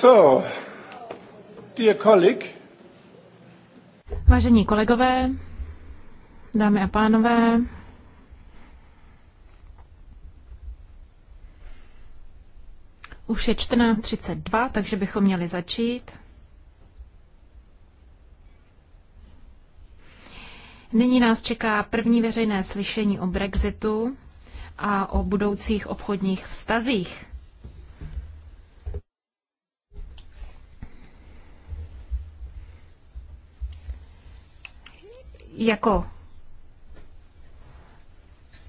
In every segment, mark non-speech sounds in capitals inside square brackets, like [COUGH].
So, dear colleague. Vážení kolegové, dámy a pánové, už je 14.32, takže bychom měli začít. Nyní nás čeká první veřejné slyšení o Brexitu a o budoucích obchodních vztazích. jako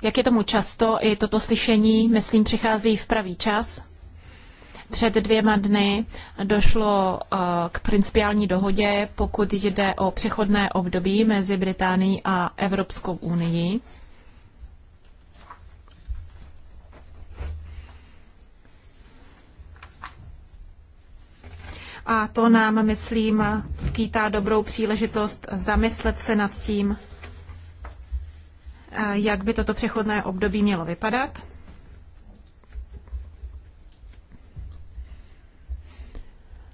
jak je tomu často, i toto slyšení, myslím, přichází v pravý čas. Před dvěma dny došlo uh, k principiální dohodě, pokud jde o přechodné období mezi Británií a Evropskou unii. A to nám, myslím, skýtá dobrou příležitost zamyslet se nad tím, eh, jak by toto přechodné období mělo vypadat.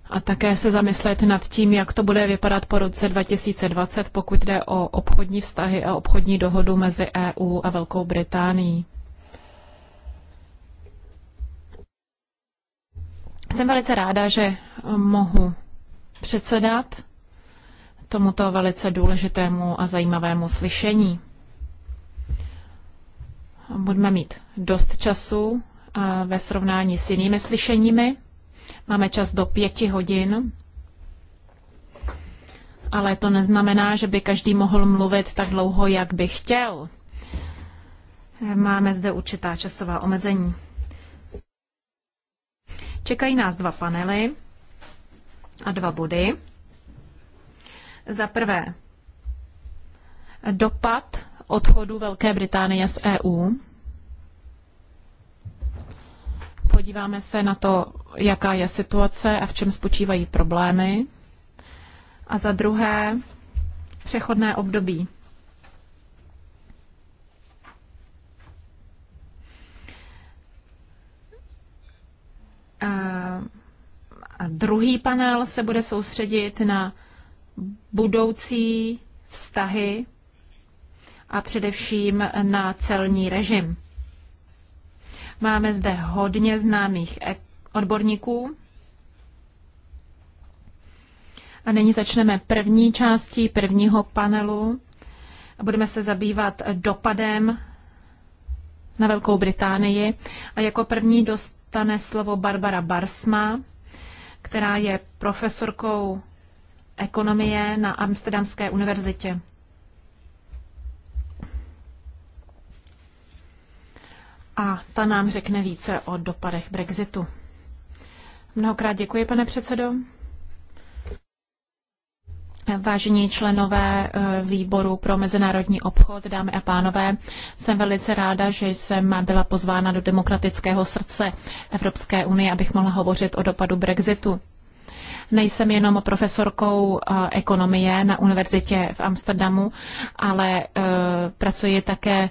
A také se zamyslet nad tím, jak to bude vypadat po roce 2020, pokud jde o obchodní vztahy a obchodní dohodu mezi EU a Velkou Británií. Jsem velice ráda, že eh, mohu předsedat tomuto velice důležitému a zajímavému slyšení. Budeme mít dost času eh, ve srovnání s jinými slyšeními. Máme čas do pěti hodin, ale to neznamená, že by každý mohl mluvit tak dlouho, jak by chtěl. Máme zde určitá časová omezení. Čekají nás dva panely a dva body. Za prvé, dopad odchodu Velké Británie z EU. Podíváme se na to, jaká je situace a v čem spočívají problémy. A za druhé, přechodné období A druhý panel se bude soustředit na budoucí vztahy a především na celní režim. Máme zde hodně známých odborníků. A nyní začneme první částí prvního panelu. Budeme se zabývat dopadem na Velkou Británii. A jako první dost dostane slovo Barbara Barsma, která je profesorkou ekonomie na Amsterdamské univerzitě. A ta nám řekne více o dopadech Brexitu. Mnohokrát děkuji, pane předsedo. Vážení členové eh, výboru pro mezinárodní obchod, dámy a pánové, jsem velice ráda, že jsem byla pozvána do demokratického srdce Evropské unie, abych mohla hovořit o dopadu Brexitu. Nejsem jenom profesorkou eh, ekonomie na univerzitě v Amsterdamu, ale eh, pracuji také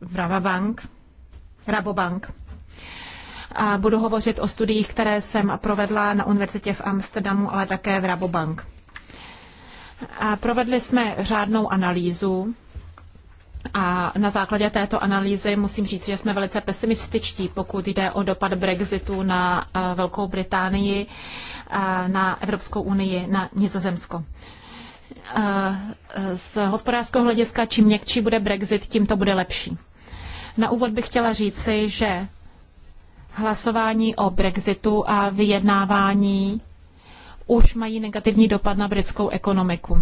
v Rabobank. Rabobank Budu hovořit o studiích, které jsem provedla na univerzitě v Amsterdamu, ale také v Rabobank. Provedli jsme řádnou analýzu a na základě této analýzy musím říct, že jsme velice pesimističtí, pokud jde o dopad Brexitu na eh, Velkou Británii, eh, na Evropskou unii, na Nizozemsko. Eh, z hospodářského hlediska, čím měkčí bude Brexit, tím to bude lepší. Na úvod bych chtěla říci, že hlasování o Brexitu a vyjednávání už mají negativní dopad na britskou ekonomiku.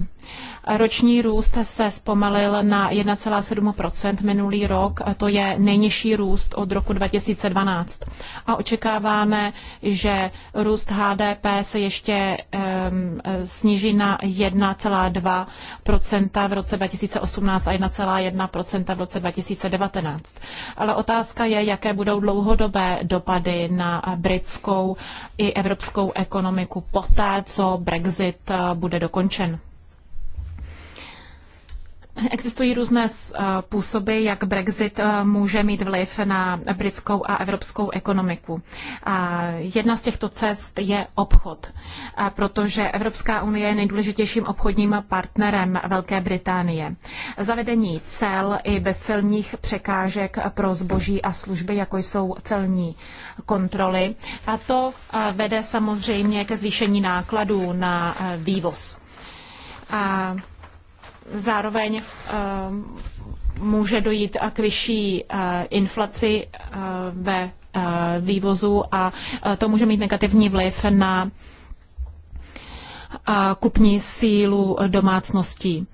Roční růst se zpomalil na 1,7 minulý rok, to je nejnižší růst od roku 2012. A očekáváme, že růst HDP se ještě um, sníží na 1,2 v roce 2018 a 1,1 v roce 2019. Ale otázka je, jaké budou dlouhodobé dopady na britskou i evropskou ekonomiku poté, co Brexit eh, bude dokončen. Existují různé způsoby, eh, jak Brexit eh, může mít vliv na britskou a evropskou ekonomiku. Jedna z těchto cest je obchod, protože Evropská unie je nejdůležitějším obchodním partnerem Velké Británie. Zavedení cel i bezcelních překážek pro zboží a služby, jako jsou celní kontroly, a to eh, vede samozřejmě ke zvýšení nákladů na vývoz. A Zároveň eh, může dojít k vyšší eh, inflaci eh, ve vývozu a to může mít negativní vliv na kupní sílu domácností.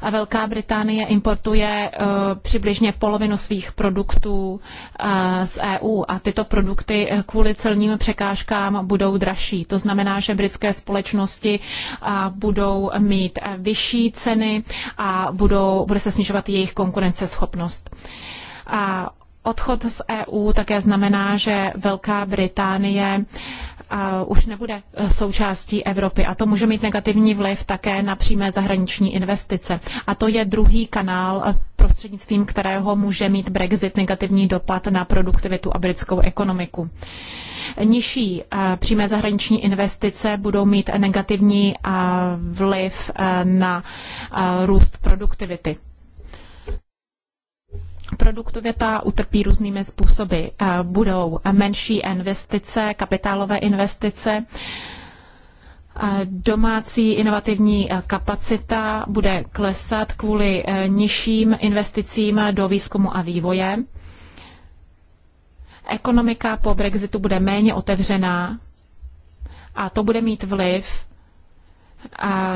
A Velká Británie importuje eh, přibližně polovinu svých produktů eh, z EU a tyto produkty eh, kvůli celním překážkám budou dražší. To znamená, že britské společnosti budou mít vyšší ceny a budou, bude se snižovat jejich konkurenceschopnost. A odchod z EU také znamená, že Velká Británie už nebude eh, součástí Evropy a to může mít negativní vliv také na přímé zahraniční investice. A to je druhý kanál, eh, prostřednictvím kterého může mít Brexit negativní dopad na produktivitu a britskou ekonomiku. Nižší eh, přímé zahraniční investice budou mít negativní vliv na růst produktivity. Produktivita utrpí různými způsoby. Eh, budou menší investice, kapitálové investice, eh, domácí inovativní eh, kapacita bude klesat kvůli nižším investicím do výzkumu a vývoje. Ekonomika po Brexitu bude méně otevřená a to bude mít vliv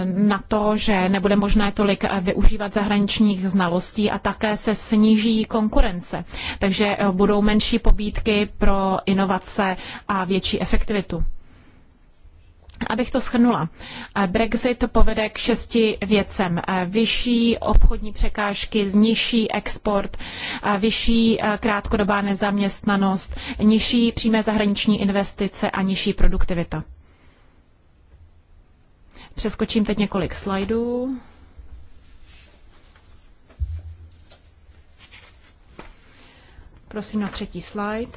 na to, že nebude možné tolik eh, využívat zahraničních znalostí a také se sníží konkurence. Takže eh, budou menší pobídky pro inovace a větší efektivitu. Abych to schrnula, eh, Brexit povede k šesti věcem. Vyšší obchodní překážky, nižší export, vyšší krátkodobá nezaměstnanost, nižší přímé zahraniční investice a nižší produktivita. Přeskočím teď několik slajdů. Prosím na třetí slide.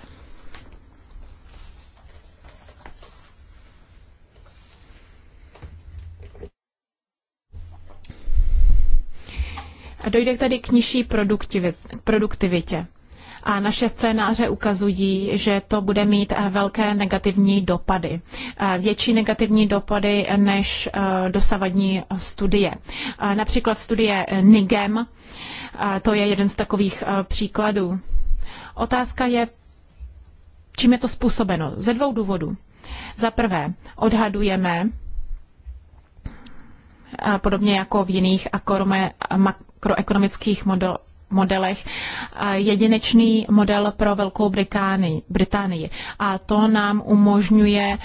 A dojde tady k nižší produktivitě. A naše scénáře ukazují, že to bude mít eh, velké negativní dopady. Eh, větší negativní dopady eh, než dosavadní studie. Například studie NIGEM, to je jeden z takových příkladů. Otázka je, čím je to způsobeno? Ze dvou důvodů. Za prvé, odhadujeme, podobně jako v jiných makroekonomických model, modelech jedinečný model pro Velkou Británii. Británii. A to nám umožňuje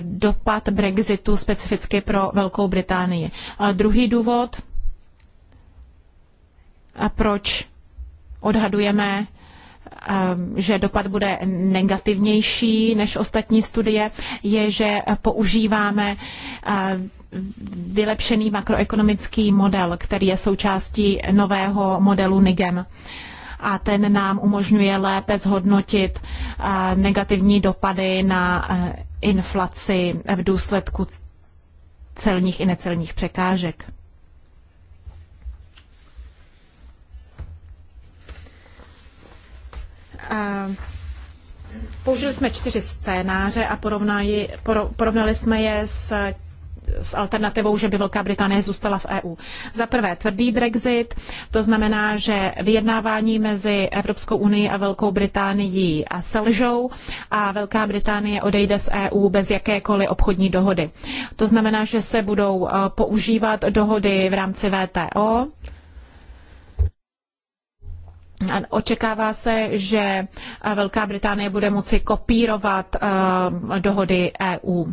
dopad Brexitu specificky pro Velkou Británii. A druhý důvod, a proč odhadujeme že dopad bude negativnější než ostatní studie, je, že používáme vylepšený makroekonomický model, který je součástí nového modelu NIGEM. A ten nám umožňuje lépe zhodnotit eh, negativní dopady na eh, inflaci v důsledku celních i necelních překážek. Eh, použili jsme čtyři scénáře a porovnali, porovnali jsme je s s alternativou, že by Velká Británie zůstala v EU. Za prvé tvrdý Brexit, to znamená, že vyjednávání mezi Evropskou unii a Velkou Británií selžou a Velká Británie odejde z EU bez jakékoliv obchodní dohody. To znamená, že se budou eh, používat dohody v rámci VTO, Očekává se, že eh, Velká Británie bude moci kopírovat eh, dohody EU.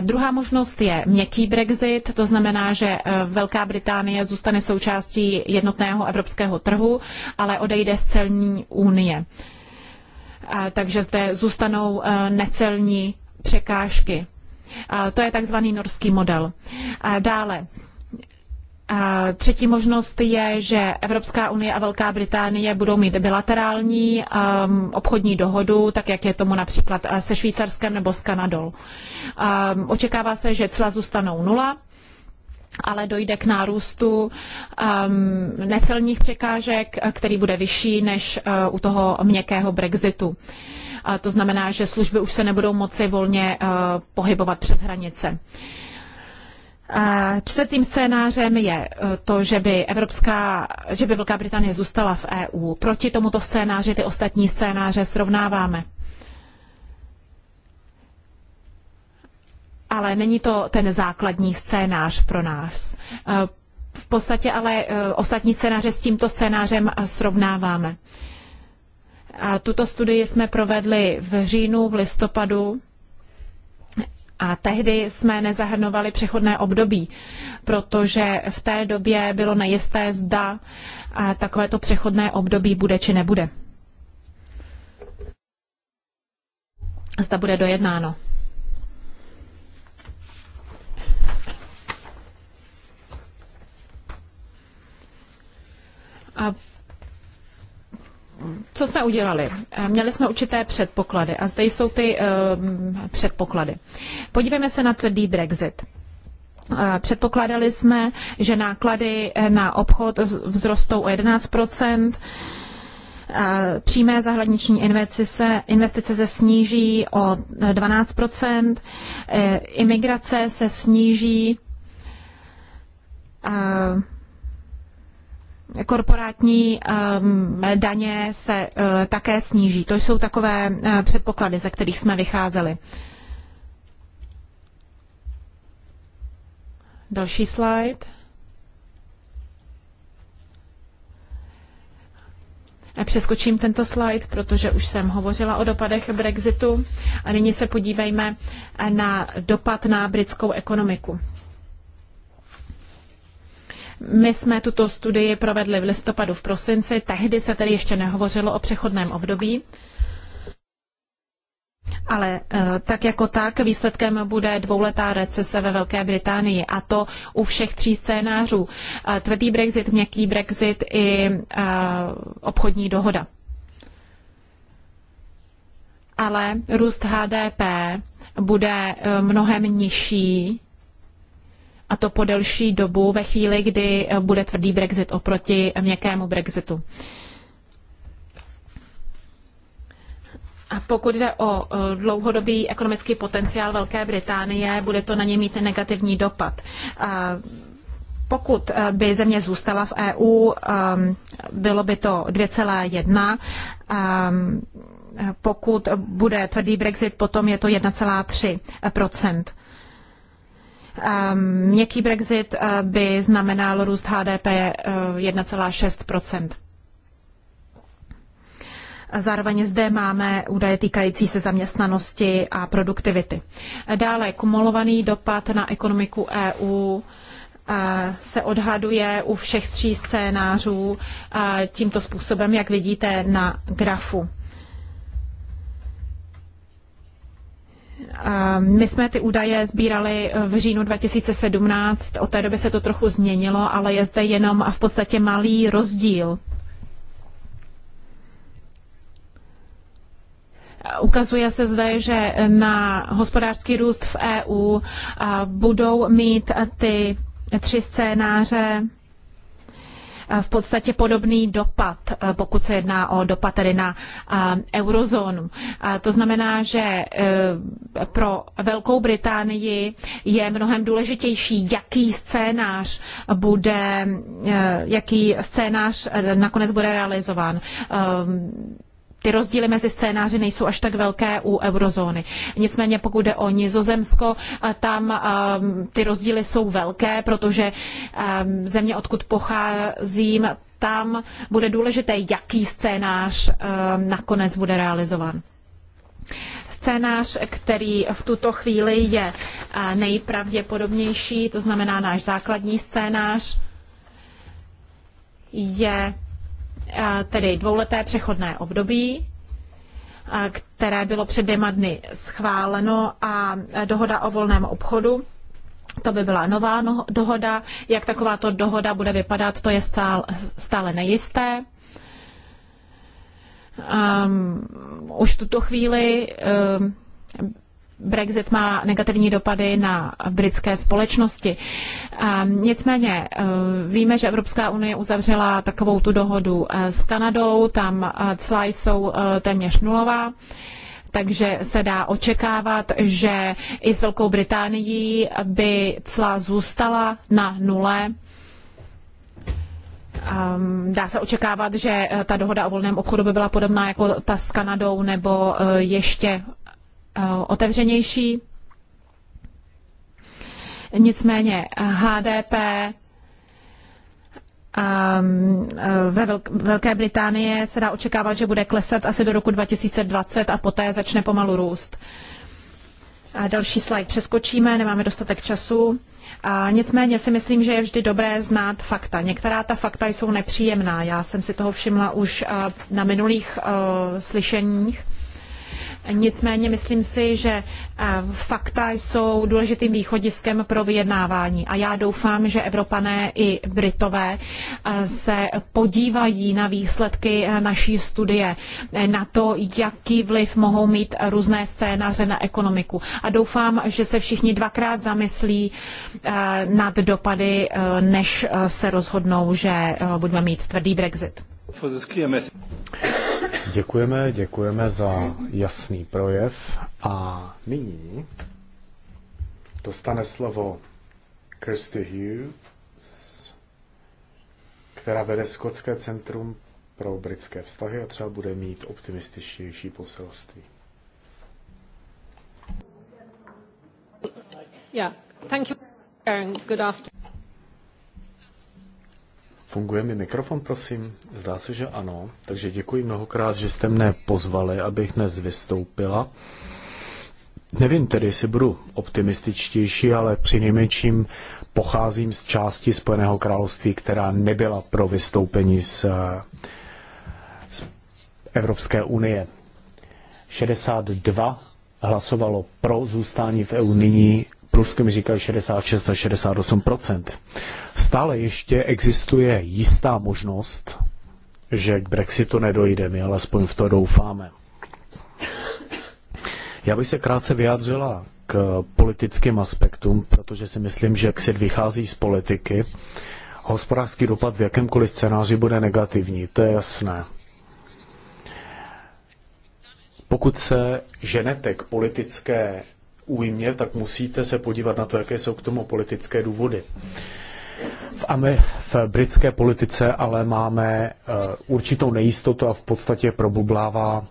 Druhá možnost je měkký Brexit, to znamená, že eh, Velká Británie zůstane součástí jednotného evropského trhu, ale odejde z celní unie. Takže zde zůstanou necelní překážky. To je takzvaný norský model. Dále, Třetí možnost je, že Evropská unie a Velká Británie budou mít bilaterální um, obchodní dohodu, tak jak je tomu například eh, se Švýcarskem nebo s Kanadou. Um, očekává se, že cla zůstanou nula, ale dojde k nárůstu um, necelních překážek, eh, který bude vyšší než uh, u toho měkkého Brexitu. A to znamená, že služby už se nebudou moci volně uh, pohybovat přes hranice. Uh, Čtvrtým scénářem je eh, to, že by, Evropská, že by Velká Británie zůstala v EU. Proti tomuto scénáři ty ostatní scénáře srovnáváme. Ale není to ten základní scénář pro nás. Eh, v podstatě ale eh, ostatní scénáře s tímto scénářem srovnáváme. A tuto studii jsme provedli v říjnu, v listopadu a tehdy jsme nezahrnovali přechodné období, protože v té době bylo nejisté, zda takovéto přechodné období bude či nebude. Zda bude dojednáno. A co jsme udělali? Eh, měli jsme určité předpoklady a zde jsou ty eh, předpoklady. Podívejme se na tvrdý Brexit. Eh, předpokládali jsme, že náklady na obchod vzrostou o 11 přímé zahraniční investice, investice se sníží o 12 imigrace se sníží korporátní ehm, daně se eh, také sníží. To jsou takové eh, předpoklady, ze kterých jsme vycházeli. Další slide. Přeskočím tento slide, protože už jsem hovořila o dopadech Brexitu. A nyní se podívejme eh, na dopad na britskou ekonomiku. My jsme tuto studii provedli v listopadu v prosinci, tehdy se tedy ještě nehovořilo o přechodném období. Ale eh, tak jako tak výsledkem bude dvouletá recese ve Velké Británii a to u všech tří scénářů. Eh, tvrdý Brexit, měkký Brexit i eh, obchodní dohoda. Ale růst HDP bude mnohem nižší a to po delší dobu ve chvíli, kdy eh, bude tvrdý Brexit oproti měkkému Brexitu. A pokud jde o eh, dlouhodobý ekonomický potenciál Velké Británie, bude to na ně mít negativní dopad. Pokud eh, by země zůstala v EU, bylo by to 2,1. Pokud bude tvrdý Brexit, potom je to 1,3 Ehm, měkký Brexit eh, by znamenal růst HDP 1,6 eh, Zároveň zde máme údaje týkající se zaměstnanosti a produktivity. Dále kumulovaný dopad na ekonomiku EU eh, se odhaduje u všech tří scénářů tímto způsobem, jak vidíte na grafu. Ehm, my jsme ty údaje sbírali eh, v říjnu 2017, od té doby se to trochu změnilo, ale je zde jenom a v podstatě malý rozdíl. Ukazuje se zde, že na hospodářský růst v EU eh, budou mít ty tři scénáře Eh, v podstatě podobný dopad, eh, pokud se jedná o dopad tedy na eh, eurozónu. To znamená, že pro Velkou Británii je mnohem důležitější, jaký scénář bude, jaký scénář nakonec bude realizován. Ty rozdíly mezi scénáři nejsou až tak velké u eurozóny. Nicméně pokud jde o Nizozemsko, tam ty rozdíly jsou velké, protože země, odkud pocházím, tam bude důležité, jaký scénář nakonec bude realizován. Scénář, který v tuto chvíli je nejpravděpodobnější, to znamená náš základní scénář, je tedy dvouleté přechodné období, které bylo před dvěma dny schváleno a dohoda o volném obchodu. To by byla nová no, dohoda. Jak takováto dohoda bude vypadat, to je stále nejisté. Um, už v tuto chvíli um, Brexit má negativní dopady na britské společnosti. Nicméně eh, víme, že Evropská unie uzavřela takovou tu dohodu eh, s Kanadou, tam eh, cla jsou téměř nulová takže se dá očekávat, že i s Velkou Británií by cla zůstala na nule. Ehm, dá se očekávat, že ta dohoda o volném obchodu by byla podobná jako ta s Kanadou nebo ještě Eh, otevřenější. Nicméně HDP eh, ehm, eh, ve Velké Británie se dá očekávat, že bude klesat asi do roku 2020 a poté začne pomalu růst. A další slide přeskočíme, nemáme dostatek času. A nicméně si myslím, že je vždy dobré znát fakta. Některá ta fakta jsou nepříjemná. Já jsem si toho všimla už na minulých slyšeních. Nicméně myslím si, že eh, fakta jsou důležitým východiskem pro vyjednávání a já doufám, že Evropané i Britové eh, se podívají na výsledky eh, naší studie, na to, jaký vliv mohou mít různé scénáře na ekonomiku. A doufám, že se všichni dvakrát zamyslí nad dopady, než se rozhodnou, že budeme mít tvrdý Brexit. Děkujeme, děkujeme za jasný projev. A nyní dostane slovo Kirsty Hughes, která vede Skotské centrum pro britské vztahy a třeba bude mít optimističtější poselství. Yeah, thank you. Good afternoon. Funguje mi mikrofon, prosím? Zdá se, že ano. Takže děkuji mnohokrát, že jste mne pozvali, abych dnes vystoupila. Nevím tedy, jestli budu optimističtější, ale při nejmenším pocházím z části Spojeného království, která nebyla pro vystoupení z, z Evropské unie. 62 hlasovalo pro zůstání v EU, nyní průzkumy říkají 66 až 68 Stále ještě existuje jistá možnost, že k Brexitu nedojde, my alespoň v to doufáme. Já bych se krátce vyjádřila k politickým aspektům, protože si myslím, že Brexit vychází z politiky. Hospodářský dopad v jakémkoliv scénáři bude negativní, to je jasné. Pokud se ženete k politické újmě, tak musíte se podívat na to, jaké jsou k tomu politické důvody. V, Amer- v britské politice ale máme eh, určitou nejistotu a v podstatě probublává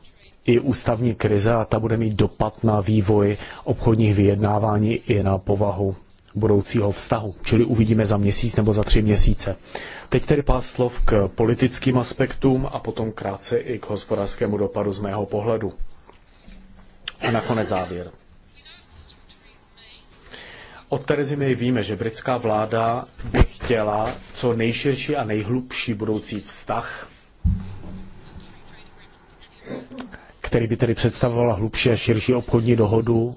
i ústavní krize a ta bude mít dopad na vývoj obchodních vyjednávání i na povahu budoucího vztahu, čili uvidíme za měsíc nebo za tři měsíce. Teď tedy pár slov k politickým aspektům a potom krátce i k hospodářskému dopadu z mého pohledu. A nakonec závěr. Od Terezy my víme, že britská vláda by chtěla co nejširší a nejhlubší budoucí vztah, který by tedy představovala hlubší a širší obchodní dohodu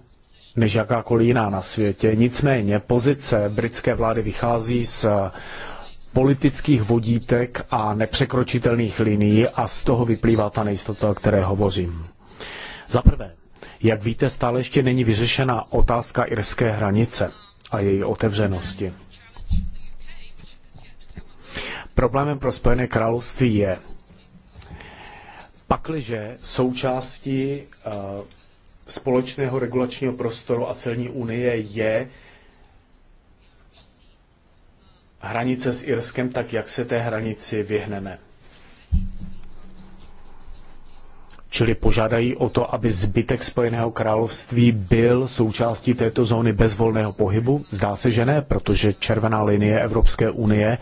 než jakákoliv jiná na světě. Nicméně pozice britské vlády vychází z politických vodítek a nepřekročitelných linií a z toho vyplývá ta nejistota, o které hovořím. Za prvé, jak víte, stále ještě není vyřešena otázka irské hranice a její otevřenosti. Problémem pro Spojené království je, pakliže součástí eh, společného regulačního prostoru a celní unie je hranice s Irskem, tak jak se té hranici vyhneme. čili požádají o to, aby zbytek Spojeného království byl součástí této zóny bez volného pohybu? Zdá se, že ne, protože červená linie Evropské unie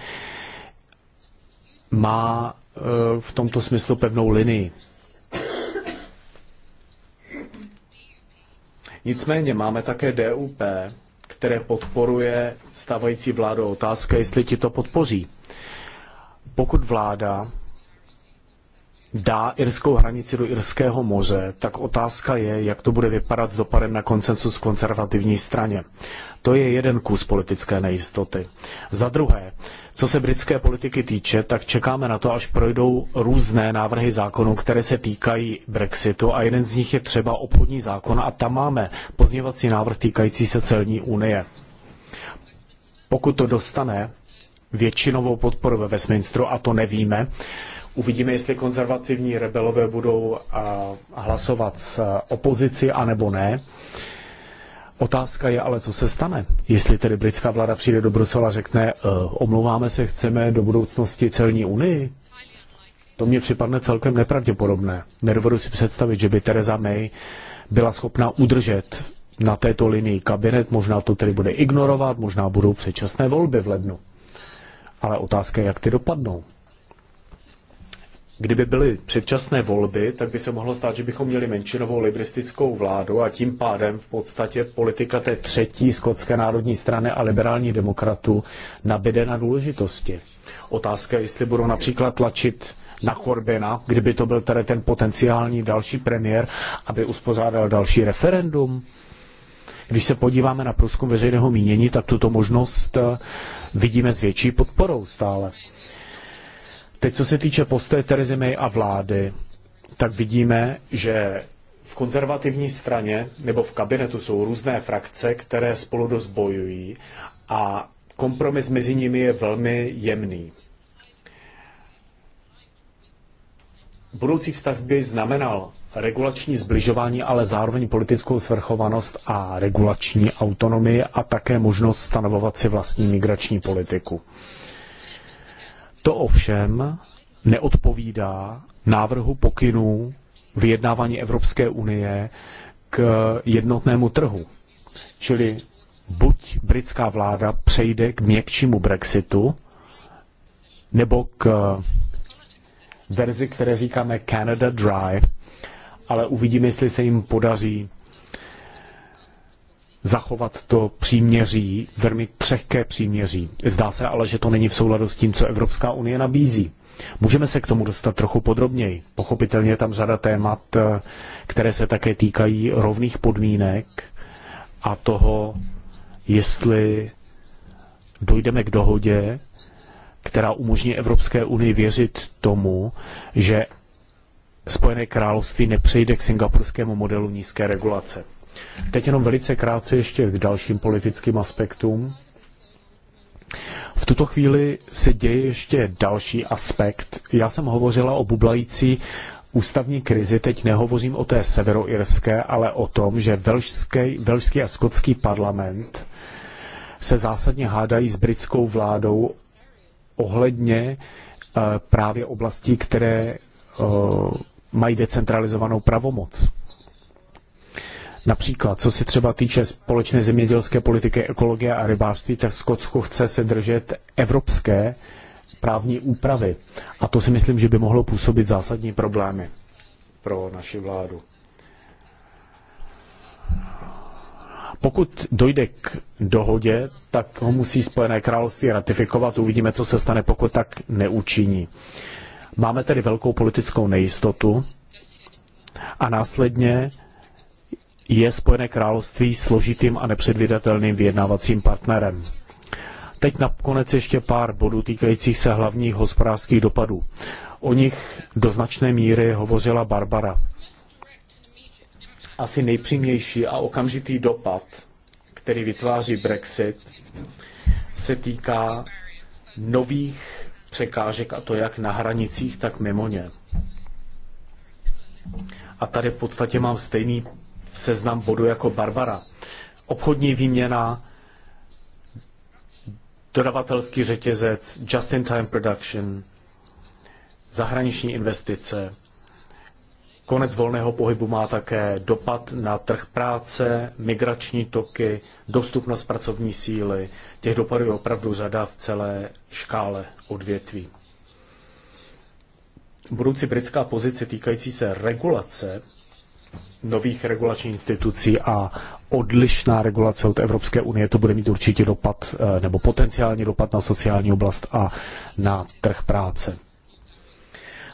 má eh, v tomto smyslu pevnou linii. Nicméně máme také DUP, které podporuje stávající vládu. Otázka, jestli ti to podpoří. Pokud vláda dá irskou hranici do Irského moře, tak otázka je, jak to bude vypadat s dopadem na koncensus konzervativní straně. To je jeden kus politické nejistoty. Za druhé, co se britské politiky týče, tak čekáme na to, až projdou různé návrhy zákonů, které se týkají Brexitu a jeden z nich je třeba obchodní zákon a tam máme pozněvací návrh týkající se celní unie. Pokud to dostane většinovou podporu ve Westminsteru, a to nevíme, Uvidíme, jestli konzervativní rebelové budou hlasovat s opozici anebo ne. Otázka je ale, co se stane, jestli tedy britská vláda přijde do Brusela a řekne, eh, omlouváme se, chceme do budoucnosti celní unii. To mně připadne celkem nepravděpodobné. Nedovedu si představit, že by Tereza May byla schopna udržet na této linii kabinet, možná to tedy bude ignorovat, možná budou předčasné volby v lednu. Ale otázka je, jak ty dopadnou. Kdyby byly předčasné volby, tak by se mohlo stát, že bychom měli menšinovou liberistickou vládu a tím pádem v podstatě politika té třetí skotské národní strany a liberální demokratů nabide na důležitosti. Otázka je, jestli budou například tlačit na Corbena, kdyby to byl tedy ten potenciální další premiér, aby uspořádal další referendum. Když se podíváme na průzkum veřejného mínění, tak tuto možnost eh, vidíme s větší podporou stále. Teď, co se týče postoje Terezy May a vlády, tak vidíme, že v konzervativní straně nebo v kabinetu jsou různé frakce, které spolu dost bojují a kompromis mezi nimi je velmi jemný. Budoucí vztah by znamenal regulační zbližování, ale zároveň politickou svrchovanost a regulační autonomii a také možnost stanovovat si vlastní migrační politiku. To ovšem neodpovídá návrhu pokynů vyjednávání Evropské unie k jednotnému trhu. Čili buď britská vláda přejde k měkčímu Brexitu, nebo k verzi, které říkáme Canada Drive, ale uvidíme, jestli se jim podaří zachovat to příměří, velmi křehké příměří. Zdá se ale, že to není v souladu s tím, co Evropská unie nabízí. Můžeme se k tomu dostat trochu podrobněji. Pochopitelně je tam řada témat, eh, které se také týkají rovných podmínek a toho, jestli dojdeme k dohodě, která umožní Evropské unii věřit tomu, že Spojené království nepřejde k singapurskému modelu nízké regulace. Teď jenom velice krátce ještě k dalším politickým aspektům. V tuto chvíli se děje ještě další aspekt. Já jsem hovořila o bublající ústavní krizi, teď nehovořím o té severoirské, ale o tom, že velšský, velšský a skotský parlament se zásadně hádají s britskou vládou ohledně eh, právě oblastí, které eh, mají decentralizovanou pravomoc. Například, co se třeba týče společné zemědělské politiky, ekologie a rybářství, tak Skotsko chce se držet evropské právní úpravy. A to si myslím, že by mohlo působit zásadní problémy pro naši vládu. Pokud dojde k dohodě, tak ho musí Spojené království ratifikovat. Uvidíme, co se stane, pokud tak neučiní. Máme tedy velkou politickou nejistotu a následně je Spojené království složitým a nepředvídatelným vyjednávacím partnerem. Teď nakonec ještě pár bodů týkajících se hlavních hospodářských dopadů. O nich do značné míry hovořila Barbara. Asi nejpřímější a okamžitý dopad, který vytváří Brexit, se týká nových překážek, a to jak na hranicích, tak mimo ně. A tady v podstatě mám stejný seznam bodu jako Barbara. Obchodní výměna, dodavatelský řetězec, just-in-time production, zahraniční investice. Konec volného pohybu má také dopad na trh práce, migrační toky, dostupnost pracovní síly. Těch dopadů je opravdu řada v celé škále odvětví. Budoucí britská pozice týkající se regulace nových regulačních institucí a odlišná regulace od Evropské unie, to bude mít určitě dopad eh, nebo potenciální dopad na sociální oblast a na trh práce.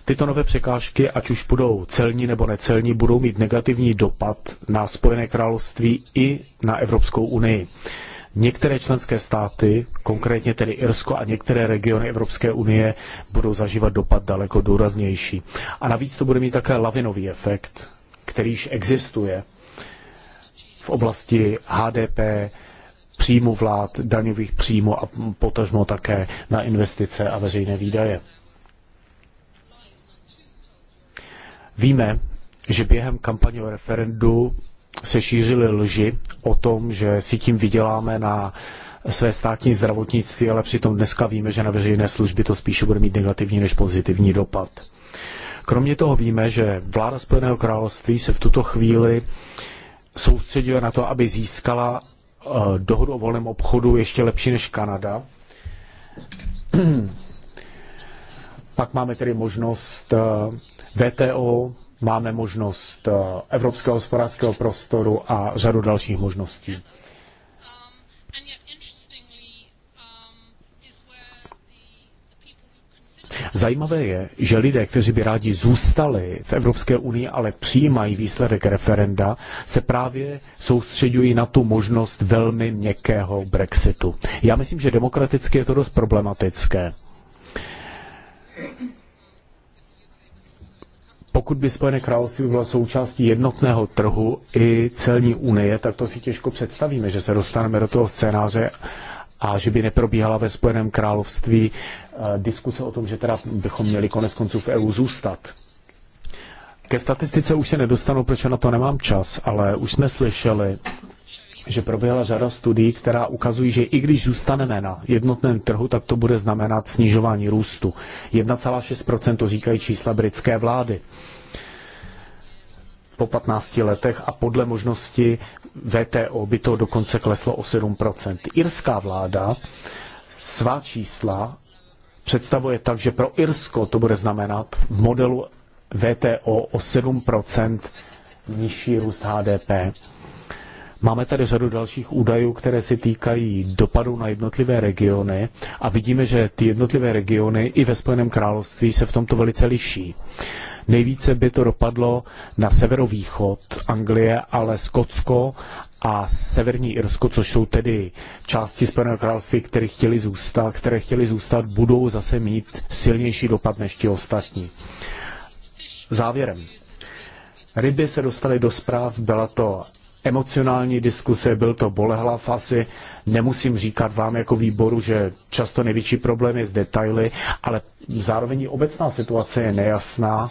Tyto nové překážky, ať už budou celní nebo necelní, budou mít negativní dopad na Spojené království i na Evropskou unii. Některé členské státy, konkrétně tedy Irsko a některé regiony Evropské unie, budou zažívat dopad daleko důraznější. A navíc to bude mít také lavinový efekt kterýž existuje v oblasti HDP, příjmu vlád, daňových příjmů a potažmo také na investice a veřejné výdaje. Víme, že během kampaně o referendu se šířily lži o tom, že si tím vyděláme na své státní zdravotnictví, ale přitom dneska víme, že na veřejné služby to spíše bude mít negativní než pozitivní dopad. Kromě toho víme, že vláda Spojeného království se v tuto chvíli soustředuje na to, aby získala eh, dohodu o volném obchodu ještě lepší než Kanada. [CLEARS THROAT] Pak máme tedy možnost eh, VTO, máme možnost eh, Evropského hospodářského prostoru a řadu dalších možností. Um, Zajímavé je, že lidé, kteří by rádi zůstali v Evropské unii, ale přijímají výsledek referenda, se právě soustředují na tu možnost velmi měkkého Brexitu. Já myslím, že demokraticky je to dost problematické. Pokud by Spojené království bylo součástí jednotného trhu i celní unie, tak to si těžko představíme, že se dostaneme do toho scénáře a že by neprobíhala ve Spojeném království eh, diskuse o tom, že teda bychom měli konec konců v EU zůstat. Ke statistice už se nedostanu, protože na to nemám čas, ale už jsme slyšeli, že proběhla řada studií, která ukazují, že i když zůstaneme na jednotném trhu, tak to bude znamenat snižování růstu. 1,6% to říkají čísla britské vlády po 15 letech a podle možnosti VTO by to dokonce kleslo o 7%. Irská vláda svá čísla představuje tak, že pro Irsko to bude znamenat v modelu VTO o 7% nižší růst HDP. Máme tady řadu dalších údajů, které se týkají dopadu na jednotlivé regiony a vidíme, že ty jednotlivé regiony i ve Spojeném království se v tomto velice liší. Nejvíce by to dopadlo na severovýchod Anglie, ale Skotsko a Severní Irsko, což jsou tedy části Spojeného království, které chtěli zůstat, které chtěli zůstat, budou zase mít silnější dopad než ti ostatní. Závěrem. Ryby se dostaly do zpráv, byla to emocionální diskuse, byl to bolehlav fasy. Nemusím říkat vám jako výboru, že často největší problém je s detaily, ale zároveň obecná situace je nejasná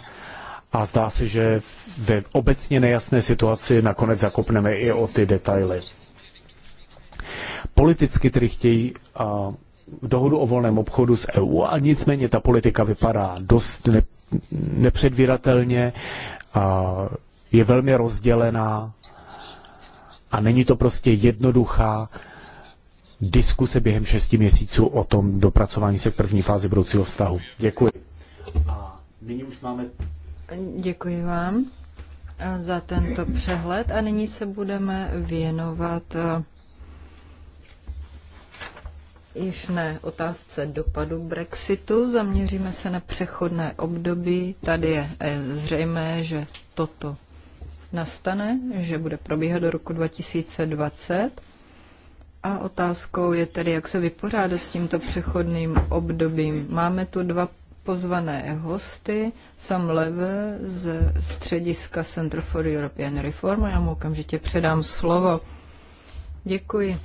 a zdá se, že ve obecně nejasné situaci nakonec zakopneme i o ty detaily. Politicky tedy chtějí a, dohodu o volném obchodu s EU, a nicméně ta politika vypadá dost ne, nepředvídatelně, a, je velmi rozdělená a není to prostě jednoduchá diskuse během šesti měsíců o tom dopracování se k první fázi budoucího vztahu. Děkuji. A nyní už máme Děkuji vám eh, za tento přehled a nyní se budeme věnovat eh, již ne otázce dopadu Brexitu, zaměříme se na přechodné období. Tady je eh, zřejmé, že toto nastane, že bude probíhat do roku 2020. A otázkou je tedy, jak se vypořádat s tímto přechodným obdobím. Máme tu dva pozvané hosty, Sam Leve z střediska Center for European Reform. Já mu okamžitě předám slovo. Děkuji.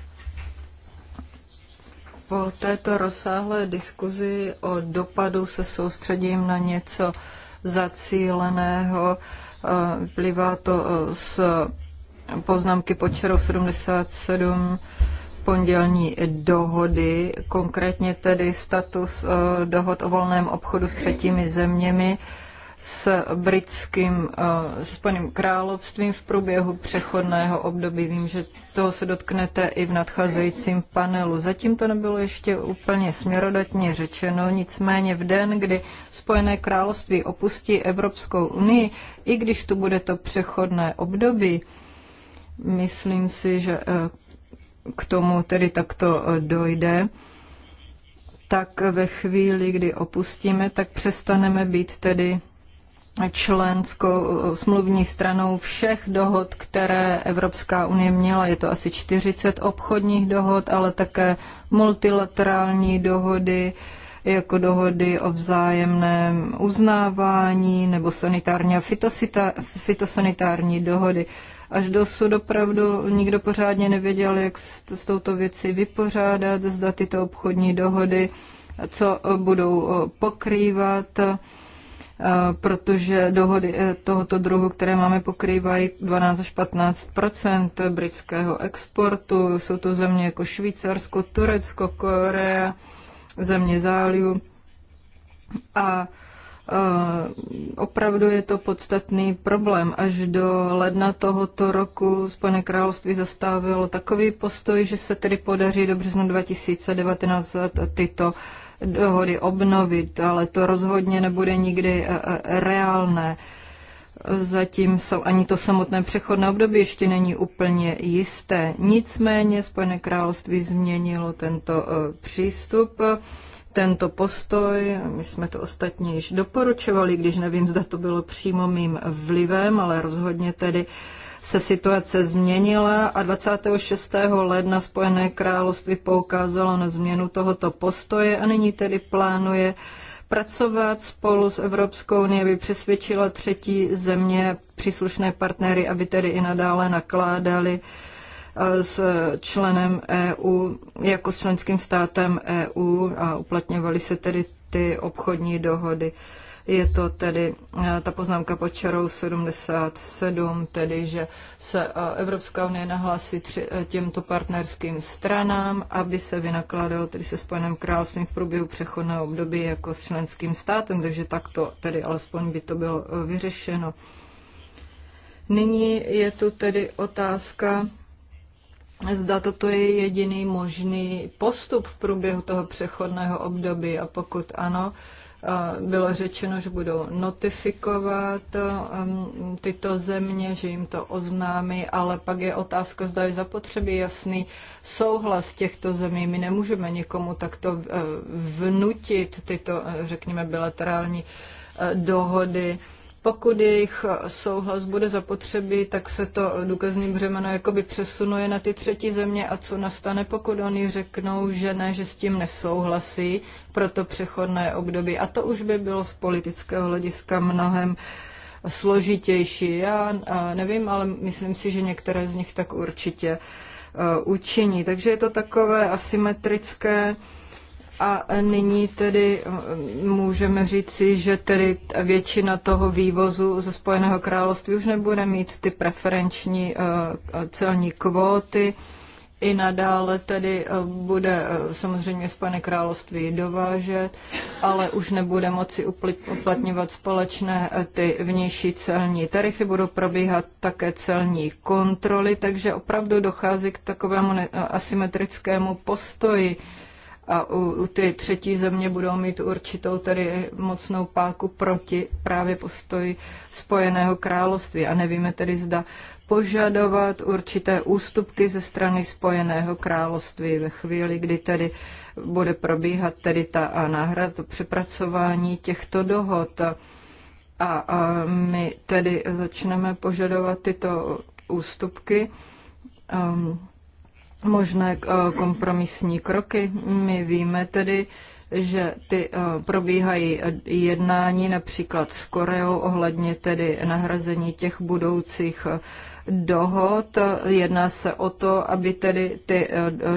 Po této rozsáhlé diskuzi o dopadu se soustředím na něco zacíleného. Eh, vyplývá to eh, z poznámky pod 77 pondělní dohody, konkrétně tedy status eh, dohod o volném obchodu s třetími zeměmi s britským eh, Spojeným královstvím v průběhu přechodného období. Vím, že toho se dotknete i v nadcházejícím panelu. Zatím to nebylo ještě úplně směrodatně řečeno, nicméně v den, kdy Spojené království opustí Evropskou unii, i když tu bude to přechodné období, myslím si, že eh, k tomu tedy takto e, dojde, tak ve chvíli, kdy opustíme, tak přestaneme být tedy členskou e, smluvní stranou všech dohod, které Evropská unie měla. Je to asi 40 obchodních dohod, ale také multilaterální dohody, jako dohody o vzájemném uznávání nebo sanitární a fitosanitární dohody. Až dosud opravdu nikdo pořádně nevěděl, jak s touto věcí vypořádat, zda tyto obchodní dohody, co budou pokrývat protože dohody e, tohoto druhu, které máme, pokrývají 12 až 15 britského exportu. Jsou to země jako Švýcarsko, Turecko, Korea, země zálivu. A opravdu je to podstatný problém. Až do ledna tohoto roku Spojené království zastávil takový postoj, že se tedy podaří do března 2019 tyto dohody obnovit, ale to rozhodně nebude nikdy e, e, reálné. Zatím ani to samotné přechodné období ještě není úplně jisté. Nicméně Spojené království změnilo tento e, přístup tento postoj. My jsme to ostatně již doporučovali, když nevím, zda to bylo přímo mým vlivem, ale rozhodně tedy se situace změnila a 26. ledna Spojené království poukázalo na změnu tohoto postoje a nyní tedy plánuje pracovat spolu s Evropskou unii, aby přesvědčila třetí země příslušné partnery, aby tedy i nadále nakládali uh, s členem EU, jako s členským státem EU a uplatňovaly se tedy ty obchodní dohody. Je to tedy e, ta poznámka pod čarou 77, tedy že se e, Evropská unie nahlásí tři, e, těmto partnerským stranám, aby se vynakládalo tedy se Spojeným královstvím v průběhu přechodného období jako s členským státem, takže takto tedy alespoň by to bylo vyřešeno. Nyní je tu tedy otázka zda toto je jediný možný postup v průběhu toho přechodného období a pokud ano, eh, bylo řečeno, že budou notifikovat eh, tyto země, že jim to oznámí, ale pak je otázka, zda je zapotřebí jasný souhlas těchto zemí. My nemůžeme nikomu takto eh, vnutit tyto, řekněme, bilaterální dohody pokud jejich souhlas bude zapotřebí, tak se to důkazní břemeno jakoby přesunuje na ty třetí země a co nastane, pokud oni řeknou, že ne, že s tím nesouhlasí pro to přechodné období. A to už by bylo z politického hlediska mnohem složitější. Já nevím, ale myslím si, že některé z nich tak určitě uh, učiní. Takže je to takové asymetrické a nyní tedy eh, můžeme říci, že tedy většina toho vývozu ze Spojeného království už nebude mít ty preferenční eh, celní kvóty. I nadále tedy eh, bude samozřejmě Spojené království dovážet, ale už nebude moci uplatňovat společné ty vnější celní tarify, budou probíhat také celní kontroly, takže opravdu dochází k takovému asymetrickému postoji a u, ty třetí země budou mít určitou tedy mocnou páku proti právě postoji Spojeného království. A nevíme tedy, zda požadovat určité ústupky ze strany Spojeného království ve chvíli, kdy tedy bude probíhat tedy ta náhrad přepracování těchto dohod. A, a my tedy začneme požadovat tyto ústupky. Um, možné eh, kompromisní kroky. My víme tedy, že ty eh, probíhají jednání například s Koreou ohledně tedy nahrazení těch budoucích eh, dohod. Jedná se o to, aby tedy ty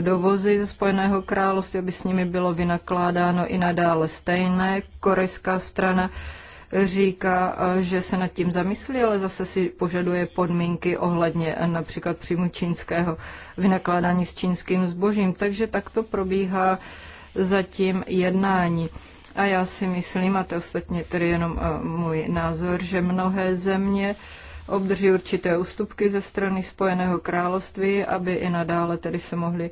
dovozy ze Spojeného království, aby s nimi bylo vynakládáno i nadále stejné. Korejská strana říká, eh, že se nad tím zamyslí, ale zase si požaduje podmínky ohledně eh, například příjmu čínského vynakládání s čínským zbožím. Takže takto probíhá zatím jednání. A já si myslím, a to ostatně tedy jenom eh, můj názor, že mnohé země obdrží určité ústupky ze strany Spojeného království, aby i nadále tedy se mohly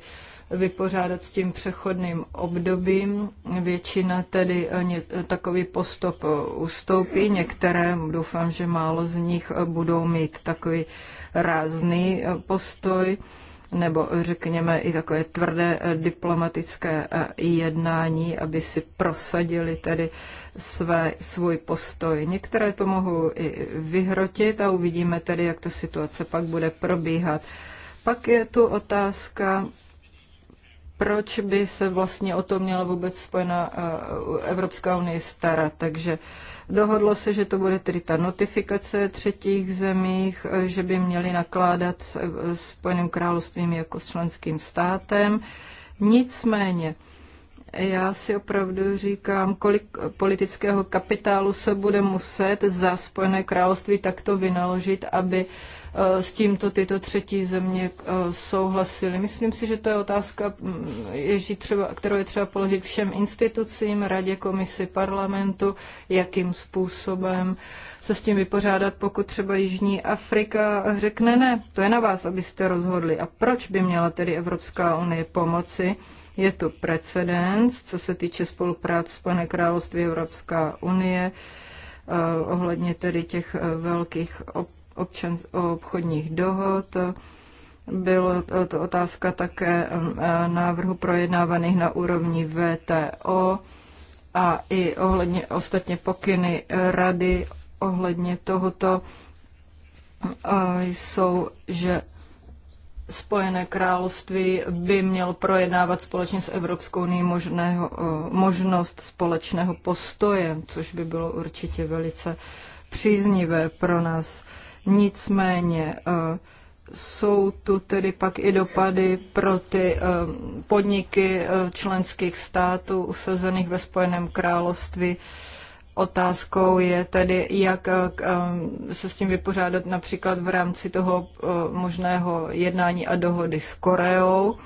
vypořádat s tím přechodným obdobím. Většina tedy eh, eh, takový postup eh, ustoupí, některé, doufám, že málo z nich budou mít takový rázný postoj nebo řekněme i takové tvrdé diplomatické jednání, aby si prosadili tedy své, svůj postoj. Některé to mohou i vyhrotit a uvidíme tedy, jak ta situace pak bude probíhat. Pak je tu otázka proč by se vlastně o to měla vůbec spojená eh, Evropská unie starat. Takže dohodlo se, že to bude tedy ta notifikace třetích zemích, eh, že by měli nakládat eh, s Spojeným královstvím jako s členským státem. Nicméně, já si opravdu říkám, kolik politického kapitálu se bude muset za Spojené království takto vynaložit, aby eh, s tímto tyto třetí země eh, souhlasily. Myslím si, že to je otázka, mm, ježí třeba, kterou je třeba položit všem institucím, radě, komisi, parlamentu, jakým způsobem se s tím vypořádat, pokud třeba Jižní Afrika řekne ne, to je na vás, abyste rozhodli. A proč by měla tedy Evropská unie pomoci? Je to precedens, co se týče spolupráce Spojené království Evropská unie, eh, ohledně tedy těch eh, velkých občan, obchodních dohod. Byla to otázka také eh, návrhu projednávaných na úrovni VTO a i ohledně ostatně pokyny rady ohledně tohoto jsou, že Spojené království by měl projednávat společně s Evropskou unii možného, eh, možnost společného postoje, což by bylo určitě velice příznivé pro nás. Nicméně eh, jsou tu tedy pak i dopady pro ty eh, podniky členských států usazených ve Spojeném království, Otázkou je tedy, jak eh, eh, se s tím vypořádat například v rámci toho eh, možného jednání a dohody s Koreou.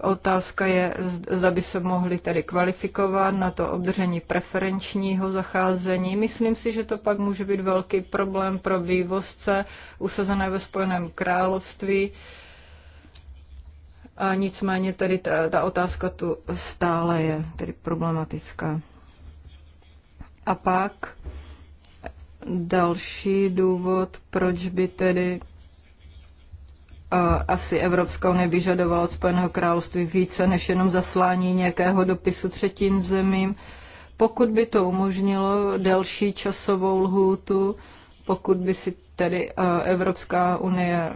Otázka je, zda by se mohli tedy kvalifikovat na to obdržení preferenčního zacházení. Myslím si, že to pak může být velký problém pro vývozce usazené ve Spojeném království. A nicméně tedy ta, ta otázka tu stále je tedy problematická. A pak další důvod, proč by tedy eh, asi Evropská unie vyžadovala od Spojeného království více než jenom zaslání nějakého dopisu třetím zemím. Pokud by to umožnilo delší časovou lhůtu, pokud by si tedy eh, Evropská unie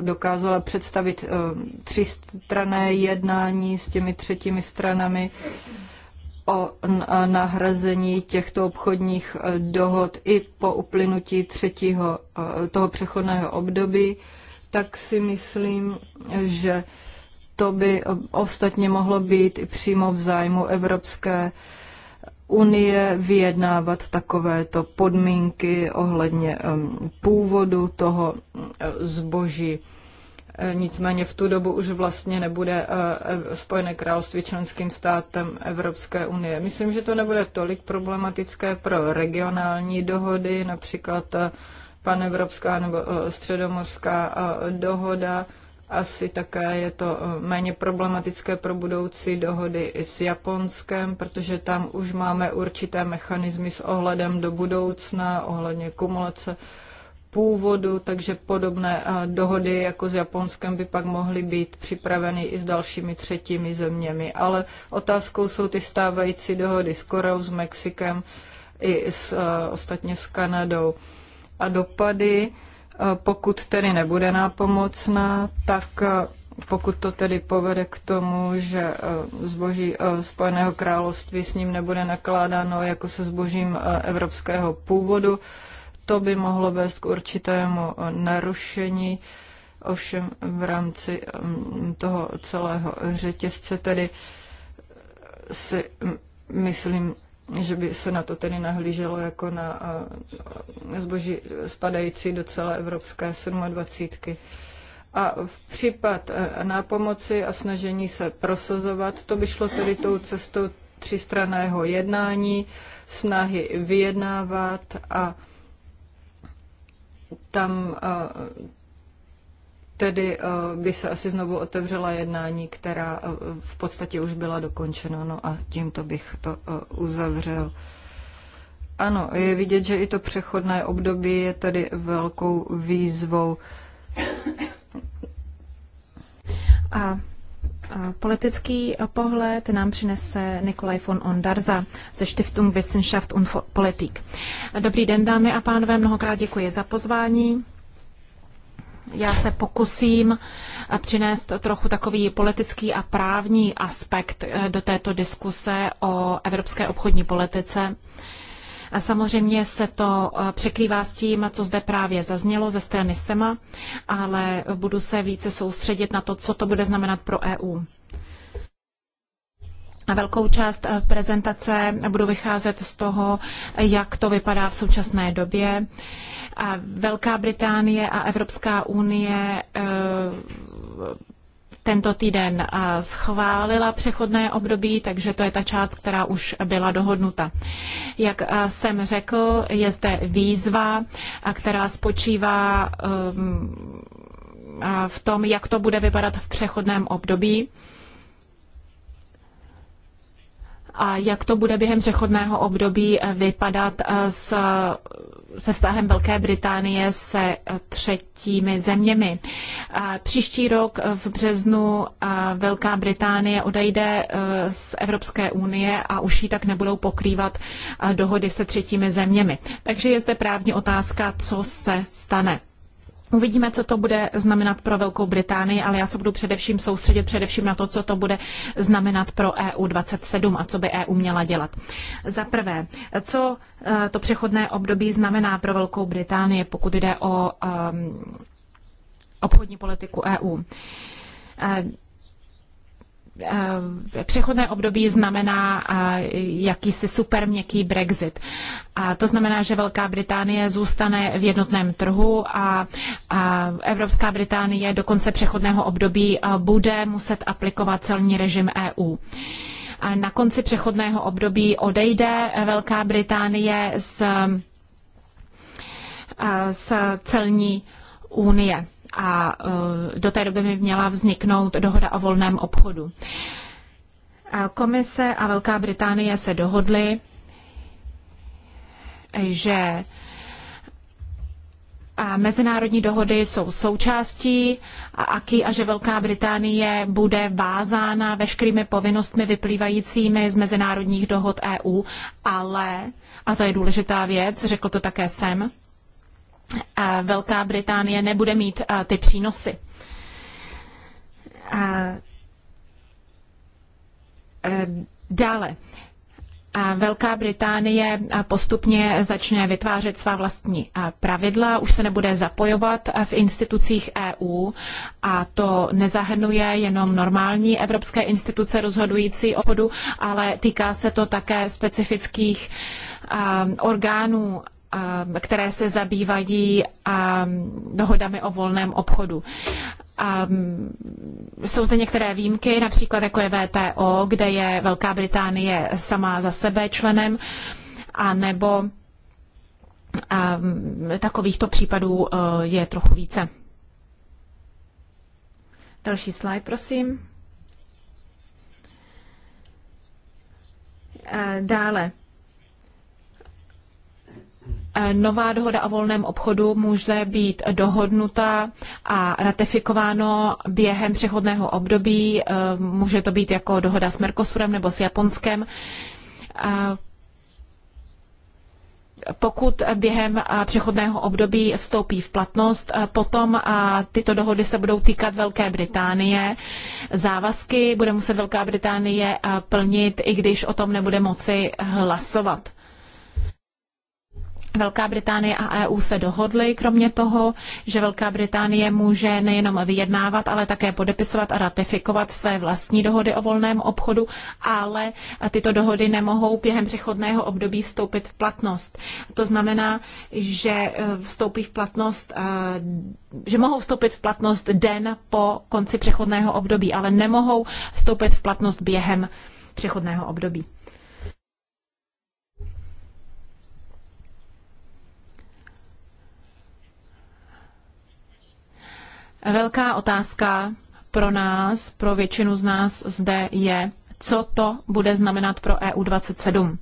dokázala představit eh, tři strané jednání s těmi třetími stranami, o nahrazení těchto obchodních e, dohod i po uplynutí třetího e, toho přechodného období, tak si myslím, že to by e, ostatně mohlo být i přímo v zájmu Evropské unie vyjednávat takovéto podmínky ohledně původu toho zboží. Eh, nicméně v tu dobu už vlastně nebude eh, Spojené království členským státem Evropské unie. Myslím, že to nebude tolik problematické pro regionální dohody, například eh, panevropská nebo středomorská dohoda. Asi také je to méně problematické pro budoucí dohody i s Japonskem, protože tam už máme určité mechanismy s ohledem do budoucna, ohledně kumulace původu, takže podobné dohody jako s Japonskem by pak mohly být připraveny i s dalšími třetími zeměmi. Ale otázkou jsou ty stávající dohody s Koreou, s Mexikem i s, ostatně s Kanadou. A dopady, pokud tedy nebude nápomocná, tak pokud to tedy povede k tomu, že zboží Spojeného království s ním nebude nakládáno jako se zbožím evropského původu, to by mohlo vést k určitému eh, narušení. Ovšem v rámci mm, toho celého řetězce tedy eh, si mm, myslím, že by se na to tedy nahlíželo jako na eh, zboží spadající do celé evropské 27. A v případ na pomoci a snažení se prosazovat, to by šlo tedy tou cestou třístraného jednání, snahy vyjednávat a tam eh, tedy eh, by se asi znovu otevřela jednání, která eh, v podstatě už byla dokončena. No a tímto bych to uzavřel. Ano, je vidět, že i to přechodné období je tedy velkou výzvou. A Politický pohled nám přinese Nikolaj von Ondarza ze Stiftung Wissenschaft und Politik. Dobrý den, dámy a pánové, mnohokrát děkuji za pozvání. Já se pokusím eh, přinést trochu takový politický a právní aspekt eh, do této diskuse o evropské obchodní politice a samozřejmě se to eh, překrývá s tím, co zde právě zaznělo ze strany SEMA, ale budu se více soustředit na to, co to bude znamenat pro EU. A velkou část eh, prezentace budu vycházet z toho, jak to vypadá v současné době. A Velká Británie a Evropská unie eh, tento týden schválila přechodné období, takže to je ta část, která už byla dohodnuta. Jak jsem řekl, je zde výzva, která spočívá um, v tom, jak to bude vypadat v přechodném období a jak to bude během přechodného období eh, vypadat eh, s, se vztahem Velké Británie se eh, třetími zeměmi. Příští rok v březnu Velká Británie odejde z Evropské unie a už ji tak nebudou pokrývat dohody se třetími zeměmi. Takže je zde právní otázka, co se stane. Uvidíme, co to bude znamenat pro Velkou Británii, ale já se budu především soustředit především na to, co to bude znamenat pro EU 27 a co by EU měla dělat. Za prvé, co eh, to přechodné období znamená pro Velkou Británii, pokud jde o um, obchodní politiku EU. Eh, Eh, přechodné období znamená eh, jakýsi super měkký Brexit. A to znamená, že Velká Británie zůstane v jednotném trhu a, a Evropská Británie do konce přechodného období eh, bude muset aplikovat celní režim EU. A na konci přechodného období odejde Velká Británie z, z celní unie a e, do té doby mi měla vzniknout dohoda o volném obchodu. A komise a Velká Británie se dohodly, že a mezinárodní dohody jsou součástí aký a že Velká Británie bude vázána veškerými povinnostmi vyplývajícími z mezinárodních dohod EU, ale, a to je důležitá věc, řekl to také sem, Velká Británie nebude mít ty přínosy. E, dále. Velká Británie postupně začne vytvářet svá vlastní pravidla, už se nebude zapojovat v institucích EU a to nezahrnuje jenom normální evropské instituce rozhodující o chodu, ale týká se to také specifických orgánů které se zabývají dohodami o volném obchodu. A jsou zde některé výjimky, například jako je VTO, kde je Velká Británie sama za sebe členem, a nebo a takovýchto případů e, je trochu více. Další slide, prosím. E, dále. Eh, nová dohoda o volném obchodu může být dohodnuta a ratifikováno během přechodného období. Eh, může to být jako dohoda s Mercosurem nebo s Japonskem. Eh, pokud během přechodného období vstoupí v platnost, potom tyto dohody se budou týkat Velké Británie. Závazky bude muset Velká Británie plnit, i když o tom nebude moci hlasovat. Velká Británie a EU se dohodly kromě toho, že Velká Británie může nejenom vyjednávat, ale také podepisovat a ratifikovat své vlastní dohody o volném obchodu, ale tyto dohody nemohou během přechodného období vstoupit v platnost. To znamená, že eh, vstoupí v platnost, eh, že mohou vstoupit v platnost den po konci přechodného období, ale nemohou vstoupit v platnost během přechodného období. Velká otázka pro nás, pro většinu z nás zde je, co to bude znamenat pro EU27.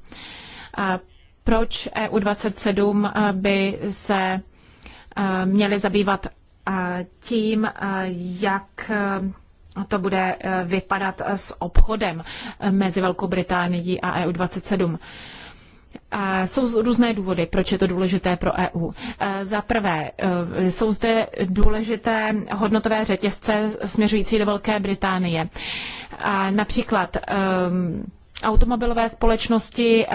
Proč EU27 by se měli zabývat tím, jak to bude vypadat s obchodem mezi Velkou Británií a EU27. Jsou různé důvody, proč je to důležité pro EU. E, za prvé, e, jsou zde důležité hodnotové řetězce směřující do Velké Británie. Například e, automobilové společnosti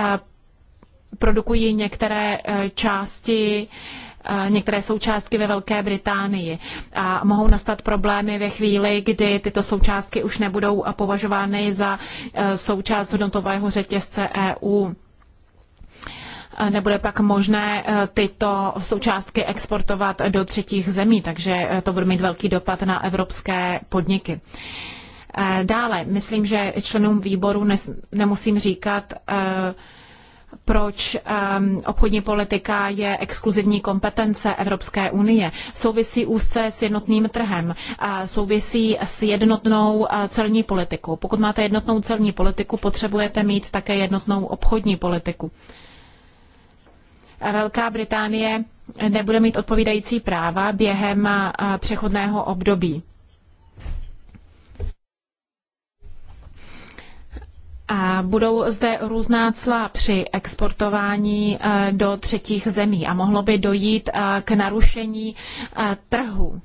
produkují některé části některé součástky ve Velké Británii. A mohou nastat problémy ve chvíli, kdy tyto součástky už nebudou považovány za součást hodnotového řetězce EU nebude pak možné eh, tyto součástky exportovat do třetích zemí, takže eh, to bude mít velký dopad na evropské podniky. Eh, dále, myslím, že členům výboru nemusím říkat, proč obchodní politika je exkluzivní kompetence Evropské unie. Souvisí úzce s jednotným trhem, souvisí s jednotnou celní politikou. Pokud máte jednotnou celní politiku, potřebujete mít také jednotnou obchodní politiku. Velká Británie nebude mít odpovídající práva během eh, přechodného období. A budou zde různá cla při exportování eh, do třetích zemí a mohlo by dojít eh, k narušení eh, trhu.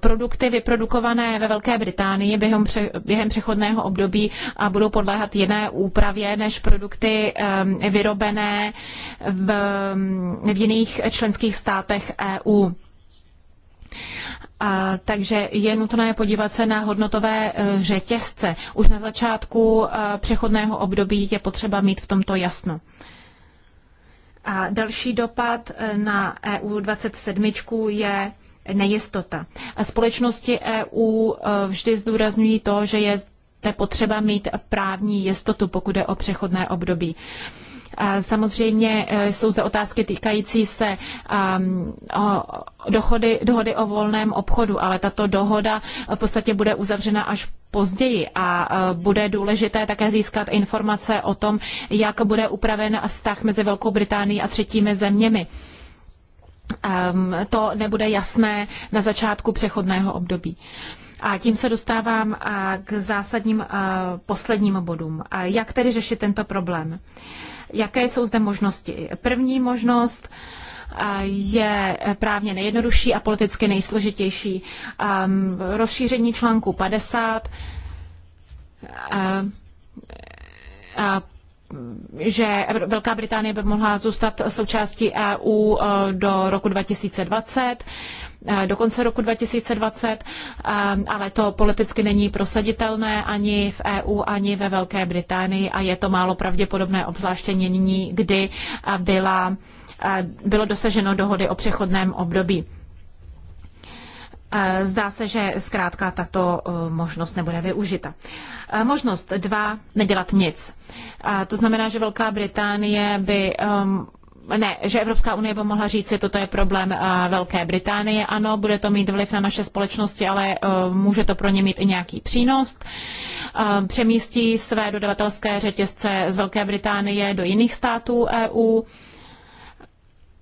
Produkty vyprodukované ve Velké Británii během, během přechodného období budou podléhat jiné úpravě než produkty vyrobené v jiných členských státech EU. A, takže je nutné podívat se na hodnotové e, řetězce. Už na začátku e, přechodného období je potřeba mít v tomto jasno. A další dopad e, na EU 27 je nejistota. A společnosti EU vždy zdůrazňují to, že je potřeba mít právní jistotu, pokud je o přechodné období. Samozřejmě e, jsou zde otázky týkající se dohody, dohody o volném obchodu, ale tato dohoda v podstatě bude uzavřena až později a e, bude důležité také získat informace o tom, jak bude upraven vztah mezi Velkou Británií a třetími zeměmi. To nebude jasné na začátku přechodného období. A tím se dostávám k zásadním posledním bodům. Jak tedy řešit tento problém? Jaké jsou zde možnosti? První možnost eh, je právně nejjednodušší a politicky nejsložitější. Ehm, rozšíření článku 50 eh, eh, že Velká Británie by mohla zůstat součástí EU do roku 2020. Eh, do konce roku 2020, eh, ale to politicky není prosaditelné ani v EU, ani ve Velké Británii a je to málo pravděpodobné, obzvláště nyní, kdy eh, byla, bylo dosaženo dohody o přechodném období. Zdá se, že zkrátka tato možnost nebude využita. Možnost dva, nedělat nic. To znamená, že Velká Británie by ehm, ne, že Evropská unie by mohla říct, že toto je problém eh, Velké Británie. Ano, bude to mít vliv na naše společnosti, ale eh, může to pro ně mít i nějaký přínos. Eh, přemístí své dodavatelské řetězce z Velké Británie do jiných států EU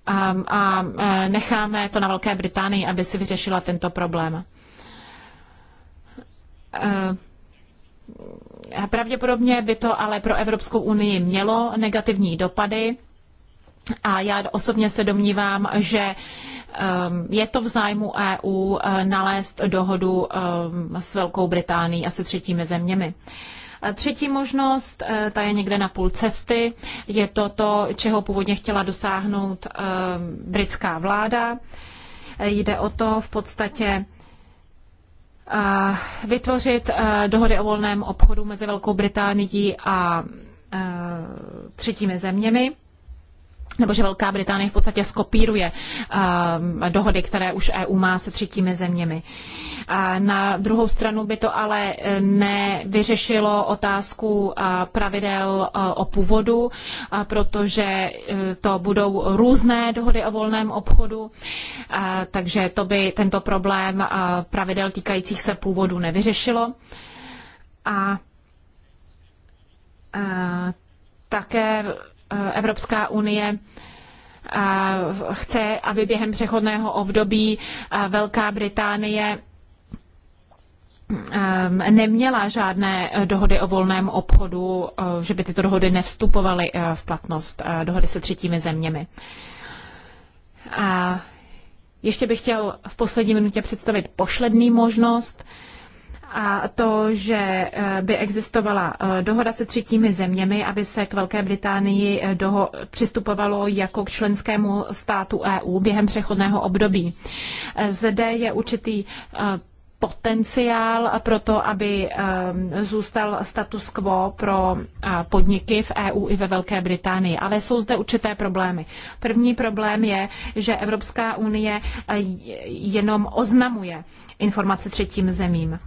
ehm, a, a necháme to na Velké Británii, aby si vyřešila tento problém. Pravděpodobně by to ale pro Evropskou unii mělo negativní dopady a já osobně se domnívám, že um, je to v zájmu EU uh, nalézt dohodu um, s Velkou Británií a se třetími zeměmi. A třetí možnost, uh, ta je někde na půl cesty, je to to, čeho původně chtěla dosáhnout um, britská vláda. Jde o to v podstatě uh, vytvořit dohody o volném obchodu mezi Velkou Británií a třetími zeměmi nebo že Velká Británie v podstatě skopíruje ehm, dohody, které už EU má se třetími zeměmi. na druhou stranu by to ale eh, nevyřešilo otázku eh, pravidel eh, o původu, protože to budou různé dohody o volném obchodu, takže to by tento problém pravidel týkajících se původu nevyřešilo. A také Eh, Evropská unie eh, chce, aby během přechodného období eh, Velká Británie neměla žádné dohody o volném obchodu, že by tyto dohody nevstupovaly v platnost, dohody se třetími zeměmi. A ještě bych chtěl v poslední minutě představit poslední možnost, a to, že eh, by existovala eh, dohoda se třetími zeměmi, aby se k Velké Británii eh, doho- přistupovalo jako k členskému státu EU během přechodného období. Zde je určitý potenciál pro to, aby zůstal status quo pro podniky v EU i ve Velké Británii. Ale jsou zde určité problémy. První problém je, že Evropská unie jenom oznamuje informace třetím zemím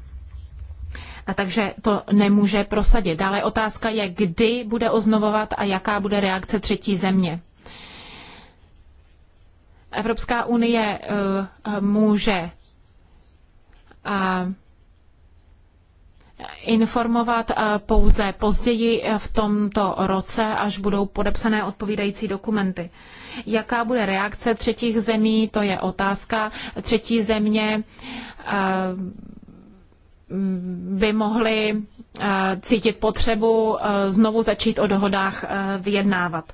a takže to nemůže prosadit. Dále otázka je, kdy bude oznamovat a jaká bude reakce třetí země. Evropská unie eh, může eh, informovat eh, pouze později v tomto roce, až budou podepsané odpovídající dokumenty. Jaká bude reakce třetích zemí, to je otázka. Třetí země by mohli eh, cítit potřebu eh, znovu začít o dohodách eh, vyjednávat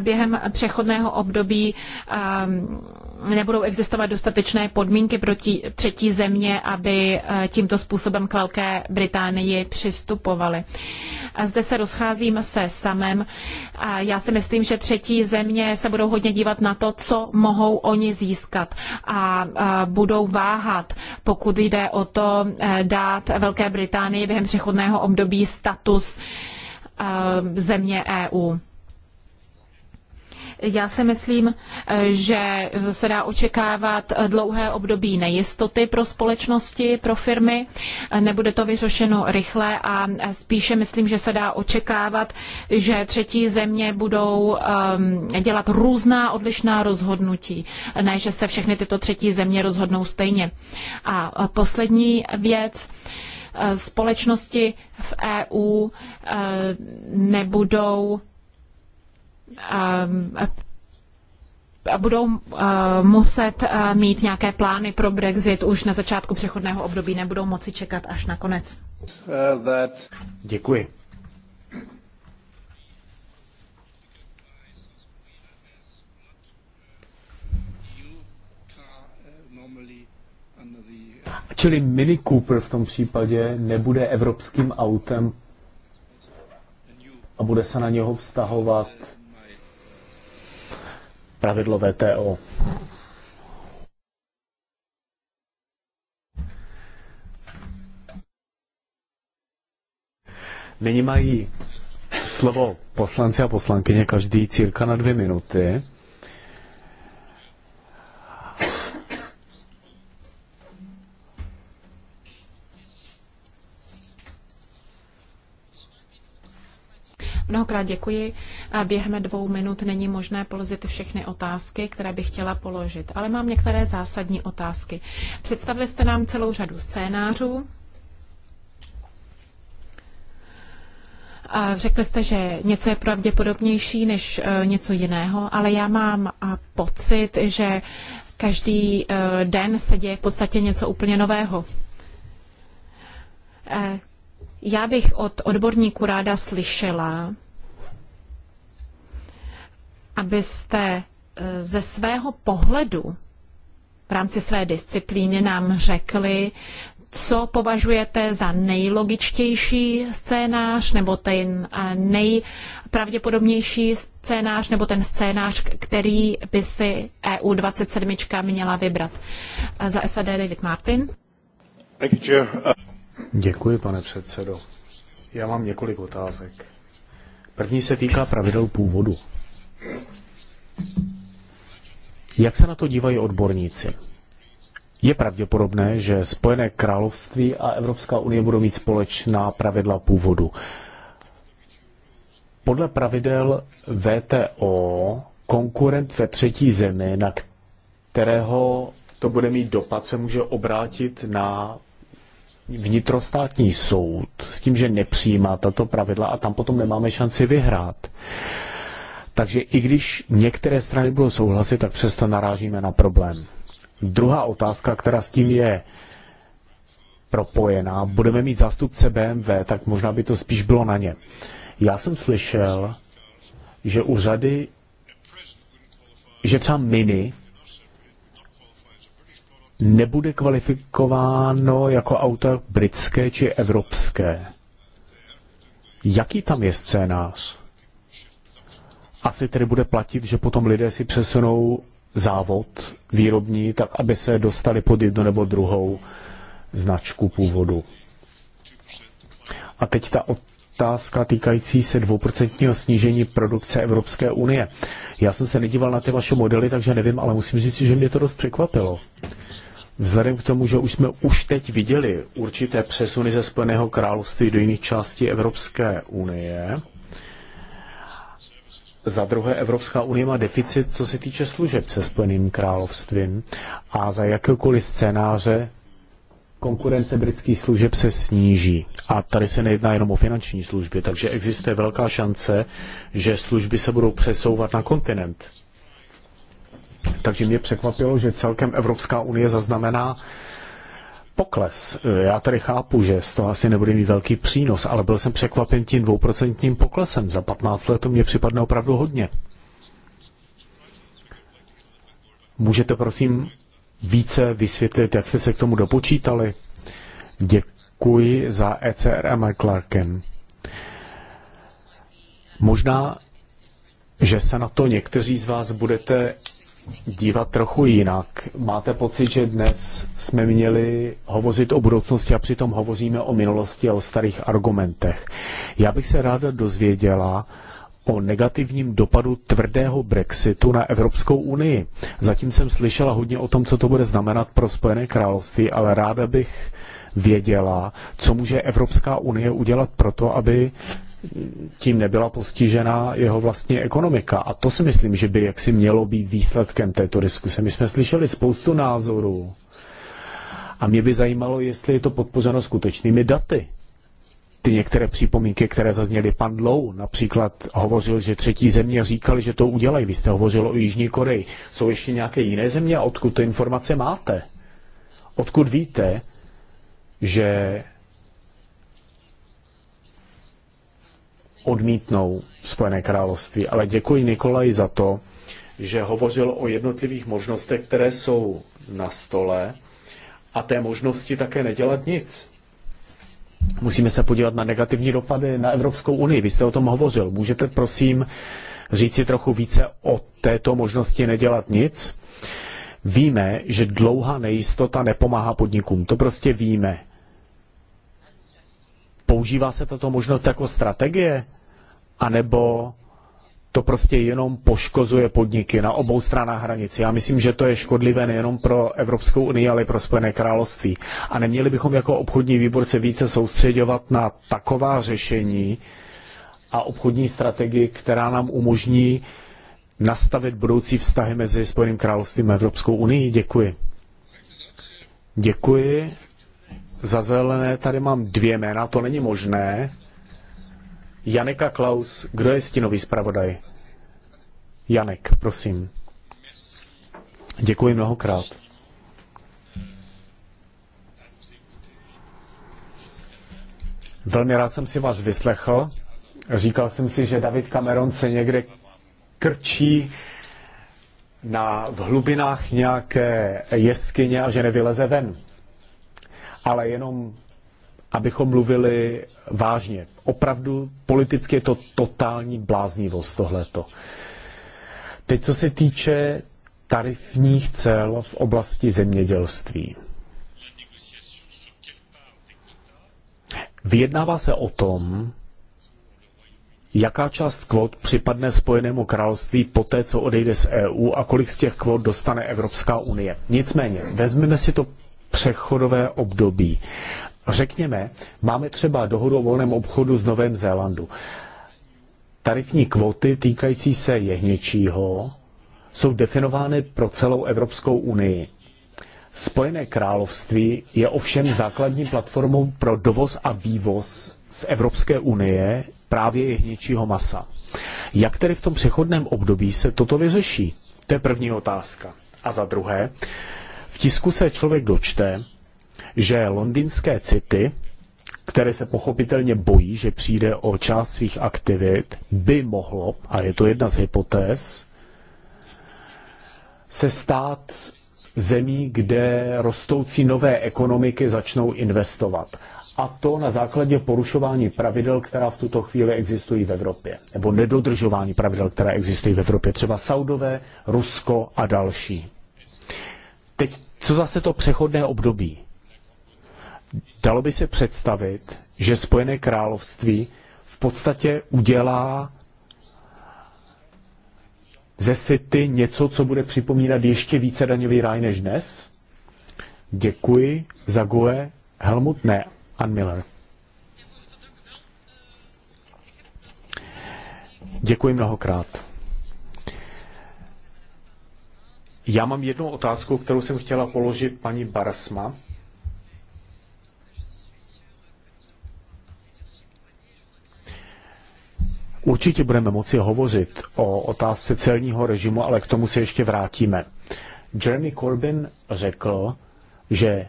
během přechodného období ehm, nebudou existovat dostatečné podmínky pro tí, třetí země, aby eh, tímto způsobem k Velké Británii přistupovaly. Zde se rozcházím se samem. Já si myslím, že třetí země se budou hodně dívat na to, co mohou oni získat a eh, budou váhat, pokud jde o to eh, dát Velké Británii během přechodného období status země EU. Já si myslím, eh, že se dá očekávat eh, dlouhé období nejistoty pro společnosti, pro firmy. Eh, Nebude to vyřešeno rychle a spíše myslím, že se dá očekávat, že třetí země budou ehm, dělat různá odlišná rozhodnutí, ne že se všechny tyto třetí země rozhodnou stejně. A poslední věc společnosti v EU nebudou a budou uh, muset uh, mít nějaké plány pro Brexit už na začátku přechodného období, nebudou moci čekat až na konec. Děkuji. Čili Mini Cooper v tom případě nebude evropským autem a bude se na něho vztahovat pravidlo VTO. Nyní mají slovo poslanci a poslankyně každý círka na dvě minuty. Mnohokrát děkuji. Během dvou minut není možné položit všechny otázky, které bych chtěla položit, ale mám některé zásadní otázky. Představili jste nám celou řadu scénářů. Řekli jste, že něco je pravděpodobnější než e, něco jiného, ale já mám pocit, že každý e, den se děje v podstatě něco úplně nového. E, já bych od odborníku ráda slyšela, abyste e, ze svého pohledu v rámci své disciplíny nám řekli, co považujete za nejlogičtější scénář, nebo ten e, nejpravděpodobnější scénář, nebo ten scénář, který by si EU27 měla vybrat. Za SAD David Martin. Děkuji, pane předsedo. Já mám několik otázek. První se týká pravidel původu. Jak se na to dívají odborníci? Je pravděpodobné, že Spojené království a Evropská unie budou mít společná pravidla původu. Podle pravidel VTO konkurent ve třetí zemi, na kterého to bude mít dopad, se může obrátit na vnitrostátní soud s tím, že nepřijímá tato pravidla a tam potom nemáme šanci vyhrát. Takže i když některé strany budou souhlasit, tak přesto narážíme na problém. Druhá otázka, která s tím je propojená, budeme mít zástupce BMW, tak možná by to spíš bylo na ně. Já jsem slyšel, že u řady, že třeba Mini nebude kvalifikováno jako auto britské či evropské. Jaký tam je scénář? asi tedy bude platit, že potom lidé si přesunou závod výrobní, tak aby se dostali pod jednu nebo druhou značku původu. A teď ta otázka týkající se dvouprocentního snížení produkce Evropské unie. Já jsem se nedíval na ty vaše modely, takže nevím, ale musím říct, že mě to dost překvapilo. Vzhledem k tomu, že už jsme už teď viděli určité přesuny ze Spojeného království do jiných částí Evropské unie, za druhé, Evropská unie má deficit, co se týče služeb se Spojeným královstvím a za jakékoliv scénáře konkurence britských služeb se sníží. A tady se nejedná jenom o finanční služby, takže existuje velká šance, že služby se budou přesouvat na kontinent. Takže mě překvapilo, že celkem Evropská unie zaznamená pokles. Já tady chápu, že z toho asi nebude mít velký přínos, ale byl jsem překvapen tím dvouprocentním poklesem. Za 15 let to mě připadne opravdu hodně. Můžete prosím více vysvětlit, jak jste se k tomu dopočítali? Děkuji za ECR a Clarken. Možná, že se na to někteří z vás budete dívat trochu jinak. Máte pocit, že dnes jsme měli hovořit o budoucnosti a přitom hovoříme o minulosti a o starých argumentech. Já bych se ráda dozvěděla o negativním dopadu tvrdého Brexitu na Evropskou unii. Zatím jsem slyšela hodně o tom, co to bude znamenat pro Spojené království, ale ráda bych věděla, co může Evropská unie udělat pro to, aby tím nebyla postižena jeho vlastní ekonomika. A to si myslím, že by jaksi mělo být výsledkem této diskuse. My jsme slyšeli spoustu názorů a mě by zajímalo, jestli je to podpořeno skutečnými daty. Ty některé připomínky, které zazněly pan Lou, například hovořil, že třetí země říkali, že to udělají. Vy jste hovořil o Jižní Koreji. Jsou ještě nějaké jiné země a odkud ty informace máte? Odkud víte, že odmítnou Spojené království. Ale děkuji Nikolaj za to, že hovořil o jednotlivých možnostech, které jsou na stole a té možnosti také nedělat nic. Musíme se podívat na negativní dopady na Evropskou unii. Vy jste o tom hovořil. Můžete prosím říct si trochu více o této možnosti nedělat nic? Víme, že dlouhá nejistota nepomáhá podnikům. To prostě víme používá se tato možnost jako strategie? A nebo to prostě jenom poškozuje podniky na obou stranách hranice. Já myslím, že to je škodlivé nejenom pro Evropskou unii, ale i pro Spojené království. A neměli bychom jako obchodní výbor se více soustředovat na taková řešení a obchodní strategii, která nám umožní nastavit budoucí vztahy mezi Spojeným královstvím a Evropskou unii. Děkuji. Děkuji. Za zelené tady mám dvě jména, to není možné. Janeka Klaus, kdo je stínový zpravodaj? Janek, prosím. Děkuji mnohokrát. Velmi rád jsem si vás vyslechl. Říkal jsem si, že David Cameron se někde krčí na, v hlubinách nějaké jeskyně a že nevyleze ven ale jenom abychom mluvili vážně. Opravdu politicky je to totální bláznivost tohleto. Teď, co se týče tarifních cel v oblasti zemědělství. Vyjednává se o tom, jaká část kvot připadne Spojenému království poté, co odejde z EU a kolik z těch kvot dostane Evropská unie. Nicméně, vezmeme si to přechodové období. Řekněme, máme třeba dohodu o volném obchodu s Novém Zélandu. Tarifní kvóty týkající se jehněčího jsou definovány pro celou Evropskou unii. Spojené království je ovšem základní platformou pro dovoz a vývoz z Evropské unie právě jehněčího masa. Jak tedy v tom přechodném období se toto vyřeší? To je první otázka. A za druhé, v tisku se člověk dočte, že londýnské city, které se pochopitelně bojí, že přijde o část svých aktivit, by mohlo, a je to jedna z hypotéz, se stát zemí, kde rostoucí nové ekonomiky začnou investovat. A to na základě porušování pravidel, která v tuto chvíli existují v Evropě. Nebo nedodržování pravidel, která existují v Evropě. Třeba Saudové, Rusko a další. Teď, co zase to přechodné období? Dalo by se představit, že Spojené království v podstatě udělá ze City něco, co bude připomínat ještě více daňový ráj než dnes? Děkuji. za goe Helmut ne, Ann Miller. Děkuji mnohokrát. Já mám jednu otázku, kterou jsem chtěla položit paní Barasma. Určitě budeme moci hovořit o otázce celního režimu, ale k tomu se ještě vrátíme. Jeremy Corbyn řekl, že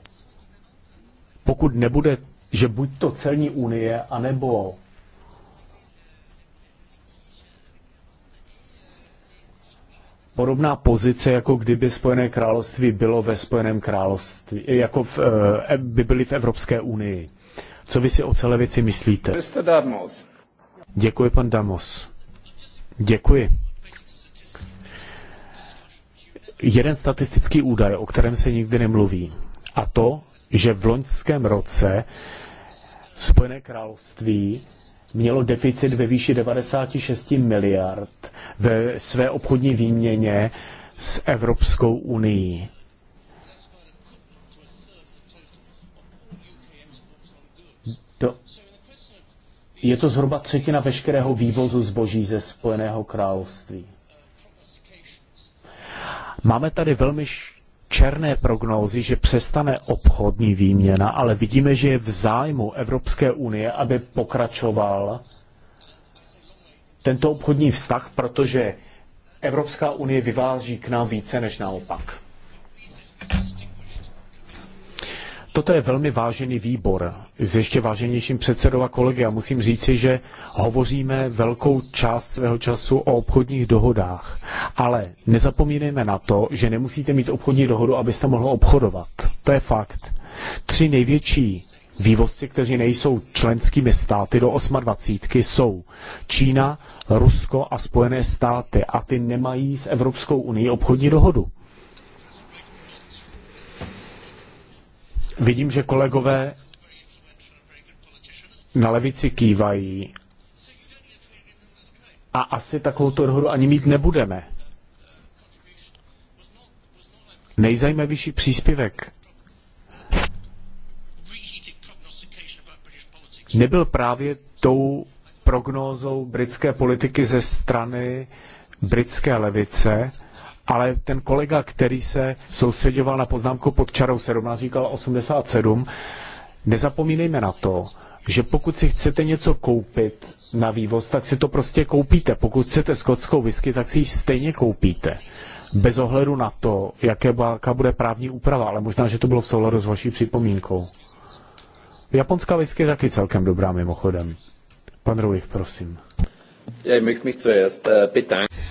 pokud nebude, že buď to celní unie, anebo podobná pozice, jako kdyby Spojené království bylo ve Spojeném království, jako v, eh, by byli v Evropské unii. Co vy si o celé věci myslíte? Děkuji, pan Damos. Děkuji. Jeden statistický údaj, o kterém se nikdy nemluví, a to, že v loňském roce Spojené království mělo deficit ve výši 96 miliard ve své obchodní výměně s Evropskou unii. Do, je to zhruba třetina veškerého vývozu zboží ze Spojeného království. Máme tady velmi černé prognózy, že přestane obchodní výměna, ale vidíme, že je v zájmu Evropské unie, aby pokračoval tento obchodní vztah, protože Evropská unie vyváží k nám více než naopak. Toto je velmi vážený výbor s ještě váženějším předsedou a kolegy a musím říci, že hovoříme velkou část svého času o obchodních dohodách. Ale nezapomínejme na to, že nemusíte mít obchodní dohodu, abyste mohli obchodovat. To je fakt. Tři největší vývozci, kteří nejsou členskými státy do 28, jsou Čína, Rusko a Spojené státy a ty nemají s Evropskou unii obchodní dohodu. Vidím, že kolegové na levici kývají. A asi takovou dohodu ani mít nebudeme. Nejzajímavější příspěvek nebyl právě tou prognózou britské politiky ze strany britské levice, ale ten kolega, který se soustředoval na poznámku pod čarou 17, říkal 87, nezapomínejme na to, že pokud si chcete něco koupit na vývoz, tak si to prostě koupíte. Pokud chcete skotskou whisky, tak si ji stejně koupíte. Bez ohledu na to, jaké jaká bude právní úprava, ale možná, že to bylo v souladu s vaší připomínkou. Japonská whisky je taky celkem dobrá mimochodem. Pan Rulich, prosím. Eh,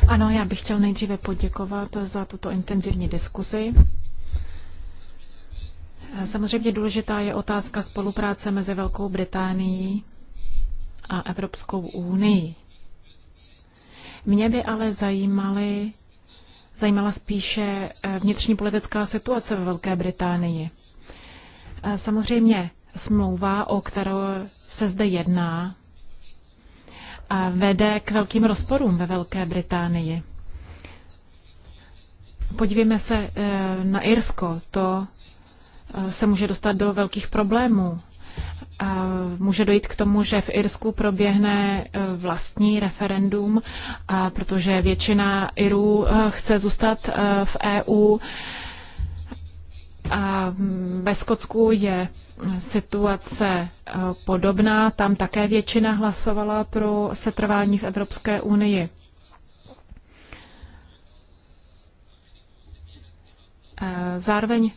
ano, já bych chtěl nejdříve poděkovat za tuto intenzivní diskuzi. Samozřejmě důležitá je otázka spolupráce mezi Velkou Británií a Evropskou unii. Mě by ale zajímaly, zajímala spíše eh, vnitřní politická situace ve Velké Británii. Eh, samozřejmě smlouva, o kterou se zde jedná, vede k velkým rozporům ve Velké Británii. Podívejme se eh, na Irsko. To eh, se může dostat do velkých problémů. Může dojít k tomu, že v Irsku proběhne eh, vlastní referendum, protože většina Irů chce zůstat v EU. A ve Skotsku je situace eh, podobná. Tam také většina hlasovala pro setrvání v Evropské unii. Eh, zároveň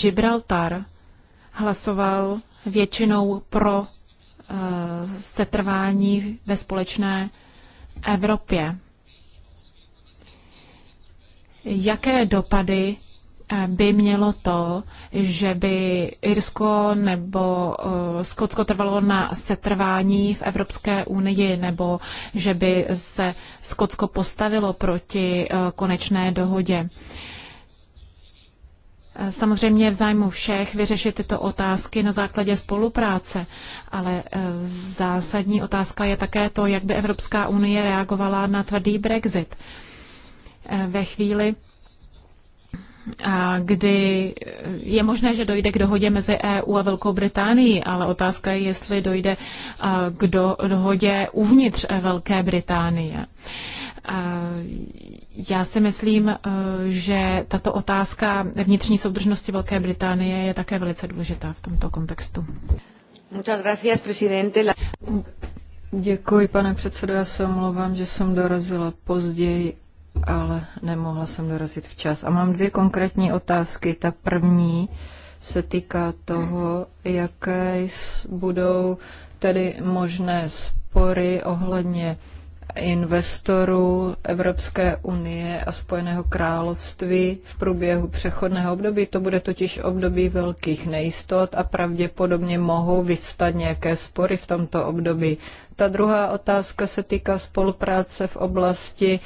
Gibraltar hlasoval většinou pro eh, setrvání ve společné Evropě. Jaké dopady by mělo to, že by Irsko nebo eh, Skotsko trvalo na setrvání v Evropské unii, nebo že by se Skotsko postavilo proti eh, konečné dohodě. Eh, samozřejmě v zájmu všech vyřešit tyto otázky na základě spolupráce, ale zásadní otázka je také to, jak by Evropská unie reagovala na tvrdý Brexit. Ve chvíli, kdy je možné, že dojde k dohodě mezi EU a Velkou Británií, ale otázka je, jestli dojde k dohodě uvnitř e, Velké Británie. Já si myslím, e, že tato otázka vnitřní soudržnosti Velké Británie je také velice důležitá v tomto kontextu. Muchas gracias, presidente. Děkuji, pane předsedo. Já se omlouvám, že jsem dorazila později ale nemohla jsem dorazit včas. A mám dvě konkrétní otázky. Ta první se týká toho, jaké budou tedy možné spory ohledně investorů Evropské unie a Spojeného království v průběhu přechodného období. To bude totiž období velkých nejistot a pravděpodobně mohou vyvstat nějaké spory v tomto období. Ta druhá otázka se týká spolupráce v oblasti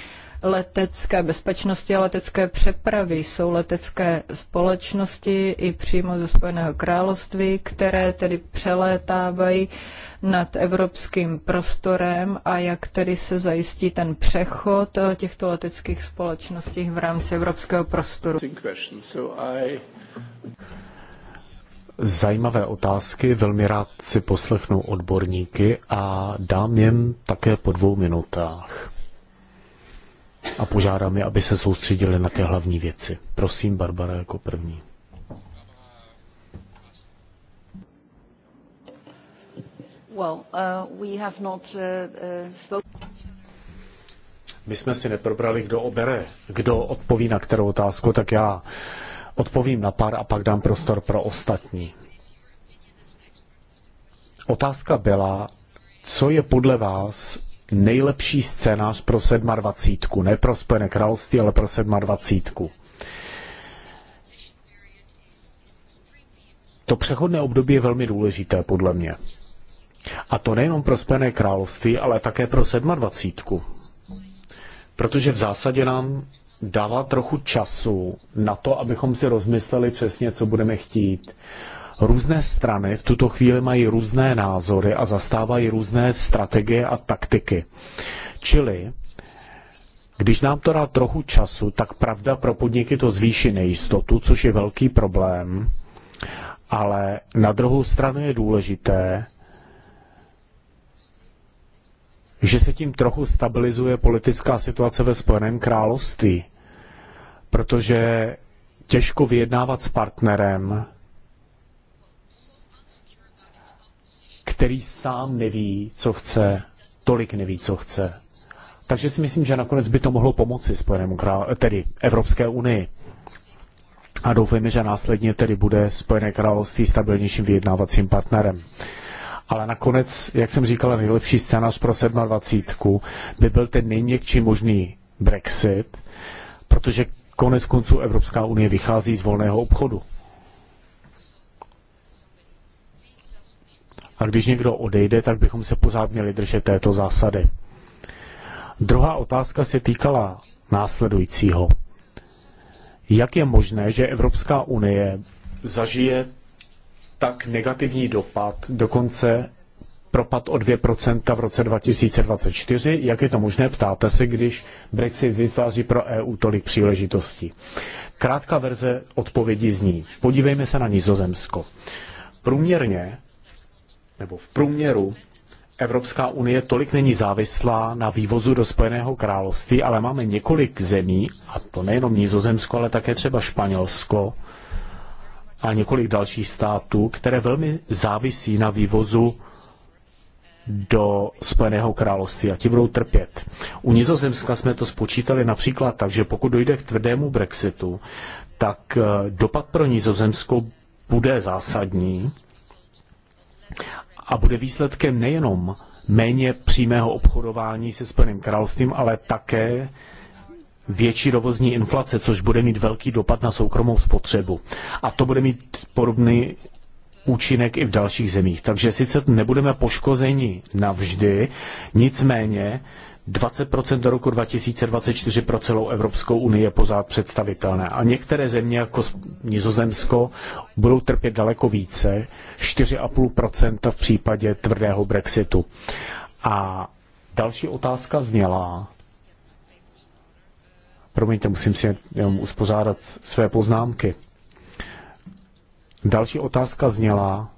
letecké bezpečnosti a letecké přepravy. Jsou letecké společnosti i přímo ze Spojeného království, které tedy přelétávají nad evropským prostorem a jak tedy se zajistí ten přechod těchto leteckých společností v rámci evropského prostoru. Zajímavé otázky, velmi rád si poslechnu odborníky a dám jim také po dvou minutách a požádám je, aby se soustředili na ty hlavní věci. Prosím, Barbara jako první. Well, uh, we have not, uh, uh My jsme si neprobrali, kdo obere, kdo odpoví na kterou otázku, tak já odpovím na pár a pak dám prostor pro ostatní. Otázka byla, co je podle vás nejlepší scénář pro 27. Ne pro Spojené království, ale pro 27. To přechodné období je velmi důležité, podle mě. A to nejenom pro Spojené království, ale také pro 27. Protože v zásadě nám dává trochu času na to, abychom si rozmysleli přesně, co budeme chtít. Různé strany v tuto chvíli mají různé názory a zastávají různé strategie a taktiky. Čili když nám to dá trochu času, tak pravda pro podniky to zvýší nejistotu, což je velký problém, ale na druhou stranu je důležité, že se tím trochu stabilizuje politická situace ve Spojeném království, protože těžko vyjednávat s partnerem, který sám neví, co chce, tolik neví, co chce. Takže si myslím, že nakonec by to mohlo pomoci Spojenému krá- tedy Evropské unii. A doufejme, že následně tedy bude Spojené království stabilnějším vyjednávacím partnerem. Ale nakonec, jak jsem říkal, nejlepší scénář pro 27. by byl ten nejměkčí možný Brexit, protože konec konců Evropská unie vychází z volného obchodu. A když někdo odejde, tak bychom se pořád měli držet této zásady. Druhá otázka se týkala následujícího. Jak je možné, že Evropská unie zažije tak negativní dopad, dokonce propad o 2% v roce 2024. Jak je to možné, ptáte se, když Brexit vytváří pro EU tolik příležitostí? Krátká verze odpovědi zní. Podívejme se na Nizozemsko. Průměrně nebo v průměru Evropská unie tolik není závislá na vývozu do Spojeného království, ale máme několik zemí, a to nejenom Nizozemsko, ale také třeba Španělsko a několik dalších států, které velmi závisí na vývozu do Spojeného království a ti budou trpět. U Nizozemska jsme to spočítali například tak, že pokud dojde k tvrdému Brexitu, tak eh, dopad pro Nizozemsko bude zásadní a bude výsledkem nejenom méně přímého obchodování se Spojeným královstvím, ale také větší dovozní inflace, což bude mít velký dopad na soukromou spotřebu. A to bude mít podobný účinek i v dalších zemích. Takže sice nebudeme poškozeni navždy, nicméně 20% do roku 2024 pro celou Evropskou unii je pořád představitelné. A některé země, jako Nizozemsko, budou trpět daleko více, 4,5% v případě tvrdého Brexitu. A další otázka zněla, promiňte, musím si jenom uspořádat své poznámky. Další otázka zněla,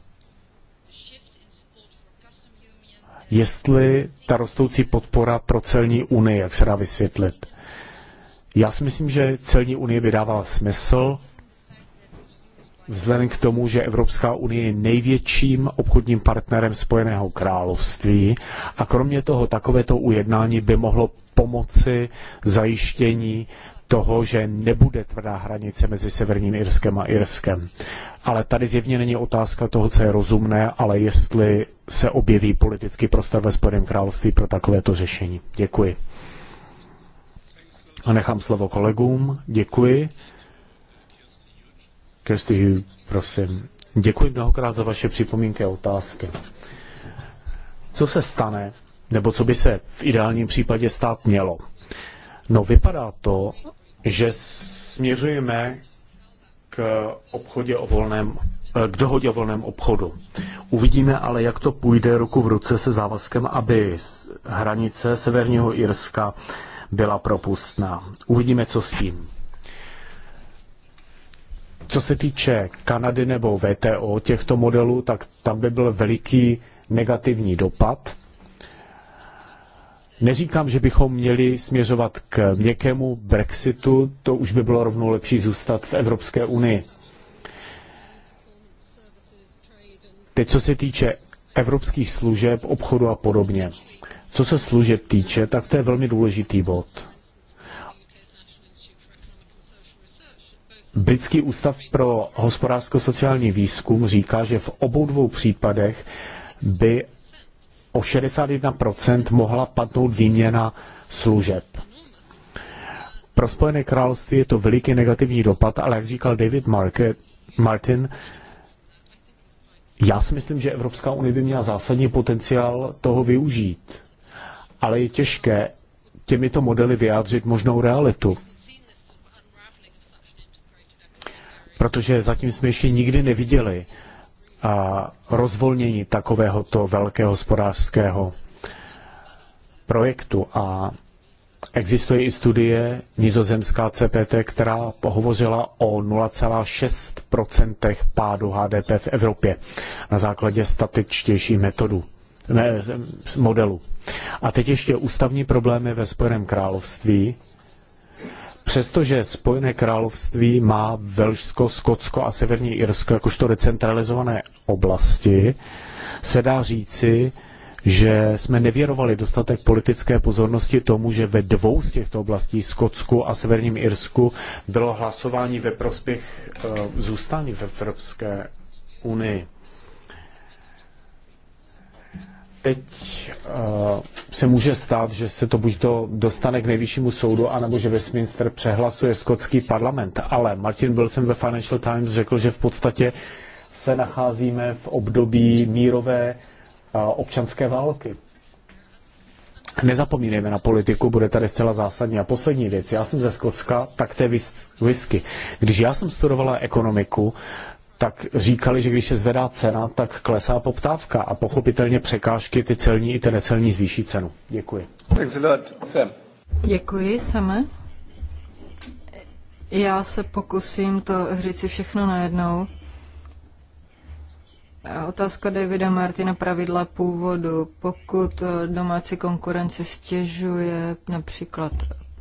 jestli ta rostoucí podpora pro celní unii, jak se dá vysvětlit. Já si myslím, že celní unie by dávala smysl, vzhledem k tomu, že Evropská unie je největším obchodním partnerem Spojeného království a kromě toho takovéto ujednání by mohlo pomoci zajištění toho, že nebude tvrdá hranice mezi Severním Irskem a Irskem. Ale tady zjevně není otázka toho, co je rozumné, ale jestli se objeví politický prostor ve Spojeném království pro takovéto řešení. Děkuji. A nechám slovo kolegům. Děkuji. Kirsty Hugh, prosím. Děkuji mnohokrát za vaše připomínky a otázky. Co se stane, nebo co by se v ideálním případě stát mělo? No vypadá to, že směřujeme k, obchodě o volném, eh, k dohodě o volném obchodu. Uvidíme ale, jak to půjde ruku v ruce se závazkem, aby hranice Severního Irska byla propustná. Uvidíme, co s tím. Co se týče Kanady nebo VTO těchto modelů, tak tam by byl veliký negativní dopad Neříkám, že bychom měli směřovat k měkkému Brexitu, to už by bylo rovnou lepší zůstat v Evropské unii. Teď co se týče evropských služeb, obchodu a podobně. Co se služeb týče, tak to je velmi důležitý bod. Britský ústav pro hospodářsko-sociální výzkum říká, že v obou dvou případech by o 61% mohla padnout výměna služeb. Pro Spojené království je to veliký negativní dopad, ale jak říkal David Market, Martin, já si myslím, že Evropská unie by měla zásadní potenciál toho využít, ale je těžké těmito modely vyjádřit možnou realitu. Protože zatím jsme ještě nikdy neviděli a rozvolnění takovéhoto velkého hospodářského projektu. A existuje i studie nizozemská CPT, která pohovořila o 0,6% pádu HDP v Evropě na základě statičtější metodu ne, modelu. A teď ještě ústavní problémy ve Spojeném království, Přestože Spojené království má Velšsko, Skotsko a Severní Irsko jakožto decentralizované oblasti, se dá říci, že jsme nevěrovali dostatek politické pozornosti tomu, že ve dvou z těchto oblastí, Skotsku a Severním Irsku, bylo hlasování ve prospěch eh, zůstání v Evropské unii. teď uh, se může stát, že se to buď to dostane k nejvyššímu soudu, anebo že Westminster přehlasuje skotský parlament. Ale Martin Wilson ve Financial Times řekl, že v podstatě se nacházíme v období mírové uh, občanské války. Nezapomínejme na politiku, bude tady zcela zásadní. A poslední věc, já jsem ze Skotska, tak to je whisky. Když já jsem studovala ekonomiku, tak říkali, že když se zvedá cena, tak klesá poptávka a pochopitelně překážky ty celní i ty necelní zvýší cenu. Děkuji. Děkuji, Seme. Já se pokusím to si všechno najednou. Otázka Davida Martina pravidla původu. Pokud domácí konkurence stěžuje například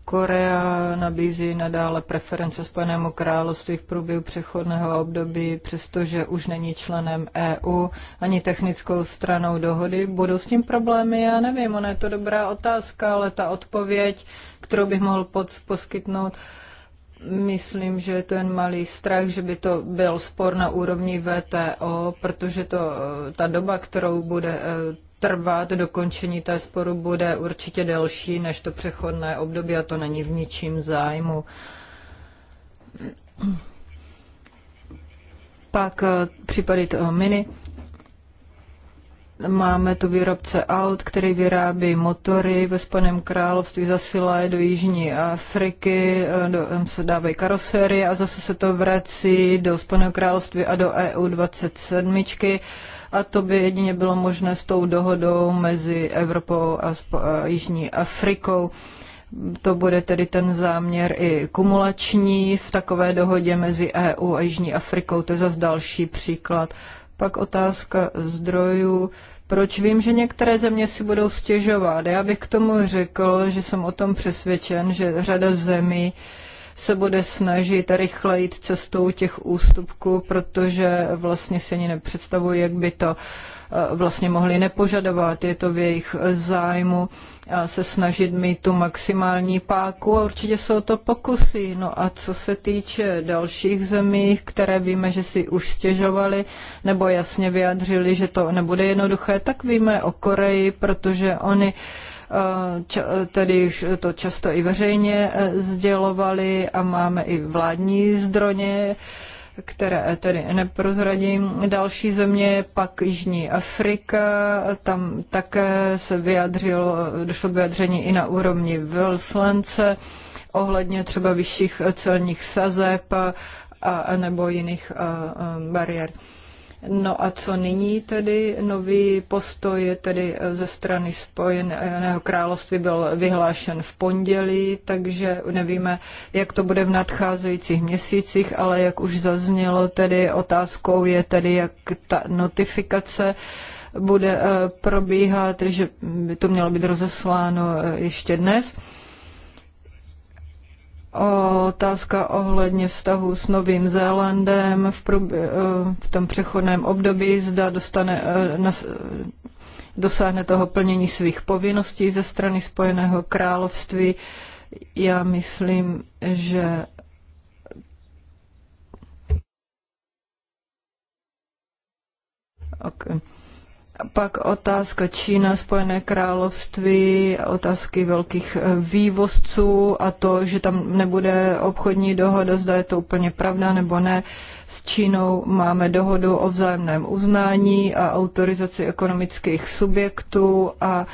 Korea nabízí nadále preference Spojenému království v průběhu přechodného období, přestože už není členem EU ani technickou stranou dohody. Budou s tím problémy? Já nevím, ona je to dobrá otázka, ale ta odpověď, kterou bych mohl poskytnout, Myslím, že je to jen malý strach, že by to byl spor na úrovni VTO, protože to, ta doba, kterou bude eh, trvat, dokončení té sporu bude určitě delší než to přechodné období a to není v ničím zájmu. Pak eh, případy toho mini. Máme tu výrobce aut, který vyrábí motory ve Spojeném království, zasílá je do Jižní Afriky, eh, do, tam se dávají karoserie a zase se to vrací do Spojeného království a do EU 27 a to by jedině bylo možné s tou dohodou mezi Evropou a, a Jižní Afrikou. To bude tedy ten záměr i kumulační v takové dohodě mezi EU a Jižní Afrikou. To je zase další příklad. Pak otázka zdrojů. Proč vím, že některé země si budou stěžovat? Já bych k tomu řekl, že jsem o tom přesvědčen, že řada zemí uh, se bude snažit rychle jít cestou těch ústupků, protože vlastně si ani nepředstavují, jak by to eh, vlastně mohli nepožadovat. Je to v jejich eh, zájmu eh, se snažit mít tu maximální páku a určitě se o to pokusí. No a co se týče dalších zemí, které víme, že si už stěžovali nebo jasně vyjadřili, že to nebude jednoduché, tak víme o Koreji, protože oni uh, tedy už to často i veřejně eh, sdělovali a máme i vládní zdroje, které eh, tedy neprozradím. Další země, pak Jižní Afrika, tam také se vyjadřilo, došlo k vyjadření i na úrovni Velslence ohledně třeba vyšších celních sazeb a, a nebo jiných a, eh, a bariér. No a co nyní tedy? Nový postoj tedy eh, ze strany Spojeného království byl vyhlášen v pondělí, takže nevíme, jak to bude v nadcházejících měsících, ale jak už zaznělo, tedy otázkou je tedy, jak ta notifikace bude eh, probíhat, že by to mělo být rozesláno eh, ještě dnes otázka ohledně vztahu s Novým Zélandem v, průbě, eh, v tom přechodném období, zda dostane, eh, nas, eh, dosáhne toho plnění svých povinností ze strany Spojeného království. Já myslím, že okay. Pak otázka Čína, Spojené království, otázky velkých eh, vývozců a to, že tam nebude obchodní dohoda, zda je to úplně pravda nebo ne. S Čínou máme dohodu o vzájemném uznání a autorizaci ekonomických subjektů a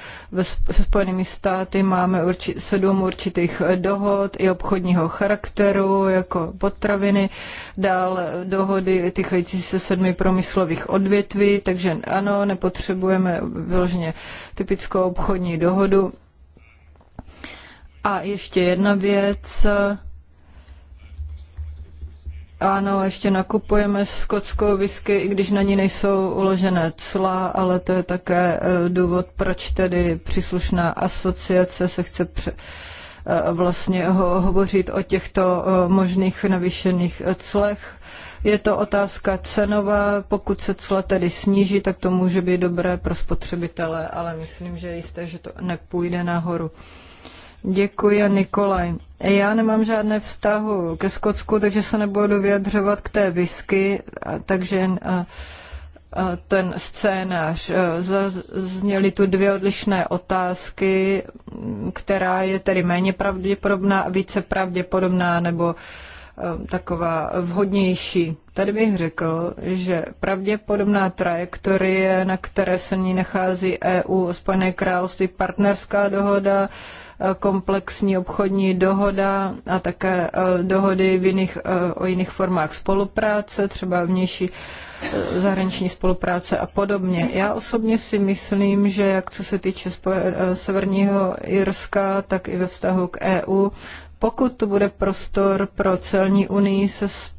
se Spojenými státy máme urči, sedm určitých dohod i obchodního charakteru, jako potraviny, dál dohody týkající se sedmi promyslových odvětví, takže ano, nepotřebujeme vyloženě typickou obchodní dohodu. A ještě jedna věc, ano, ještě nakupujeme skotskou whisky, i když na ní nejsou uložené cla, ale to je také eh, důvod, proč tedy příslušná asociace se chce pře- eh, vlastně ho- hovořit o těchto eh, možných navýšených clech. Je to otázka cenová, pokud se cla tedy sníží, tak to může být dobré pro spotřebitele, ale myslím, že je jisté, že to nepůjde nahoru. Děkuji a Nikolaj. Já nemám žádné vztahu ke Skotsku, takže se nebudu vyjadřovat k té whisky, takže ten scénář. E, zazněly tu dvě odlišné otázky, která je tedy méně pravděpodobná a více pravděpodobná nebo e, taková vhodnější. Tady bych řekl, že pravděpodobná trajektorie, na které se ní nachází EU, Spojené království, partnerská dohoda, komplexní obchodní dohoda a také e, dohody v jiných, e, o jiných formách spolupráce, třeba vnější e, zahraniční spolupráce a podobně. Já osobně si myslím, že jak co se týče Severního Irska, tak i ve vztahu k EU pokud tu bude prostor pro celní unii se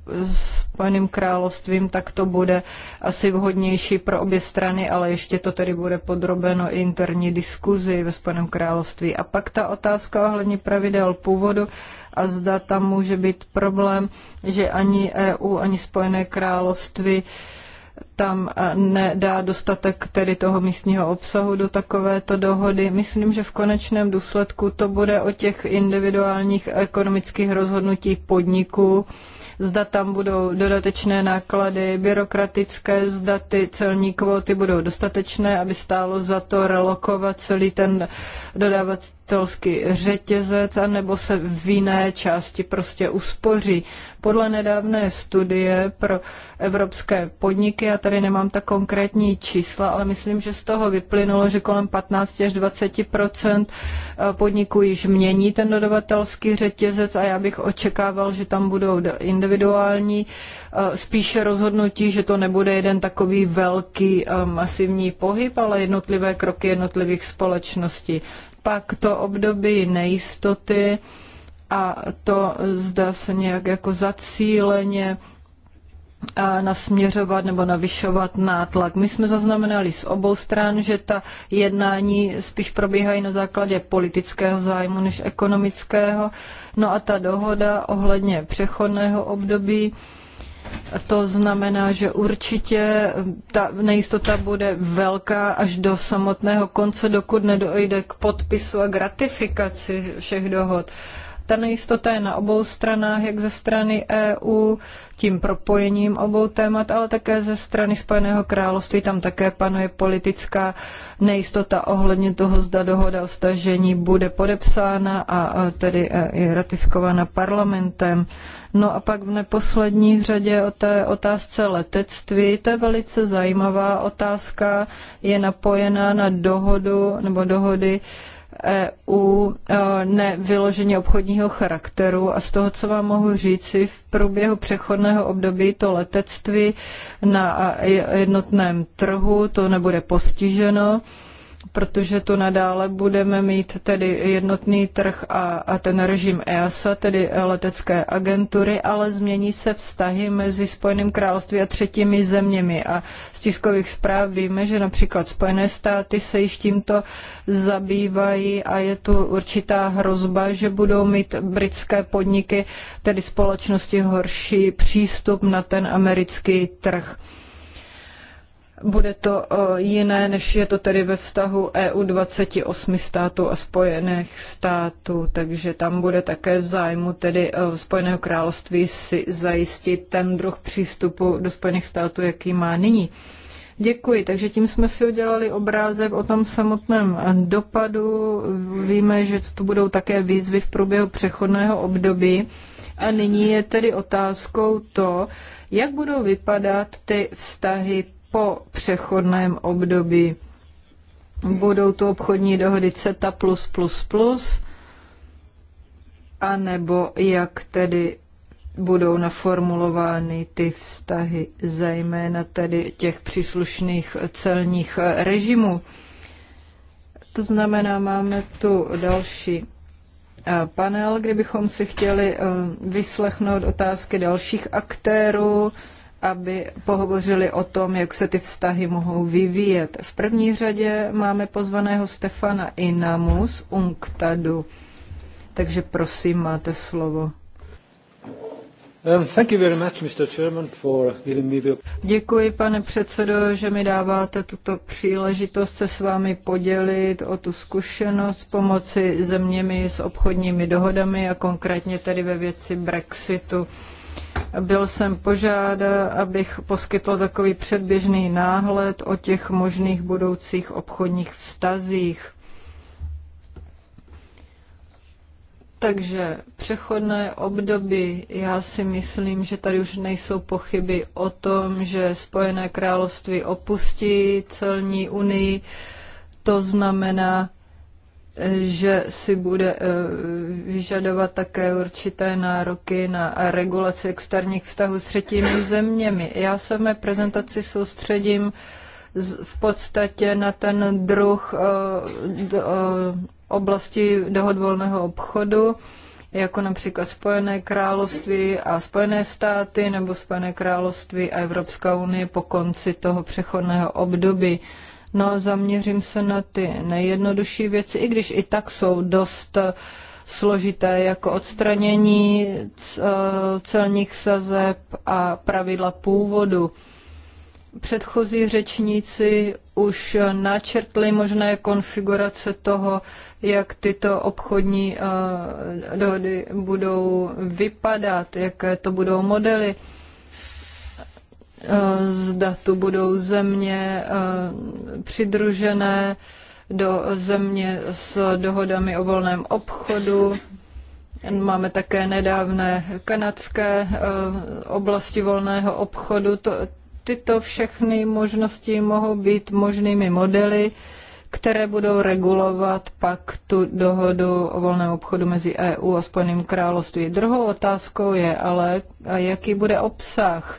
Spojeným královstvím, tak to bude asi vhodnější pro obě strany, ale ještě to tedy bude podrobeno interní diskuzi ve Spojeném království. A pak ta otázka ohledně pravidel původu a zda tam může být problém, že ani EU, ani Spojené království tam eh, nedá dostatek tedy toho místního obsahu do takovéto dohody. Myslím, že v konečném důsledku to bude o těch individuálních ekonomických rozhodnutích podniků, zda tam budou dodatečné náklady byrokratické, zda ty celní kvóty budou dostatečné, aby stálo za to relokovat celý ten dodávací dodavatelský řetězec, anebo se v jiné části prostě uspoří. Podle nedávné studie pro evropské podniky, já tady nemám ta konkrétní čísla, ale myslím, že z toho vyplynulo, že kolem 15 až 20 eh, podniků již mění ten dodavatelský řetězec a já bych očekával, že tam budou individuální eh, spíše rozhodnutí, že to nebude jeden takový velký eh, masivní pohyb, ale jednotlivé kroky jednotlivých společností pak to období nejistoty a to zda se nějak jako zacíleně nasměřovat nebo navyšovat nátlak. My jsme zaznamenali z obou stran, že ta jednání spíš probíhají na základě politického zájmu než ekonomického. No a ta dohoda ohledně přechodného období to znamená, že určitě ta nejistota bude velká až do samotného konce, dokud nedojde k podpisu a gratifikaci všech dohod ta nejistota je na obou stranách, jak ze strany EU, tím propojením obou témat, ale také ze strany Spojeného království. Tam také panuje politická nejistota ohledně toho, zda dohoda o stažení bude podepsána a tedy e, je ratifikována parlamentem. No a pak v neposlední řadě o té otázce letectví. To je velice zajímavá otázka, je napojená na dohodu nebo dohody EU e, nevyloženě obchodního charakteru a z toho, co vám mohu říci, v průběhu přechodného období to letectví na jednotném trhu, to nebude postiženo protože to nadále budeme mít tedy jednotný trh a, a ten režim EASA, tedy letecké agentury, ale změní se vztahy mezi Spojeným království a třetími zeměmi. A z tiskových zpráv víme, že například Spojené státy se již tímto zabývají a je tu určitá hrozba, že budou mít britské podniky, tedy společnosti, horší přístup na ten americký trh. Bude to eh, jiné, než je to tedy ve vztahu EU 28 států a Spojených států, takže tam bude také v zájmu tedy eh, Spojeného království si zajistit ten druh přístupu do Spojených států, jaký má nyní. Děkuji. Takže tím jsme si udělali obrázek o tom samotném eh, dopadu. Víme, že tu budou také výzvy v průběhu přechodného období. A nyní je tedy otázkou to, jak budou vypadat ty vztahy po přechodném období. Budou tu obchodní dohody CETA++, a nebo jak tedy budou naformulovány ty vztahy, zejména tedy těch příslušných celních režimů. To znamená, máme tu další eh, panel, kde bychom si chtěli eh, vyslechnout otázky dalších aktérů, aby pohovořili o tom, jak se ty vztahy mohou vyvíjet. V první řadě máme pozvaného Stefana Inamu z UNCTADu. Takže prosím, máte slovo. Děkuji, pane předsedo, že mi dáváte tuto příležitost se s vámi podělit o tu zkušenost pomoci zeměmi s obchodními dohodami a konkrétně tedy ve věci Brexitu. Byl jsem požádán, abych poskytl takový předběžný náhled o těch možných budoucích obchodních vztazích. Takže přechodné období, já si myslím, že tady už nejsou pochyby o tom, že Spojené království opustí celní unii. To znamená, že si bude eh, vyžadovat také určité nároky na regulaci externích vztahů s třetími zeměmi. Já se v mé prezentaci soustředím v podstatě na ten druh eh, eh, oblasti dohod volného obchodu, jako například Spojené království a Spojené státy nebo Spojené království a Evropská unie po konci toho přechodného období. No a zaměřím se na ty nejjednodušší věci, i když i tak jsou dost eh, složité, jako odstranění eh, celních sazeb a pravidla původu. Předchozí řečníci už načrtli možné konfigurace toho, jak tyto obchodní eh, dohody budou vypadat, jaké to budou modely. Eh, zda tu budou země eh, přidružené do země s dohodami o volném obchodu. Máme také nedávné kanadské eh, oblasti volného obchodu. To, tyto všechny možnosti mohou být možnými modely, které budou regulovat pak tu dohodu o volném obchodu mezi EU a Spojeným království. Druhou otázkou je ale, jaký bude obsah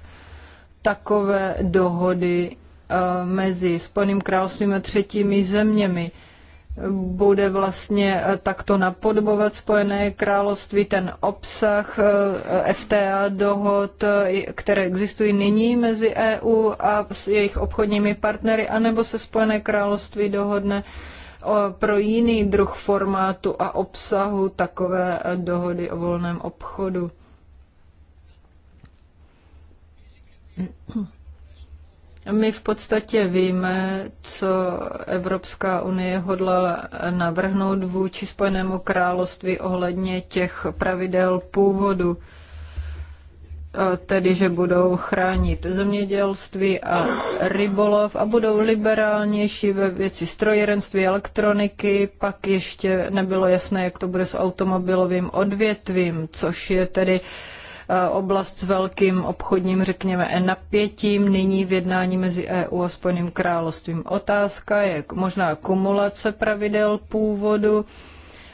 takové dohody eh, mezi Spojeným královstvím a třetími zeměmi. Bude vlastně eh, takto napodobovat Spojené království ten obsah eh, FTA dohod, které existují nyní mezi EU a s jejich obchodními partnery, anebo se Spojené království dohodne pro jiný druh formátu a obsahu takové dohody o volném obchodu. My v podstatě víme, co Evropská unie hodla navrhnout vůči Spojenému království ohledně těch pravidel původu, tedy že budou chránit zemědělství a rybolov a budou liberálnější ve věci strojírenství, elektroniky, pak ještě nebylo jasné, jak to bude s automobilovým odvětvím, což je tedy uh, E, oblast s velkým obchodním, řekněme, napětím nyní v jednání mezi EU a Spojeným královstvím. Otázka je možná kumulace pravidel původu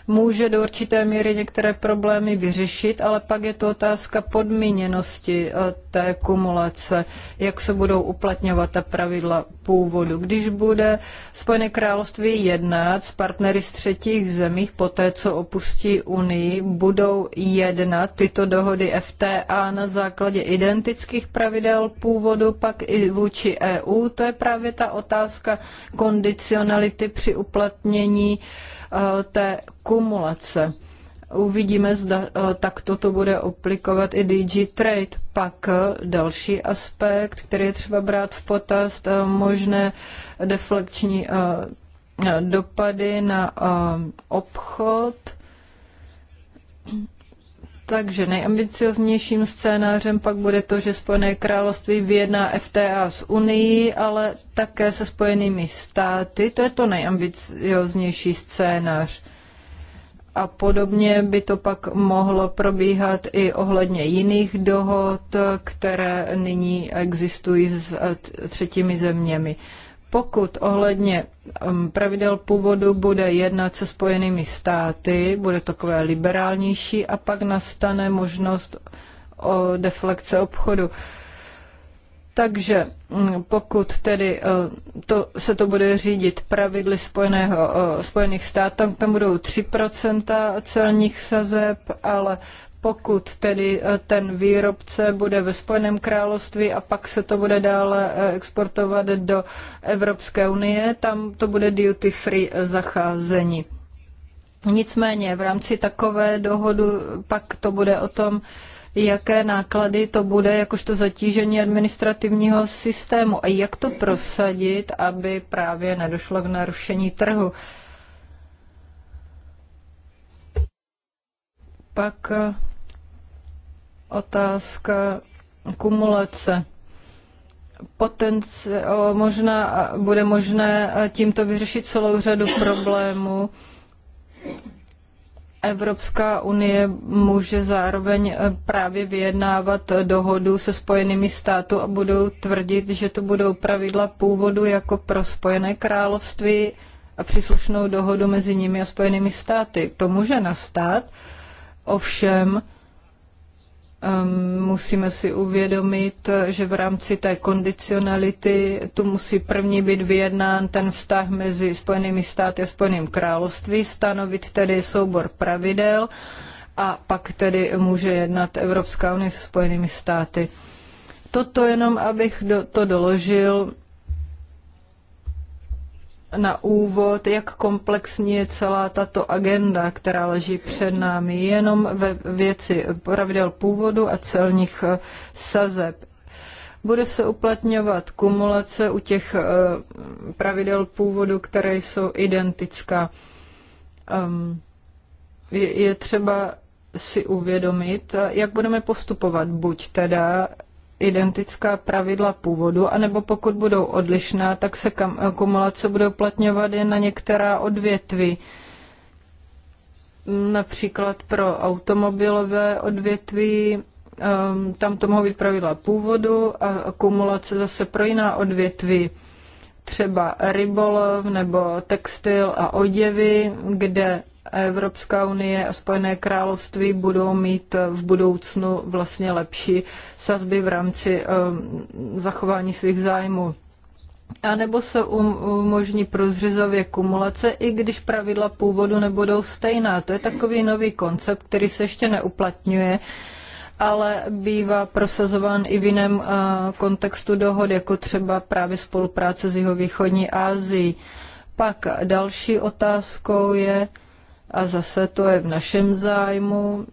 může do určité míry některé problémy vyřešit, ale pak je to otázka podmíněnosti eh, té kumulace, jak se budou uplatňovat ta pravidla původu. Když bude Spojené království jednat s partnery z třetích zemích po té, co opustí Unii, budou jednat tyto dohody FTA na základě identických pravidel původu, pak i vůči EU. To je právě ta otázka kondicionality při uplatnění Eh, té kumulace. Uvidíme, zda eh, takto to bude aplikovat i DG Trade. Pak eh, další aspekt, který je třeba brát v potaz, možné deflekční dopady na obchod takže nejambicioznějším scénářem pak bude to, že Spojené království vyjedná FTA s Unii, ale také se Spojenými státy. To je to nejambicioznější scénář. A podobně by to pak mohlo probíhat i ohledně jiných dohod, které nyní existují s třetími zeměmi pokud ohledně um, pravidel původu bude jednat se spojenými státy, bude takové liberálnější a pak nastane možnost o deflekce obchodu. Takže mm, pokud tedy e, to, se to bude řídit pravidly spojeného, e, Spojených států, tam budou 3% celních sazeb, ale pokud tedy eh, ten výrobce bude ve Spojeném království a pak se to bude dále eh, exportovat do Evropské unie, tam to bude duty free eh, zacházení. Nicméně v rámci takové dohody pak to bude o tom, jaké náklady to bude, jakožto zatížení administrativního systému a jak to prosadit, aby právě nedošlo k narušení trhu. pak eh, otázka kumulace. Potenci- možná, bude možné eh, tímto vyřešit celou řadu problémů. Evropská unie může zároveň eh, právě vyjednávat dohodu se Spojenými státy a budou tvrdit, že to budou pravidla původu jako pro Spojené království a příslušnou dohodu mezi nimi a Spojenými státy. To může nastat, Ovšem, um, musíme si uvědomit, že v rámci té kondicionality tu musí první být vyjednán ten vztah mezi Spojenými státy a Spojeným království, stanovit tedy soubor pravidel a pak tedy může jednat Evropská unie se Spojenými státy. Toto jenom, abych do, to doložil, na úvod, jak komplexní je celá tato agenda, která leží před námi, jenom ve věci pravidel původu a celních eh, sazeb. Bude se uplatňovat kumulace u těch eh, pravidel původu, které jsou identická. Ehm, je třeba si uvědomit, eh, jak budeme postupovat. Buď teda identická pravidla původu, anebo pokud budou odlišná, tak se kam, kumulace bude uplatňovat jen na některá odvětví. Například pro automobilové odvětví, ehm, tam to mohou být pravidla původu a kumulace zase pro jiná odvětví třeba rybolov nebo textil a oděvy, kde Evropská unie a Spojené království budou mít v budoucnu vlastně lepší sazby v rámci um, zachování svých zájmů. A nebo se um, umožní prozřezově kumulace, i když pravidla původu nebudou stejná. To je takový nový koncept, který se ještě neuplatňuje ale bývá prosazován i v jiném uh, kontextu dohod, jako třeba právě spolupráce s jihovýchodní Asií. Pak další otázkou je, a zase to je v našem zájmu,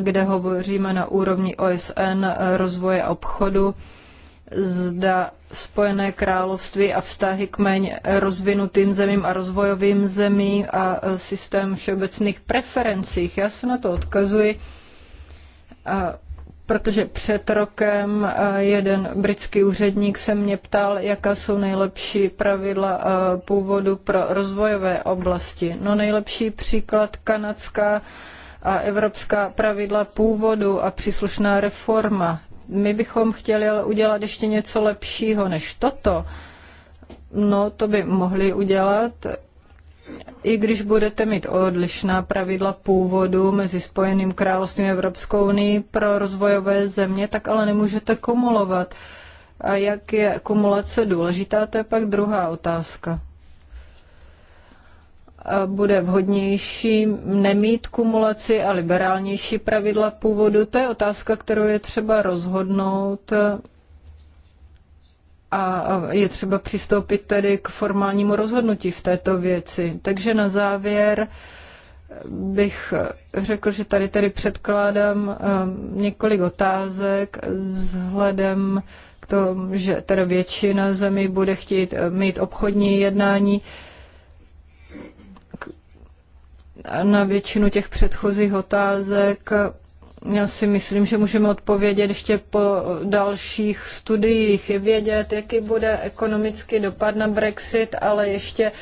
kde hovoříme na úrovni OSN eh, rozvoje obchodu, zda Spojené království a vztahy k méně rozvinutým zemím a rozvojovým zemím a eh, systém všeobecných preferencích. Já se na to odkazuji protože před rokem eh, jeden britský úředník se mě ptal, jaká jsou nejlepší pravidla eh, původu pro rozvojové oblasti. No nejlepší příklad kanadská a evropská pravidla původu a příslušná reforma. My bychom chtěli ale udělat ještě něco lepšího než toto. No, to by mohli udělat i když budete mít odlišná pravidla původu mezi Spojeným královstvím a Evropskou unii pro rozvojové země, tak ale nemůžete kumulovat. A jak je kumulace důležitá, to je pak druhá otázka. A bude vhodnější nemít kumulaci a liberálnější pravidla původu? To je otázka, kterou je třeba rozhodnout a je třeba přistoupit tedy k formálnímu rozhodnutí v této věci. Takže na závěr bych řekl, že tady tedy předkládám několik otázek vzhledem k tomu, že teda většina zemí bude chtít e, mít obchodní jednání na většinu těch předchozích otázek já si myslím, že můžeme odpovědět ještě po dalších studiích, vědět, jaký bude ekonomický dopad na Brexit, ale ještě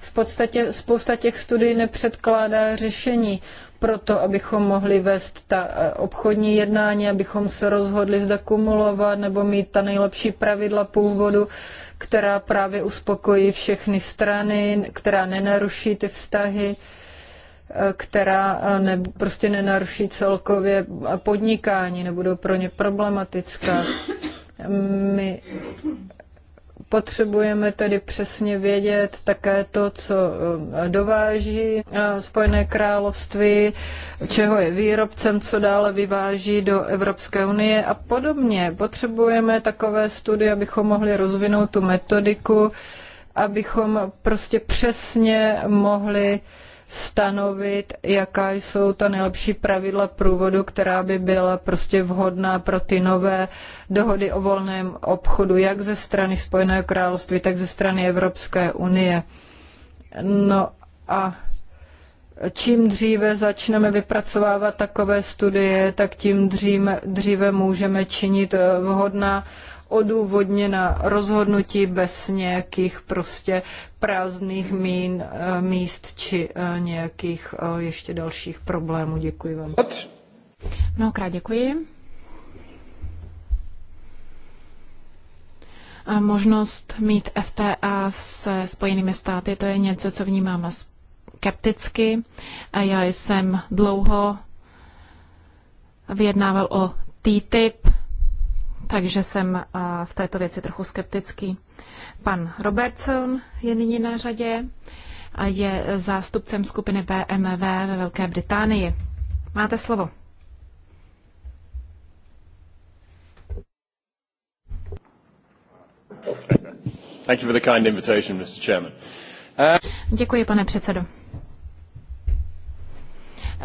v podstatě spousta těch studií nepředkládá řešení pro to, abychom mohli vést ta eh, obchodní jednání, abychom se rozhodli zda kumulovat nebo mít ta nejlepší pravidla původu, která právě uspokojí všechny strany, která nenaruší ty vztahy. Eh, která eh, ne, prostě nenaruší celkově podnikání, nebudou pro ně problematická. My potřebujeme tedy přesně vědět také to, co eh, dováží Spojené království, čeho je výrobcem, co dále vyváží do Evropské unie a podobně. Potřebujeme takové studie, abychom mohli rozvinout tu metodiku, abychom prostě přesně mohli uh, stanovit, jaká jsou ta nejlepší pravidla průvodu, která by byla prostě vhodná pro ty nové dohody o volném obchodu, jak ze strany Spojeného království, tak ze strany Evropské unie. No a čím dříve začneme vypracovávat takové studie, tak tím dříve, můžeme činit eh, vhodná odůvodněna rozhodnutí bez nějakých prostě prázdných mín, eh, míst či eh, nějakých eh, ještě dalších problémů. Děkuji vám. Mnohokrát děkuji. možnost mít FTA se Spojenými státy, to je něco, co vnímám skepticky. A já jsem dlouho vyjednával o TTIP takže jsem eh, v této věci trochu skeptický. Pan Robertson je nyní na řadě a je zástupcem skupiny BMW ve Velké Británii. Máte slovo. Thank you for the kind invitation, Mr. Chairman. Uh... Děkuji, pane předsedo.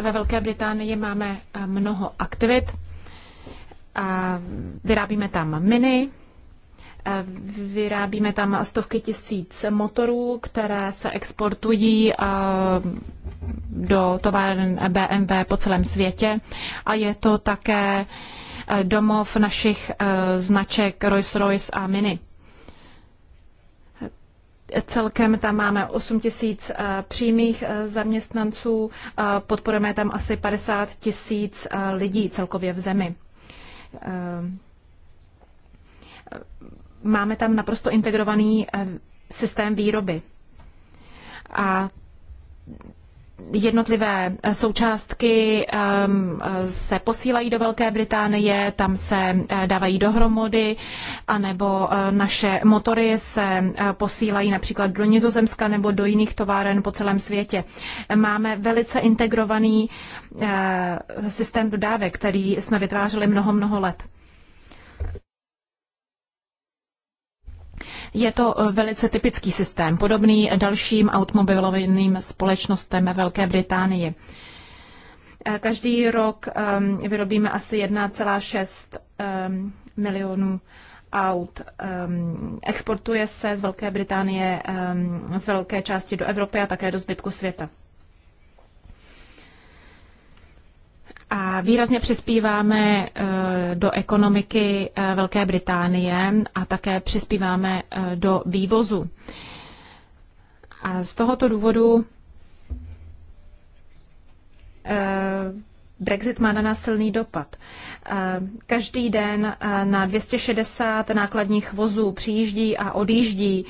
Ve Velké Británii máme eh, mnoho aktivit Vyrábíme tam miny, vyrábíme tam stovky tisíc motorů, které se exportují do továren BMW po celém světě a je to také domov našich značek Rolls-Royce a Mini. Celkem tam máme 8 tisíc přímých zaměstnanců, podporujeme tam asi 50 tisíc lidí celkově v zemi. Ehm, máme tam naprosto integrovaný ehm, systém výroby. A jednotlivé součástky ehm, se posílají do Velké Británie, tam se eh, dávají dohromady, anebo eh, naše motory se eh, posílají například do Nizozemska nebo do jiných továren po celém světě. Máme velice integrovaný systém dodávek, který jsme vytvářeli mnoho, mnoho let. Je to eh, velice typický systém, podobný dalším automobilovým společnostem Velké Británie. Eh, každý rok ehm, vyrobíme asi 1,6 ehm, milionů aut. Ehm, exportuje se z Velké Británie z velké části do Evropy a také do zbytku světa. a výrazně přispíváme eh, do ekonomiky eh, Velké Británie a také přispíváme eh, do vývozu. A z tohoto důvodu Brexit má na nás silný dopad. Každý den na 260 nákladních vozů přijíždí a odjíždí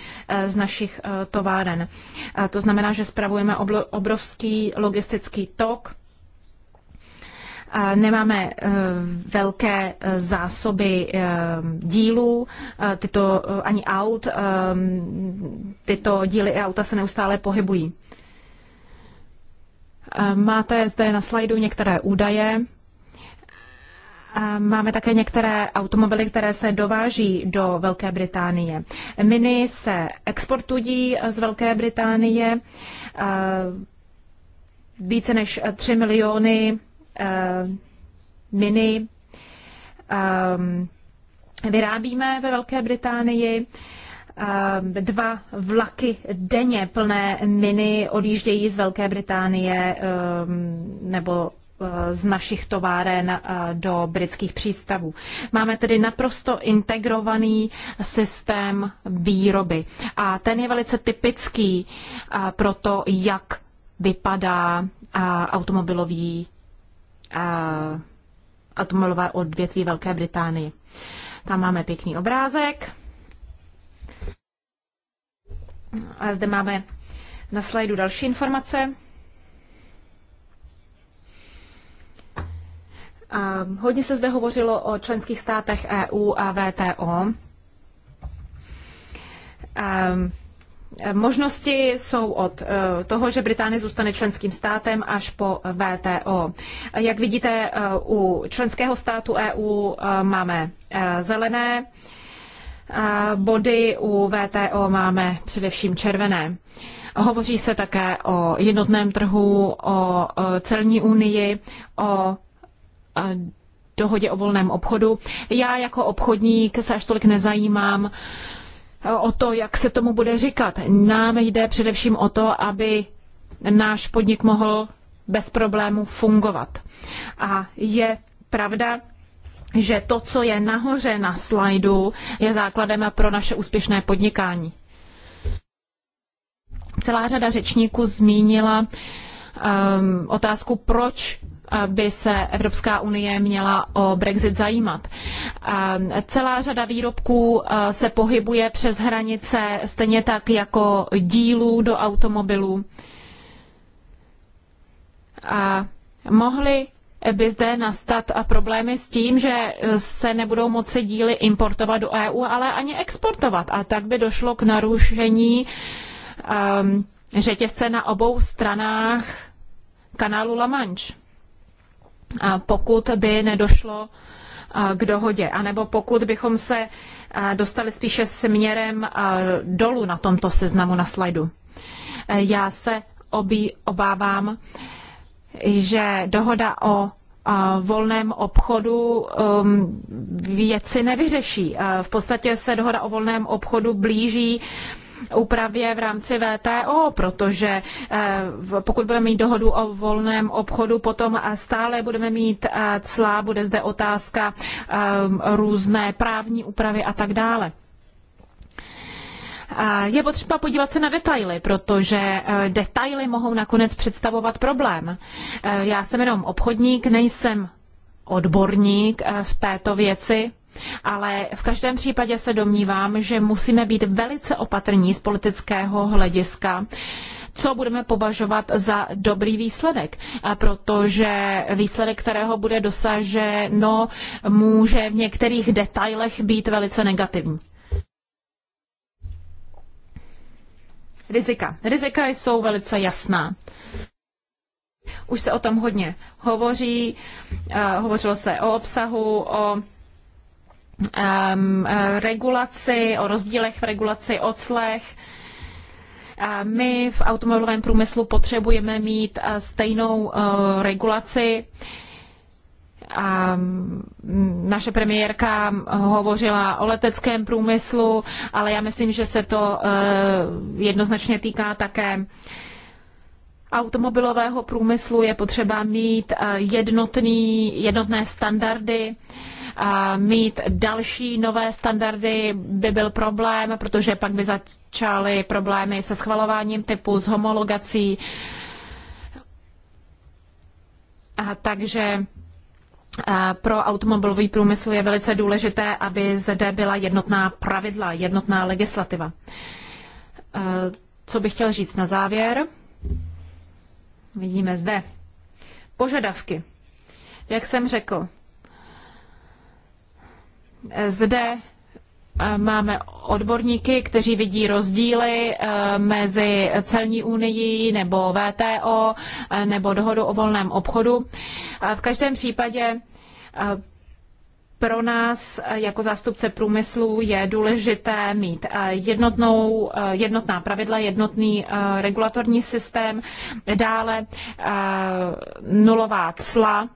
z našich továren. To znamená, že spravujeme obrovský logistický tok Nemáme eh, velké eh, zásoby eh, dílů tyto, ani aut. Tyto díly i auta se neustále pohybují. Máte zde na slajdu některé údaje. Máme také některé automobily, které se dováží do Velké Británie. Mini se exportují z Velké Británie. Více než 3 miliony Eh, mini eh, vyrábíme ve Velké Británii. Eh, dva vlaky denně plné miny odjíždějí z Velké Británie nebo z našich továren do britských přístavů. Máme tedy naprosto integrovaný systém výroby a ten je velice typický pro to, jak vypadá automobilový atomové odvětví Velké Británii. Tam máme pěkný obrázek. A zde máme na slajdu další informace. A hodně se zde hovořilo o členských státech EU a VTO. A Možnosti jsou od eh, toho, že Británie zůstane členským státem až po VTO. Jak vidíte, eh, u členského státu EU eh, máme zelené body, u VTO máme především červené. Hovoří se také o jednotném trhu, o celní unii, o dohodě o volném obchodu. Já jako obchodník se až tolik nezajímám o to, jak se tomu bude říkat. Nám jde především o to, aby náš podnik mohl bez problémů fungovat. A je pravda, že to, co je nahoře na slajdu, je základem pro naše úspěšné podnikání. Celá řada řečníků zmínila um, otázku, proč by se Evropská unie měla o Brexit zajímat. Celá řada výrobků se pohybuje přes hranice, stejně tak jako dílů do automobilů. A mohly by zde nastat problémy s tím, že se nebudou moci díly importovat do EU, ale ani exportovat. A tak by došlo k narušení um, řetězce na obou stranách kanálu La Manche pokud by nedošlo k dohodě, anebo pokud bychom se dostali spíše směrem dolů na tomto seznamu na slajdu. Já se obí, obávám, že dohoda o volném obchodu um, věci nevyřeší. V podstatě se dohoda o volném obchodu blíží úpravě v rámci VTO, protože eh, pokud budeme mít dohodu o volném obchodu, potom eh, stále budeme mít eh, cla, bude zde otázka různé právní úpravy a tak dále. Je potřeba podívat se na detaily, protože detaily mohou nakonec představovat problém. Já jsem jenom obchodník, nejsem odborník v této věci. Ale v každém případě se domnívám, že musíme být velice opatrní z politického hlediska co budeme považovat za dobrý výsledek, protože výsledek, kterého bude dosaženo, může v některých detailech být velice negativní. Rizika. Rizika jsou velice jasná. Už se o tom hodně hovoří. Eh, hovořilo se o obsahu, o Eh, regulaci, o rozdílech v regulaci, o clech. My v automobilovém průmyslu potřebujeme mít eh, stejnou eh, regulaci. Naše premiérka mm, hovořila o leteckém průmyslu, ale já myslím, že se to jednoznačně týká také automobilového průmyslu je potřeba mít jednotný, jednotné standardy mít další nové standardy by byl problém, protože pak by začaly problémy se schvalováním typu, s homologací. A takže pro automobilový průmysl je velice důležité, aby zde byla jednotná pravidla, jednotná legislativa. Co bych chtěl říct na závěr? Vidíme zde. Požadavky. Jak jsem řekl, zde eh, máme odborníky, kteří vidí rozdíly eh, mezi celní unii nebo VTO eh, nebo dohodu o volném obchodu. V každém případě pro nás jako zástupce průmyslu je důležité mít jednotnou, jednotná pravidla, jednotný regulatorní systém, dále nulová cla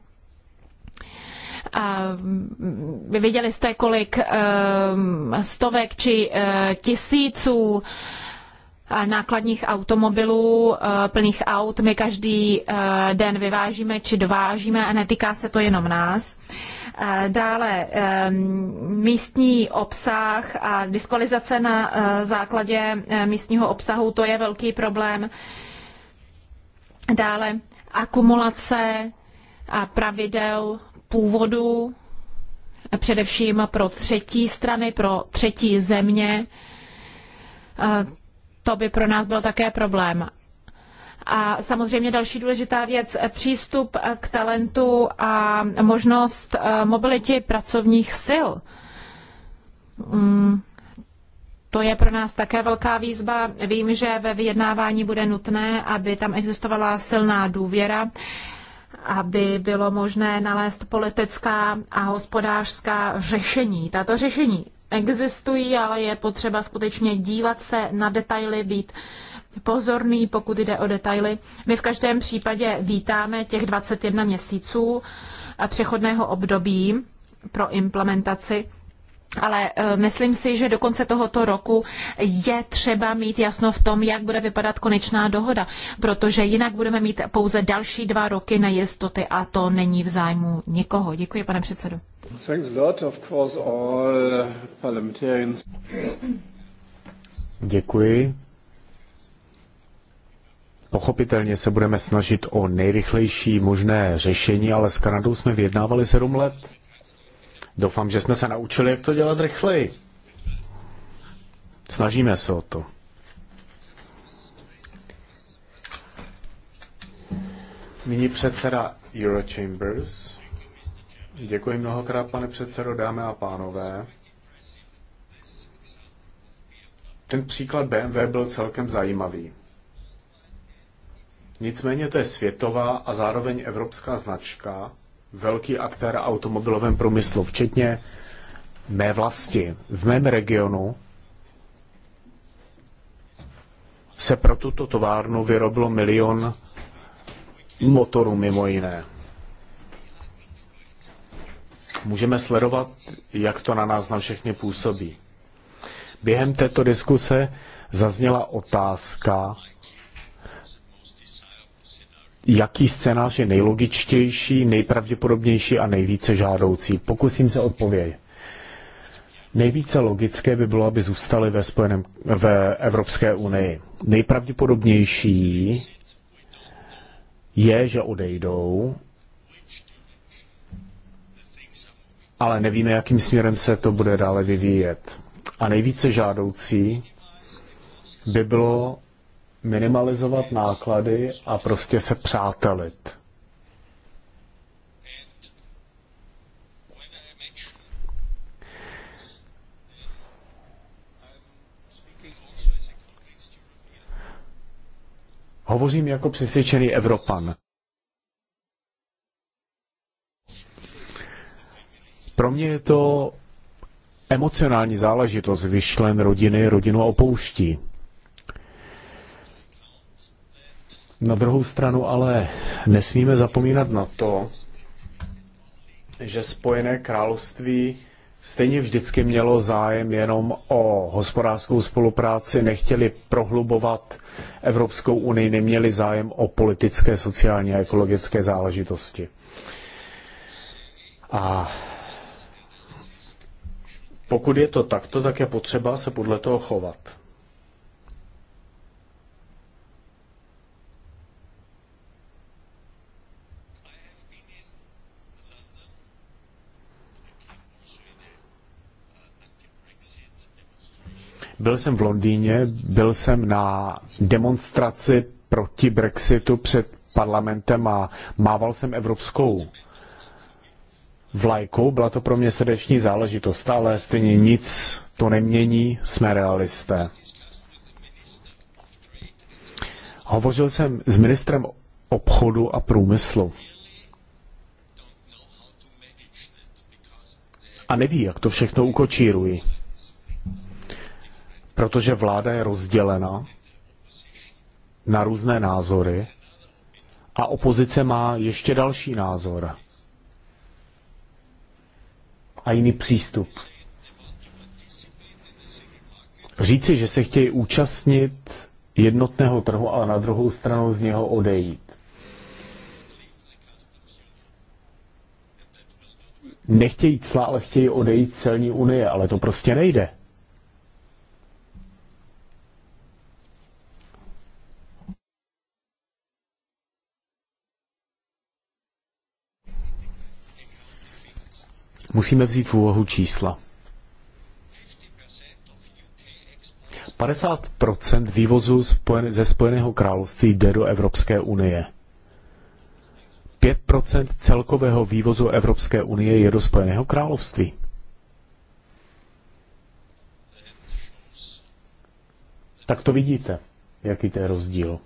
vy viděli jste, kolik ehm, stovek či eh, tisíců eh, nákladních automobilů eh, plných aut my každý den vyvážíme či dovážíme a netýká se to jenom nás. Dále ehm, místní obsah a diskvalizace na základě místního obsahu, to je velký problém. Dále akumulace pravidel původu, především pro třetí strany, pro třetí země, to by pro nás byl také problém. A samozřejmě další důležitá věc, přístup k talentu a možnost eh, mobility pracovních sil. Mm, to je pro nás také velká výzva. Vím, že ve vyjednávání bude nutné, aby tam existovala silná důvěra aby bylo možné nalézt politická a hospodářská řešení. Tato řešení existují, ale je potřeba skutečně dívat se na detaily, být pozorný, pokud jde o detaily. My v každém případě vítáme těch 21 měsíců přechodného období pro implementaci ale eh, myslím si, že do konce tohoto roku je třeba mít jasno v tom, jak bude vypadat konečná dohoda, protože jinak budeme mít pouze další dva roky na jistoty a to není v zájmu nikoho. Děkuji, pane předsedo. Uh, Děkuji. Pochopitelně se budeme snažit o nejrychlejší možné řešení, ale s Kanadou jsme vyjednávali sedm let. Doufám, že jsme se naučili, jak to dělat rychleji. Snažíme se o to. Nyní předseda Eurochambers. Děkuji mnohokrát, pane předsedo, dámy a pánové. Ten příklad BMW byl celkem zajímavý. Nicméně to je světová a zároveň evropská značka, velký aktér automobilovém průmyslu, včetně mé vlasti. V mém regionu se pro tuto továrnu vyrobilo milion motorů mimo jiné. Můžeme sledovat, jak to na nás na všechny působí. Během této diskuse zazněla otázka, jaký scénář je nejlogičtější, nejpravděpodobnější a nejvíce žádoucí. Pokusím se odpovědět. Nejvíce logické by bylo, aby zůstali ve, spojeném, ve Evropské unii. Nejpravděpodobnější je, že odejdou, ale nevíme, jakým směrem se to bude dále vyvíjet. A nejvíce žádoucí by bylo, minimalizovat náklady a prostě se přátelit. Hovořím jako přesvědčený Evropan. Pro mě je to emocionální záležitost, když člen rodiny rodinu opouští. Na druhou stranu ale nesmíme zapomínat na to, že Spojené království stejně vždycky mělo zájem jenom o hospodářskou spolupráci, nechtěli prohlubovat Evropskou unii, neměli zájem o politické, sociální a ekologické záležitosti. A pokud je to takto, tak je potřeba se podle toho chovat. Byl jsem v Londýně, byl jsem na demonstraci proti Brexitu před parlamentem a mával jsem evropskou vlajku. Byla to pro mě srdeční záležitost, ale stejně nic to nemění, jsme realisté. Hovořil jsem s ministrem obchodu a průmyslu. A neví, jak to všechno ukočírují protože vláda je rozdělena na různé názory a opozice má ještě další názor a jiný přístup. Říci, že se chtějí účastnit jednotného trhu, ale na druhou stranu z něho odejít. Nechtějí cla, ale chtějí odejít celní unie, ale to prostě nejde. Musíme vzít v úvahu čísla. 50 vývozu ze Spojeného království jde do Evropské unie. 5 celkového vývozu Evropské unie je do Spojeného království. Tak to vidíte, jaký to je rozdíl.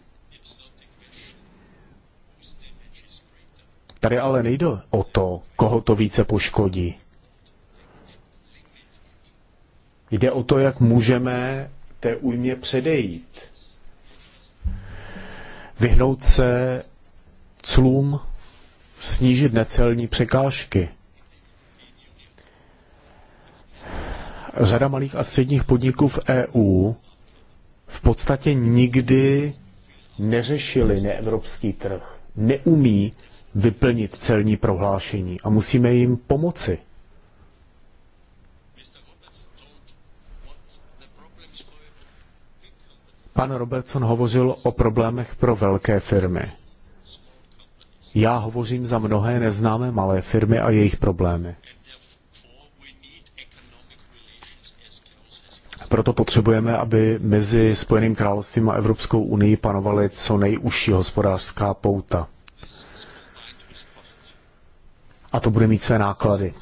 Tady ale nejde o to, koho to více poškodí. Jde o to, jak můžeme té újmě předejít. Vyhnout se clům, snížit necelní překážky. Řada malých a středních podniků v EU v podstatě nikdy neřešili neevropský trh. Neumí vyplnit celní prohlášení a musíme jim pomoci. Pan Robertson hovořil o problémech pro velké firmy. Já hovořím za mnohé neznámé malé firmy a jejich problémy. Proto potřebujeme, aby mezi Spojeným královstvím a Evropskou unii panovaly co nejužší hospodářská pouta a to bude mít své náklady.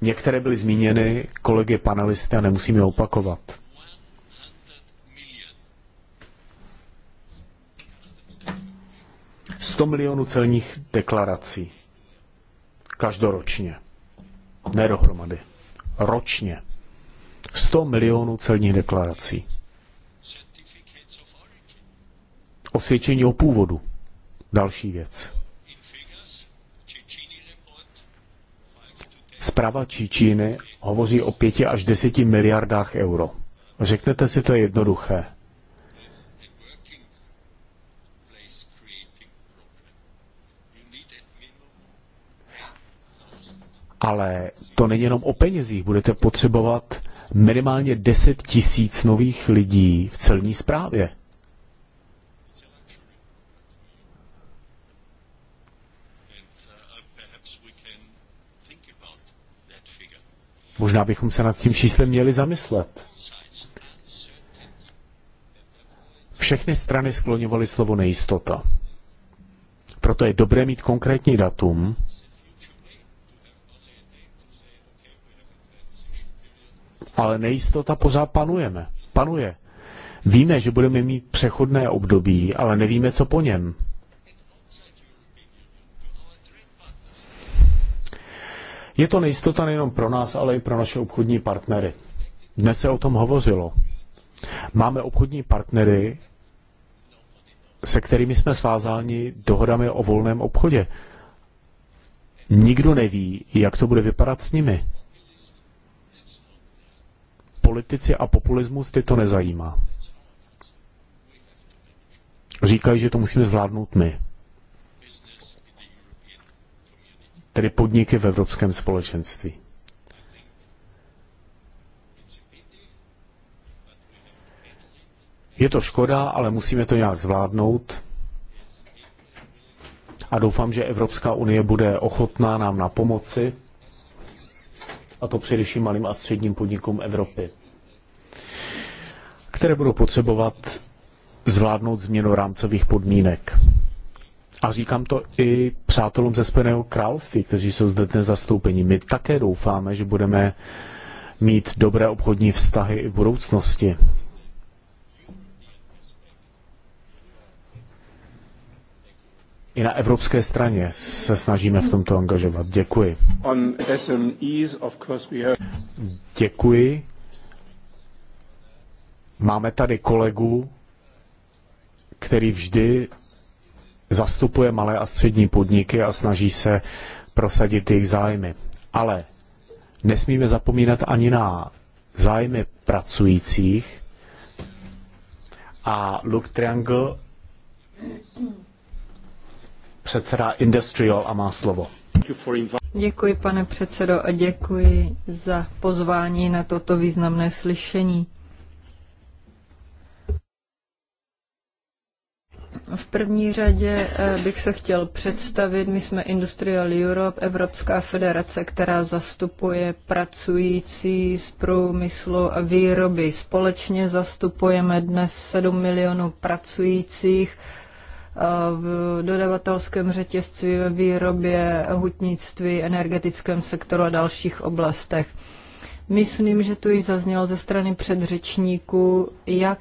Některé byly zmíněny kolegy panelisty a nemusím je opakovat. Sto milionů celních deklarací. Každoročně. Ne dohromady. Ročně. 100 milionů celních deklarací. osvědčení o původu. Další věc. Zpráva Číčíny hovoří o 5 až 10 miliardách euro. Řeknete si, to je jednoduché. Ale to není jenom o penězích. Budete potřebovat minimálně 10 tisíc nových lidí v celní správě. Možná bychom se nad tím číslem měli zamyslet. Všechny strany skloňovaly slovo nejistota. Proto je dobré mít konkrétní datum, ale nejistota pořád panujeme. Panuje. Víme, že budeme mít přechodné období, ale nevíme, co po něm. Je to nejistota nejenom pro nás, ale i pro naše obchodní partnery. Dnes se o tom hovořilo. Máme obchodní partnery, se kterými jsme svázáni dohodami o volném obchodě. Nikdo neví, jak to bude vypadat s nimi. Politici a populismus ty to nezajímá. Říkají, že to musíme zvládnout my. tedy podniky v Evropském společenství. Je to škoda, ale musíme to nějak zvládnout. A doufám, že Evropská unie bude ochotná nám na pomoci, a to především malým a středním podnikům Evropy, které budou potřebovat zvládnout změnu rámcových podmínek. A říkám to i přátelům ze Spojeného království, kteří jsou zde dnes zastoupeni. My také doufáme, že budeme mít dobré obchodní vztahy i v budoucnosti. I na evropské straně se snažíme v tomto angažovat. Děkuji. Děkuji. Máme tady kolegu, který vždy zastupuje malé a střední podniky a snaží se prosadit jejich zájmy. Ale nesmíme zapomínat ani na zájmy pracujících a Luke Triangle předseda Industrial a má slovo. Děkuji, pane předsedo, a děkuji za pozvání na toto významné slyšení. V první řadě eh, bych se chtěl představit. My jsme Industrial Europe, Evropská federace, která zastupuje pracující z průmyslu a výroby. Společně zastupujeme dnes 7 milionů pracujících eh, v dodavatelském řetězci, ve výrobě, hutnictví, energetickém sektoru a dalších oblastech. Myslím, že tu již zaznělo ze strany předřečníků, jak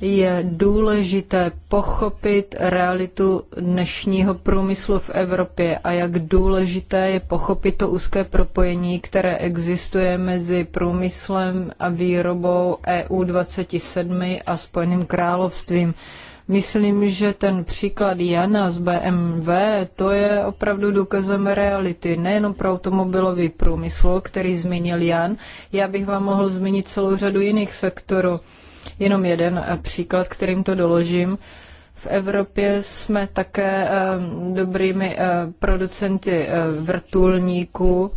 je důležité pochopit realitu dnešního průmyslu v Evropě a jak důležité je pochopit to úzké propojení, které existuje mezi průmyslem a výrobou EU 27 a Spojeným královstvím. Myslím, že ten příklad Jana z BMW, to je opravdu důkazem reality, nejenom pro automobilový průmysl, který zmínil Jan, já bych vám mohl zmínit celou řadu jiných sektorů Jenom jeden eh, příklad, kterým to doložím. V Evropě jsme také eh, dobrými eh, producenty vrtulníků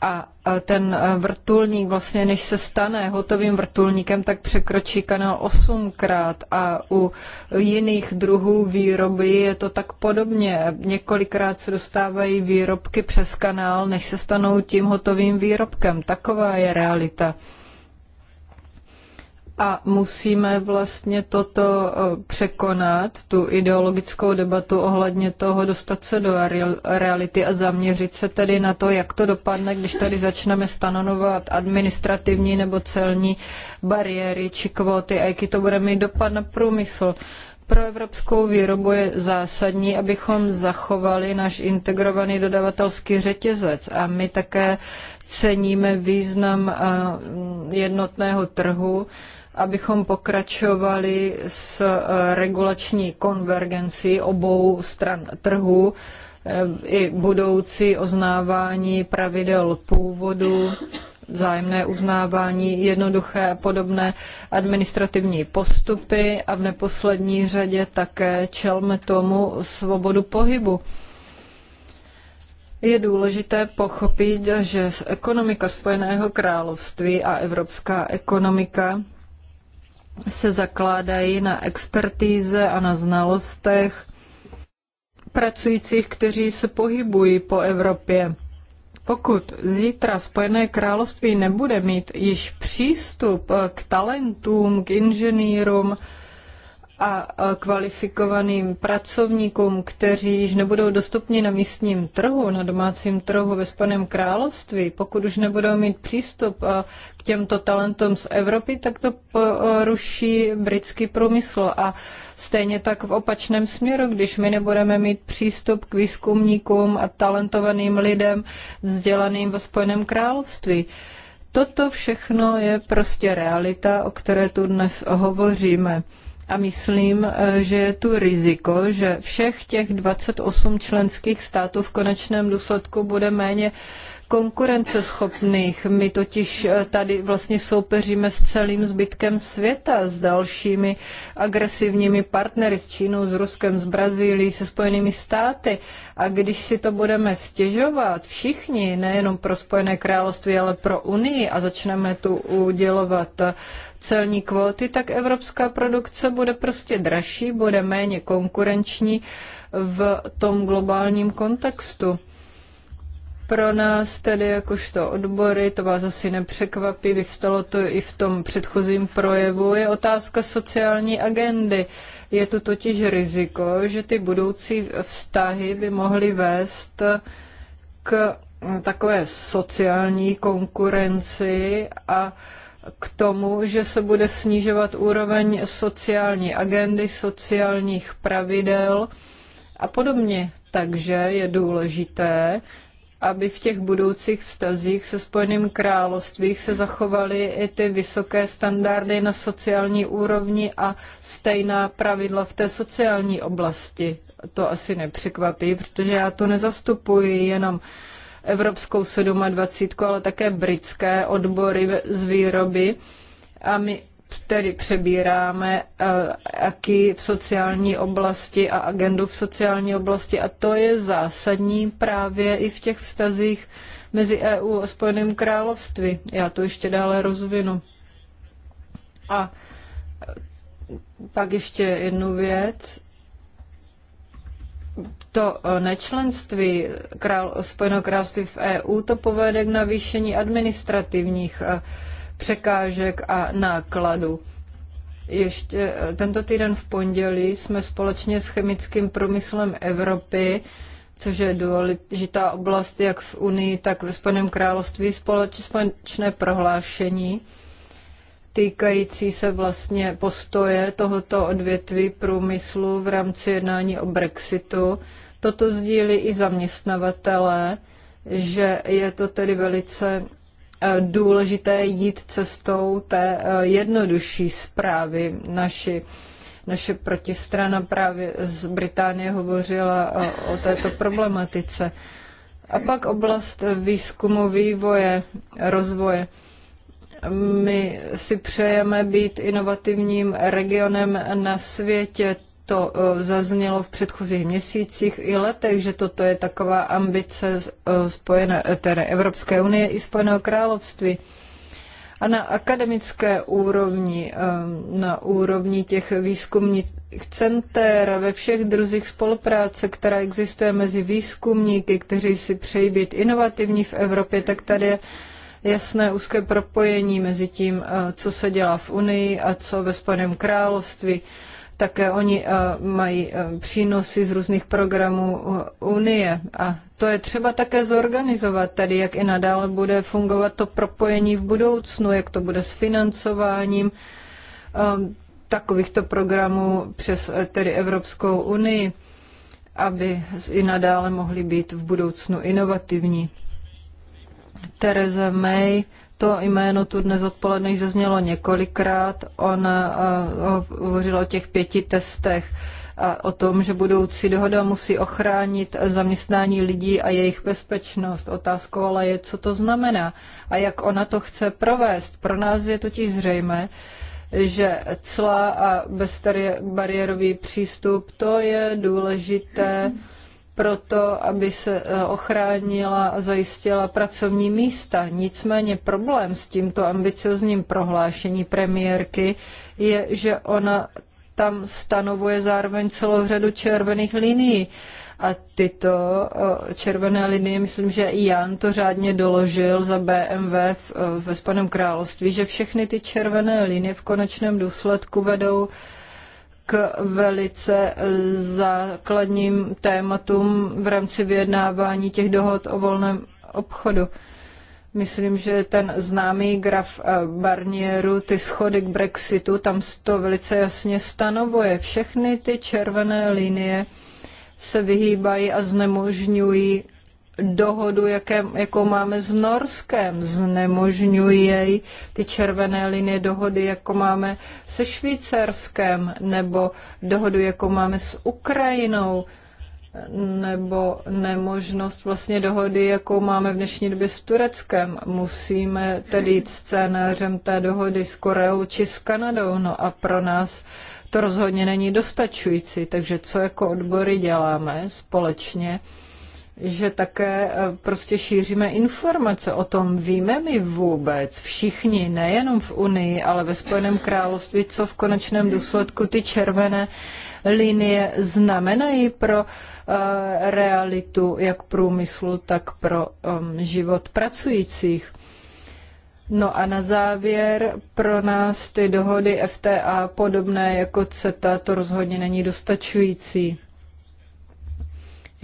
a ten vrtulník vlastně, než se stane hotovým vrtulníkem, tak překročí kanál osmkrát a u jiných druhů výroby je to tak podobně. Několikrát se dostávají výrobky přes kanál, než se stanou tím hotovým výrobkem. Taková je realita a musíme vlastně toto eh, překonat, tu ideologickou debatu ohledně toho dostat se do reality a zaměřit se tedy na to, jak to dopadne, když tady začneme stanovovat administrativní nebo celní bariéry či kvóty a jaký to bude mít dopad na průmysl. Pro evropskou výrobu je zásadní, abychom zachovali náš integrovaný dodavatelský řetězec a my také ceníme význam eh, jednotného trhu abychom pokračovali s eh, regulační konvergencí obou stran trhu, eh, i budoucí oznávání pravidel původu, vzájemné uznávání, jednoduché a podobné administrativní postupy a v neposlední řadě také čelme tomu svobodu pohybu. Je důležité pochopit, že ekonomika Spojeného království a evropská ekonomika se zakládají na expertíze a na znalostech pracujících, kteří se pohybují po Evropě. Pokud zítra Spojené království nebude mít již přístup k talentům, k inženýrům, a kvalifikovaným pracovníkům, kteří již nebudou dostupni na místním trhu, na domácím trhu ve Spaném království, pokud už nebudou mít přístup k těmto talentům z Evropy, tak to poruší britský průmysl. A stejně tak v opačném směru, když my nebudeme mít přístup k výzkumníkům a talentovaným lidem vzdělaným ve Spojeném království. Toto všechno je prostě realita, o které tu dnes hovoříme. A myslím, eh, že je tu riziko, že všech těch 28 členských států v konečném důsledku bude méně uh, konkurenceschopných. My totiž eh, tady vlastně soupeříme s celým zbytkem světa, s dalšími agresivními partnery, s Čínou, s Ruskem, s Brazílií, se Spojenými státy. A když si to budeme stěžovat všichni, nejenom pro Spojené království, ale pro Unii a začneme tu udělovat eh, celní kvóty, tak evropská produkce bude prostě dražší, bude méně konkurenční v tom globálním kontextu. Pro nás tedy jakožto odbory, to vás asi nepřekvapí, vyvstalo to i v tom předchozím projevu, je otázka sociální agendy. Je tu totiž riziko, že ty budoucí vztahy by mohly vést k takové sociální konkurenci a k tomu, že se bude snižovat úroveň sociální agendy, sociálních pravidel a podobně. Takže je důležité, aby v těch budoucích vztazích se Spojeným královstvím se zachovaly i ty vysoké standardy na sociální úrovni a stejná pravidla v té sociální oblasti. To asi nepřekvapí, protože já tu nezastupuji jenom Evropskou 27, ale také britské odbory z výroby. A my tedy přebíráme eh, aký v sociální oblasti a agendu v sociální oblasti a to je zásadní právě i v těch vztazích mezi EU a Spojeným království. Já to ještě dále rozvinu. A eh, pak ještě jednu věc. To eh, nečlenství král, Spojeného království v EU to povede k navýšení administrativních uh, překážek a nákladu. Ještě eh, tento týden v pondělí jsme společně s chemickým průmyslem Evropy což je důležitá oblast jak v Unii, tak ve Spojeném království, společné prohlášení týkající se vlastně postoje tohoto odvětví průmyslu v rámci jednání o Brexitu. Toto sdílí i zaměstnavatelé, že je to tedy velice důležité jít cestou té eh, jednodušší zprávy. Naši, naše protistrana právě z Británie hovořila eh, o této problematice. A pak oblast výzkumu, vývoje, rozvoje. My si přejeme být inovativním regionem na světě to eh, zaznělo v předchozích měsících i letech, že toto je taková ambice eh, spojené, eh, tedy Evropské unie i Spojeného království. A na akademické úrovni, na úrovni těch výzkumních center, ve všech druzích spolupráce, která existuje mezi výzkumníky, kteří si přejí být inovativní v Evropě, tak tady je jasné úzké propojení mezi tím, co se dělá v Unii a co ve Spojeném království. Také oni eh, mají eh, přínosy z různých programů eh, Unie a to je třeba také zorganizovat tady, jak i nadále bude fungovat to propojení v budoucnu, jak to bude s financováním takovýchto programů přes tedy Evropskou unii, aby i nadále mohly být v budoucnu inovativní. Tereza May to jméno tu dnes odpoledne zaznělo několikrát. On eh, hovořil o těch pěti testech a o tom, že budoucí dohoda musí ochránit zaměstnání lidí a jejich bezpečnost. Otázkou ale je, co to znamená a jak ona to chce provést. Pro nás je totiž zřejmé, že cla a bezbariérový přístup, to je důležité proto, aby se eh, ochránila a zajistila pracovní místa. Nicméně problém s tímto ambiciozním prohlášení premiérky je, že ona tam stanovuje zároveň celou řadu červených linií. A tyto eh, červené linie, myslím, že i Jan to řádně doložil za BMW eh, ve Spaném království, že všechny ty červené linie v konečném důsledku vedou uh, k velice eh, základním tématům v rámci vyjednávání těch dohod o volném obchodu. Myslím, že ten známý graf eh, Barnieru, ty schody k Brexitu, tam to velice jasně stanovuje. Všechny ty červené linie se vyhýbají a znemožňují dohodu, jaké, jakou máme s Norskem. Znemožňují jej ty červené linie dohody, jako máme se Švýcarskem, nebo dohodu, jako máme s Ukrajinou, nebo nemožnost vlastně dohody, jakou máme v dnešní době s Tureckem. Musíme tedy jít scénářem té dohody s Koreou či s Kanadou. No a pro nás to rozhodně není dostačující. Takže co jako odbory děláme společně? že také eh, prostě šíříme informace o tom, víme my vůbec všichni, nejenom v Unii, ale ve Spojeném království, co v konečném důsledku ty červené linie znamenají pro uh, realitu jak průmyslu, tak pro um, život pracujících. No a na závěr pro nás ty dohody FTA podobné jako CETA to rozhodně není dostačující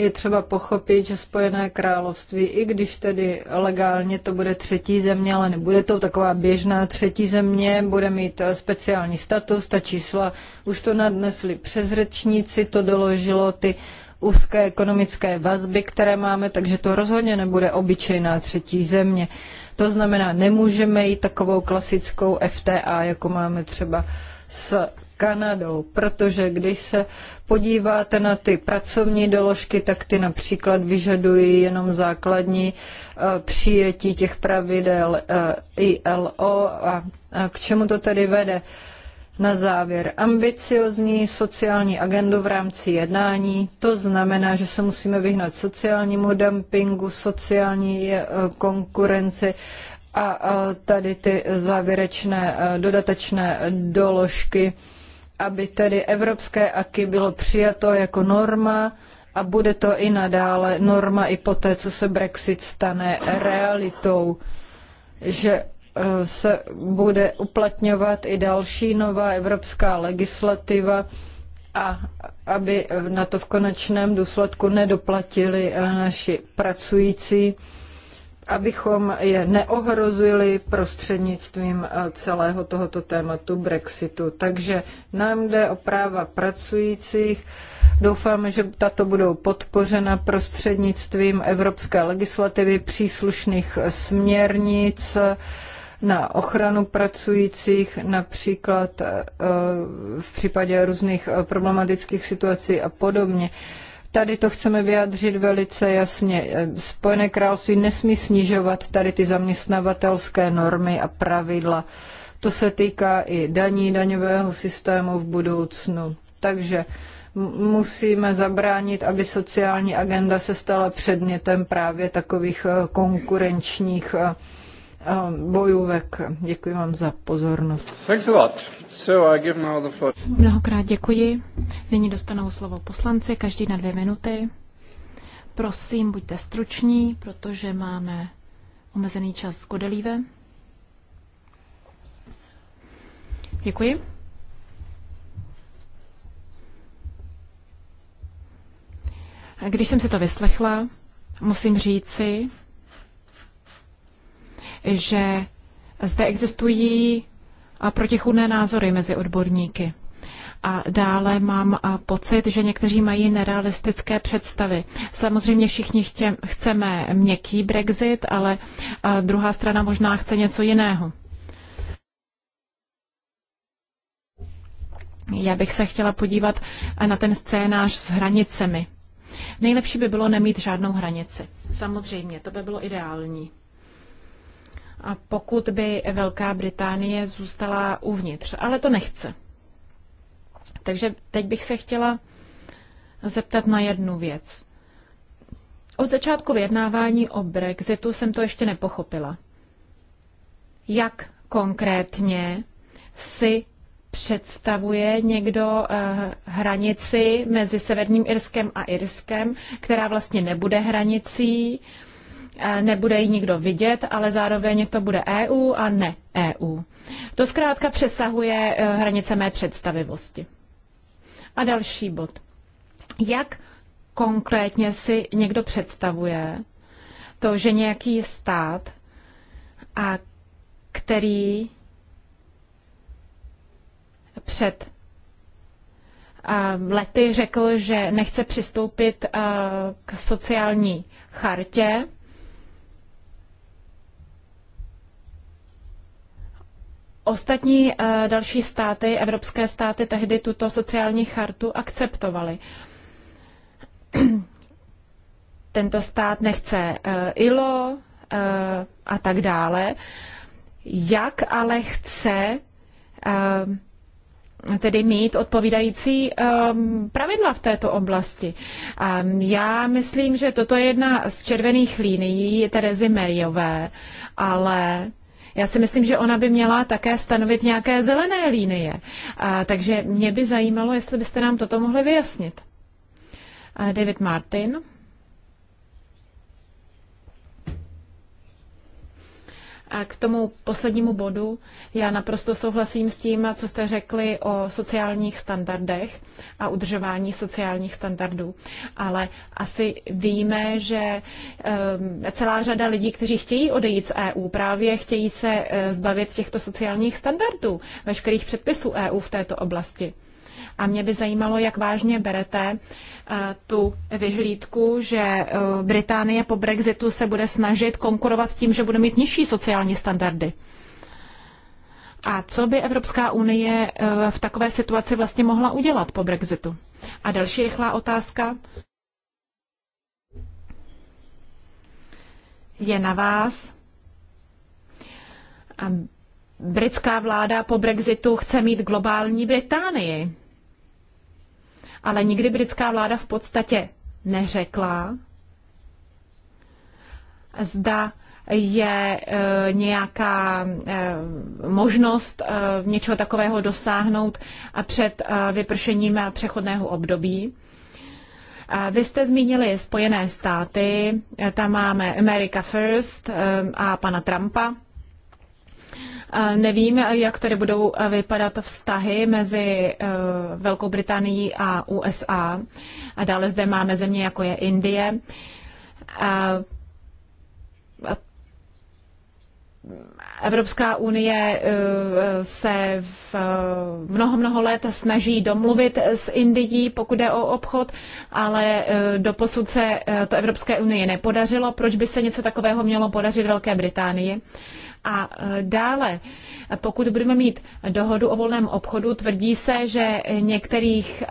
je třeba pochopit, že Spojené království, i když tedy legálně to bude třetí země, ale nebude to taková běžná třetí země, bude mít eh, speciální status, ta čísla už to nadnesli řečníci, to doložilo ty úzké ekonomické vazby, které máme, takže to rozhodně nebude obyčejná třetí země. To znamená, nemůžeme jít takovou klasickou FTA, jako máme třeba s Kanadou, protože když se podíváte na ty pracovní doložky, tak ty například vyžadují jenom základní eh, přijetí těch pravidel eh, ILO a k čemu to tedy vede. Na závěr, ambiciozní sociální agendu v rámci jednání, to znamená, že se musíme vyhnout sociálnímu dumpingu, sociální eh, konkurenci a tady ty závěrečné dodatečné doložky aby tedy evropské aky bylo přijato jako norma a bude to i nadále norma i poté, co se Brexit stane realitou, že eh, se bude uplatňovat i další nová evropská legislativa a aby na to v konečném důsledku nedoplatili eh, naši pracující abychom je neohrozili prostřednictvím eh, celého tohoto tématu Brexitu. Takže nám jde o práva pracujících. Doufáme, že tato budou podpořena prostřednictvím evropské legislativy příslušných směrnic eh, na ochranu pracujících, například eh, v případě různých problematických situací a podobně. Tady to chceme vyjádřit velice jasně. Spojené království nesmí snižovat tady ty zaměstnavatelské normy a pravidla. To se týká i daní, daňového systému v budoucnu. Takže musíme zabránit, aby sociální agenda se stala předmětem právě takových eh, konkurenčních eh, Um, bojůvek. Děkuji vám za pozornost. Thanks a lot. So I give floor. Mnohokrát děkuji. Nyní dostanou slovo poslanci, každý na dvě minuty. Prosím, buďte struční, protože máme omezený čas s Godelíve. Děkuji. Když jsem si to vyslechla, musím říci, že zde existují protichudné názory mezi odborníky. A dále mám pocit, že někteří mají nerealistické představy. Samozřejmě všichni chtě, chceme měkký Brexit, ale druhá strana možná chce něco jiného. Já bych se chtěla podívat na ten scénář s hranicemi. Nejlepší by bylo nemít žádnou hranici. Samozřejmě, to by bylo ideální pokud by Velká Británie zůstala uvnitř, ale to nechce. Takže teď bych se chtěla zeptat na jednu věc. Od začátku vyjednávání o Brexitu jsem to ještě nepochopila. Jak konkrétně si představuje někdo eh, hranici mezi Severním Irskem a Irskem, která vlastně nebude hranicí, Eh, nebude ji nikdo vidět, ale zároveň to bude EU a ne EU. To zkrátka přesahuje eh, hranice mé představivosti. A další bod. Jak konkrétně si někdo představuje to, že nějaký stát, a který před eh, lety řekl, že nechce přistoupit k sociální chartě, Ostatní eh, další státy, evropské státy, tehdy tuto sociální chartu akceptovaly. [CLEARS THROAT] Tento stát nechce eh, ILO eh, a tak dále. Jak ale chce tedy mít odpovídající um, pravidla v této oblasti. Um, já myslím, že toto je jedna z červených línií Terezy Meriové, ale já si myslím, že ona by měla také stanovit nějaké zelené línie. A, takže mě by zajímalo, jestli byste nám toto mohli vyjasnit. A David Martin. A K tomu poslednímu bodu, já naprosto souhlasím s tím, co jste řekli o sociálních standardech a udržování sociálních standardů, ale asi víme, že ehm, celá řada lidí, kteří chtějí odejít z EU, právě chtějí se e, zbavit těchto sociálních standardů, veškerých předpisů EU v této oblasti. A mě by zajímalo, jak vážně berete Eh, tu vyhlídku, že eh, Británie po Brexitu se bude snažit konkurovat tím, že bude mít nižší sociální standardy. A co by Evropská unie eh, v takové situaci vlastně mohla udělat po Brexitu? A další rychlá otázka. Je na vás. britská vláda po Brexitu chce mít globální Británii ale nikdy britská vláda v podstatě neřekla, zda je e, nějaká e, možnost e, něčeho takového dosáhnout a před e, vypršením přechodného období. vy jste zmínili Spojené státy, e, tam máme America First e, a pana Trumpa. Nevím, jak tedy budou vypadat vztahy mezi eh, Velkou Británií a USA. A dále zde máme země, jako je Indie. A Evropská unie eh, se v eh, mnoho, mnoho let snaží domluvit s Indií, pokud jde o obchod, ale posud se to Evropské unie nepodařilo. Proč by se něco takového mělo podařit Velké Británii? A e, dále, pokud budeme mít dohodu o volném obchodu, tvrdí se, že některých e,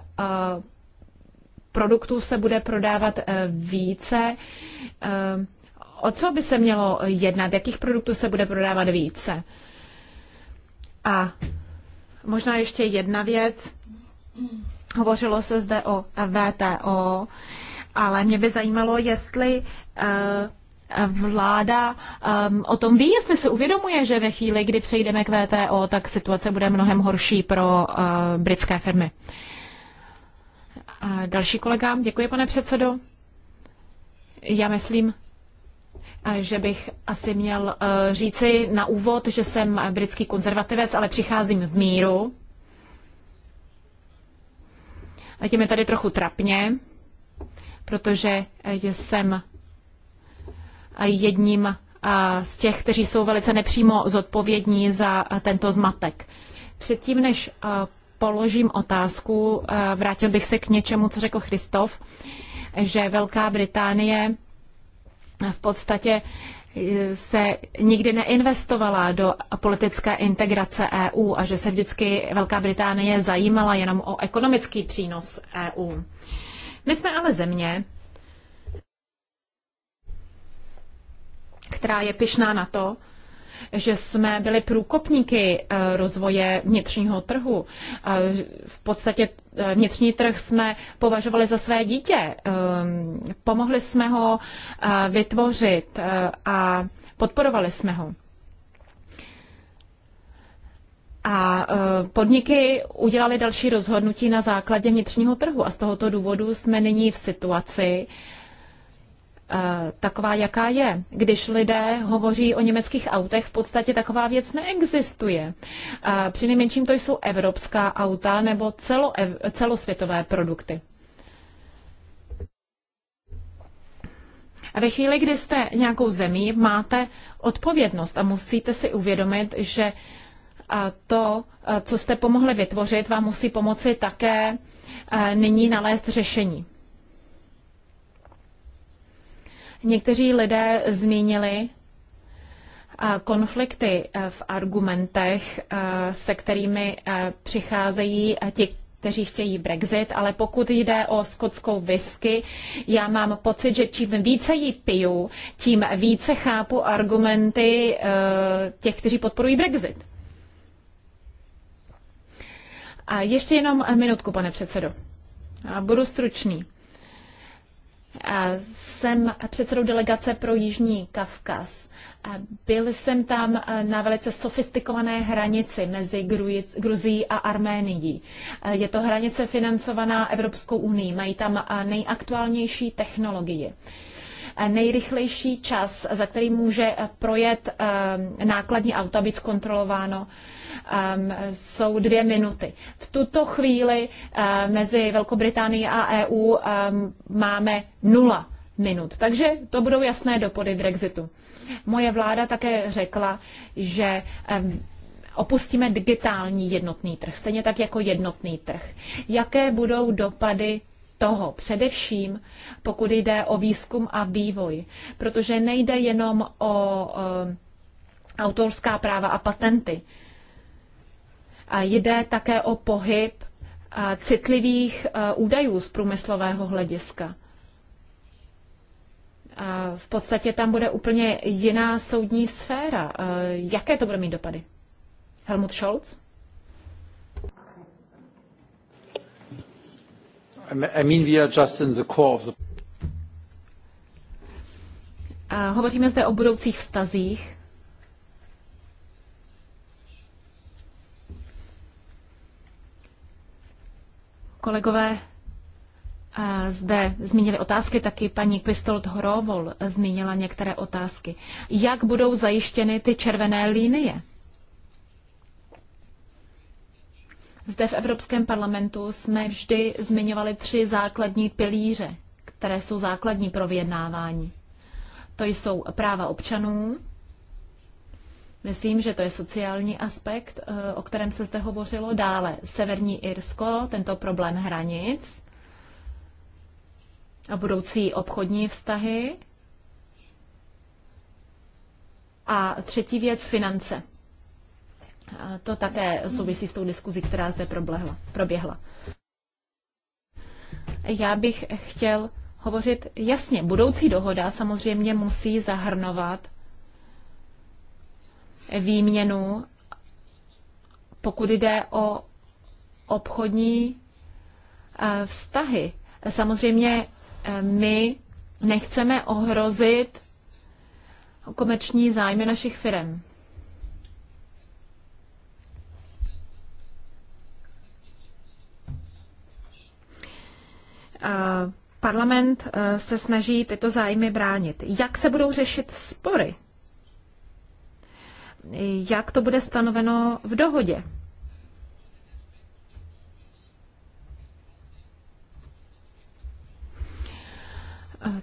produktů se bude prodávat e, více. O co by se mělo jednat? Jakých produktů se bude prodávat více? A možná ještě jedna věc. Hovořilo se zde o VTO, ale mě by zajímalo, jestli Eh, vláda um, o tom ví, jestli se uvědomuje, že ve chvíli, kdy přejdeme k VTO, tak situace bude mnohem horší pro uh, britské firmy. A další kolega, děkuji pane předsedo. Já myslím, eh, že bych asi měl říci na úvod, že jsem britský konzervativec, ale přicházím v míru. A tím je tady trochu trapně, protože jsem jedním z těch, kteří jsou velice nepřímo zodpovědní za tento zmatek. Předtím, než položím otázku, vrátil bych se k něčemu, co řekl Christof, že Velká Británie v podstatě e, se nikdy neinvestovala do politické integrace EU a že se vždycky Velká Británie zajímala jenom o ekonomický přínos EU. My jsme ale země, která je pyšná na to, že jsme byli průkopníky eh, rozvoje vnitřního trhu. Eh, v podstatě eh, vnitřní trh jsme považovali za své dítě. Ehm, pomohli jsme ho vytvořit a podporovali jsme ho. A podniky udělali další rozhodnutí na základě vnitřního trhu a z tohoto důvodu jsme nyní v situaci, Eh, taková, jaká je. Když lidé hovoří o německých autech, v podstatě taková věc neexistuje. Eh, Přinejmenším to jsou evropská auta nebo celosvětové produkty. A ve chvíli, kdy jste nějakou zemí, máte odpovědnost a musíte si uvědomit, že eh, to, co jste pomohli vytvořit, vám musí pomoci také nyní nalézt řešení. Někteří lidé zmínili eh, konflikty eh, v argumentech, eh, se kterými přicházejí ti, kteří chtějí Brexit, ale pokud jde o skotskou whisky, já mám pocit, že čím více ji piju, tím více chápu argumenty těch, kteří podporují Brexit. A ještě jenom minutku, pane předsedo. A budu stručný. Jsem předsedou delegace pro Jižní Kavkaz. Byl jsem tam na velice sofistikované hranici mezi Gruzí a Arménií. Je to hranice financovaná Evropskou unii. Mají tam nejaktuálnější technologie nejrychlejší čas, za který může projet nákladní auto, být zkontrolováno, um, jsou dvě minuty. V tuto chvíli uh, mezi Velkou Británií a EU um, máme nula minut. Takže to budou jasné dopady Brexitu. Moje vláda také řekla, že um, opustíme digitální jednotný trh, stejně tak jako jednotný trh. Jaké budou dopady toho, především pokud jde o výzkum a vývoj, protože nejde jenom o, o autorská práva a patenty. Jde také o pohyb citlivých údajů z průmyslového hlediska. V podstatě tam bude úplně jiná soudní sféra. Jaké to bude mít dopady? Helmut Scholz? I mean, we are just in the core of the... Hovoříme zde o budoucích vztazích Kolegové eh, zde zmínili otázky, taky paní Pistolt Horovol zmínila některé otázky. Jak budou zajištěny ty červené linie? Zde v Evropském parlamentu jsme vždy zmiňovali tři základní pilíře, které jsou základní pro vyjednávání. To jsou práva občanů, Myslím, že to je sociální aspekt, eh, o kterém se zde hovořilo. Dále Severní Irsko, tento problém hranic a budoucí obchodní vztahy. A třetí věc, finance. A to také souvisí s tou diskuzí, která zde proběhla. proběhla. Já bych chtěl hovořit jasně. Budoucí dohoda samozřejmě musí zahrnovat výměnu, pokud jde o obchodní eh, vztahy. Samozřejmě eh, my nechceme ohrozit komerční zájmy našich firm. Eh, parlament se snaží tyto zájmy bránit. Jak se budou řešit spory? jak to bude stanoveno v dohodě.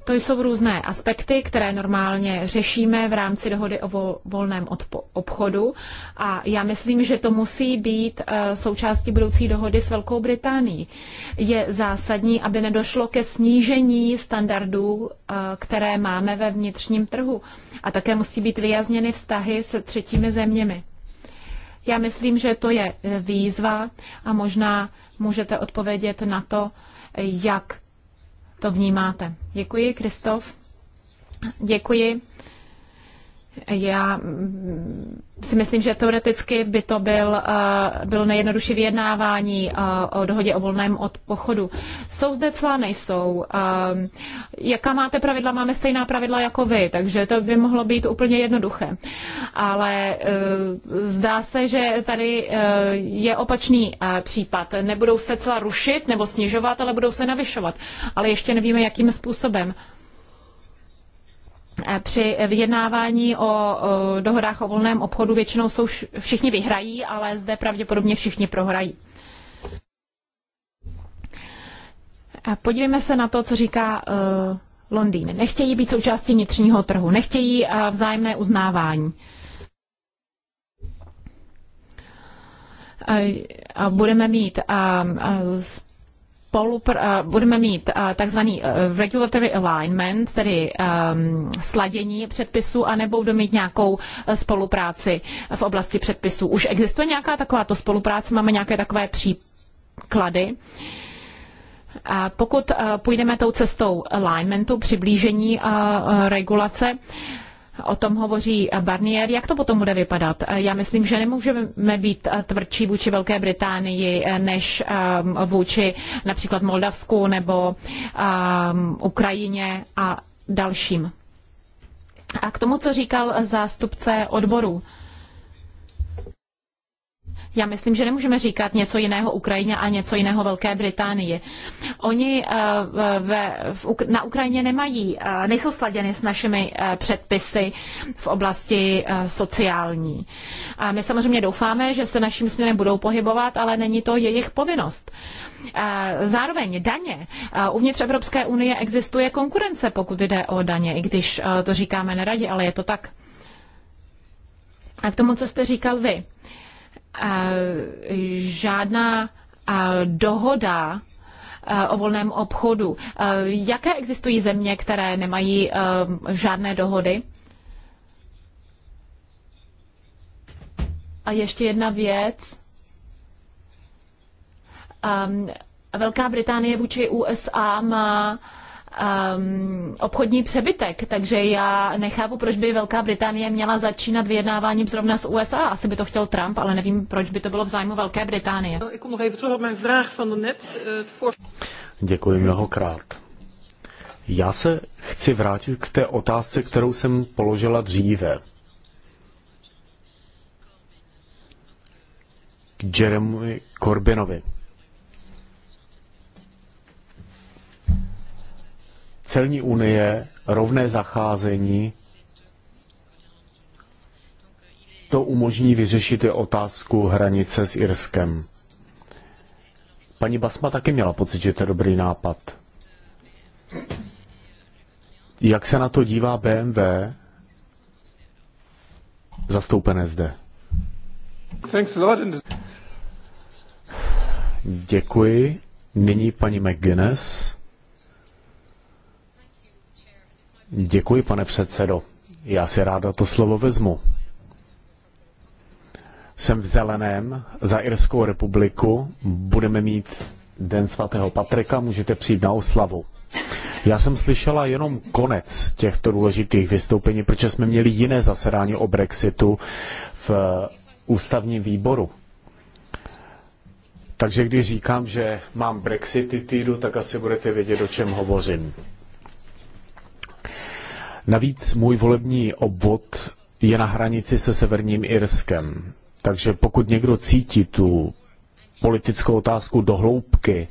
To jsou různé aspekty, které normálně řešíme v rámci dohody o volném obchodu a já myslím, že to musí být eh, součástí budoucí dohody s Velkou Británií. Je zásadní, aby nedošlo ke snížení standardů, eh, které máme ve vnitřním trhu a také musí být vyjasněny vztahy se třetími zeměmi. Já myslím, že to je eh, výzva a možná můžete odpovědět na to, jak to vnímáte. Děkuji, Kristof. Děkuji. Já mm, si myslím, že teoreticky by to byl, eh, bylo nejjednodušší vyjednávání eh, o dohodě o volném od pochodu. Jsou zde cla, nejsou. Eh, jaká máte pravidla? Máme stejná pravidla jako vy, takže to by mohlo být úplně jednoduché. Ale zdá se, že tady je opačný případ. Nebudou se cla rušit nebo snižovat, ale budou se navyšovat. Ale ještě nevíme, jakým způsobem. Eh, při vyjednávání o dohodách o volném obchodu většinou jsou všichni vyhrají, ale zde pravděpodobně všichni prohrají. A eh, podívejme se na to, co říká uh, Londýn. Nechtějí být součástí vnitřního trhu, nechtějí uh, vzájemné uznávání. budeme mít a spolupr- eh, budeme mít eh, takzvaný eh, regulatory alignment, tedy ehm, sladění předpisů, anebo budeme mít nějakou spolupráci v oblasti předpisů. Už existuje nějaká takováto spolupráce? Máme nějaké takové příklady? A pokud půjdeme tou cestou alignmentu, přiblížení regulace, o tom hovoří Barnier. Jak to potom bude vypadat? Já myslím, že nemůžeme být tvrdší vůči Velké Británii než um, vůči například Moldavsku nebo um, Ukrajině a dalším. A k tomu, co říkal zástupce odboru. Já myslím, že nemůžeme říkat něco jiného Ukrajině a něco jiného Velké Británii. Oni eh, na Ukrajině nemají, eh, nejsou sladěny s našimi eh, předpisy v oblasti sociální. A my samozřejmě doufáme, že se naším směrem budou pohybovat, ale není to jejich povinnost. Zároveň daně. Uvnitř Evropské unie existuje konkurence, pokud jde o daně, i když to říkáme neradi, ale je to tak. A k tomu, co jste říkal vy žádná dohoda o volném obchodu. Jaké existují země, které nemají žádné dohody? A ještě jedna věc. Velká Británie vůči USA má um, obchodní přebytek, takže já nechápu, proč by Velká Británie měla začínat vyjednáváním zrovna s USA. Asi by to chtěl Trump, ale nevím, proč by to bylo v zájmu Velké Británie. Eh, Děkuji mnohokrát. Já se chci vrátit k té otázce, kterou jsem položila dříve. K Jeremy Corbynovi. celní unie, rovné zacházení, to umožní vyřešit i otázku hranice s Irskem. Paní Basma taky měla pocit, že to je dobrý nápad. Jak se na to dívá BMW, zastoupené zde? Děkuji. Nyní paní McGuinness. Děkuji, pane předsedo. Já si ráda to slovo vezmu. Jsem v Zeleném za Irskou republiku. Budeme mít Den svatého Patrika, můžete přijít na oslavu. Já jsem slyšela jenom konec těchto důležitých vystoupení, protože jsme měli jiné zasedání o Brexitu v eh, ústavním výboru. Takže když říkám, že mám Brexity týdu, tak asi budete vědět, o čem hovořím. Navíc můj volební obvod je na hranici se Severním Irskem. Takže pokud někdo cítí tu politickou otázku do hloubky,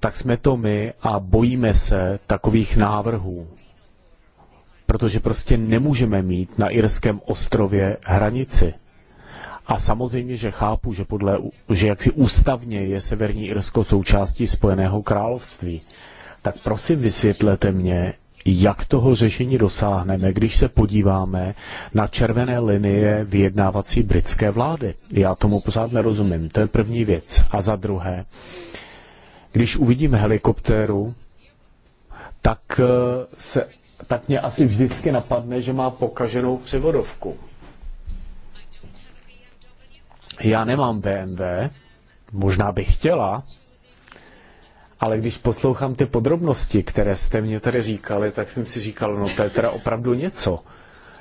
tak jsme to my a bojíme se takových návrhů. Protože prostě nemůžeme mít na Irském ostrově hranici. A samozřejmě, že chápu, že, podle, že jaksi ústavně je Severní Irsko součástí Spojeného království. Tak prosím vysvětlete mě, jak toho řešení dosáhneme, když se podíváme na červené linie vyjednávací britské vlády. Já tomu pořád nerozumím. To je první věc. A za druhé, když uvidím helikoptéru, tak, eh, se, tak mě asi vždycky napadne, že má pokaženou převodovku. Já nemám BMW, možná bych chtěla, ale když poslouchám ty podrobnosti, které jste mě tady říkali, tak jsem si říkal, no to je teda opravdu něco.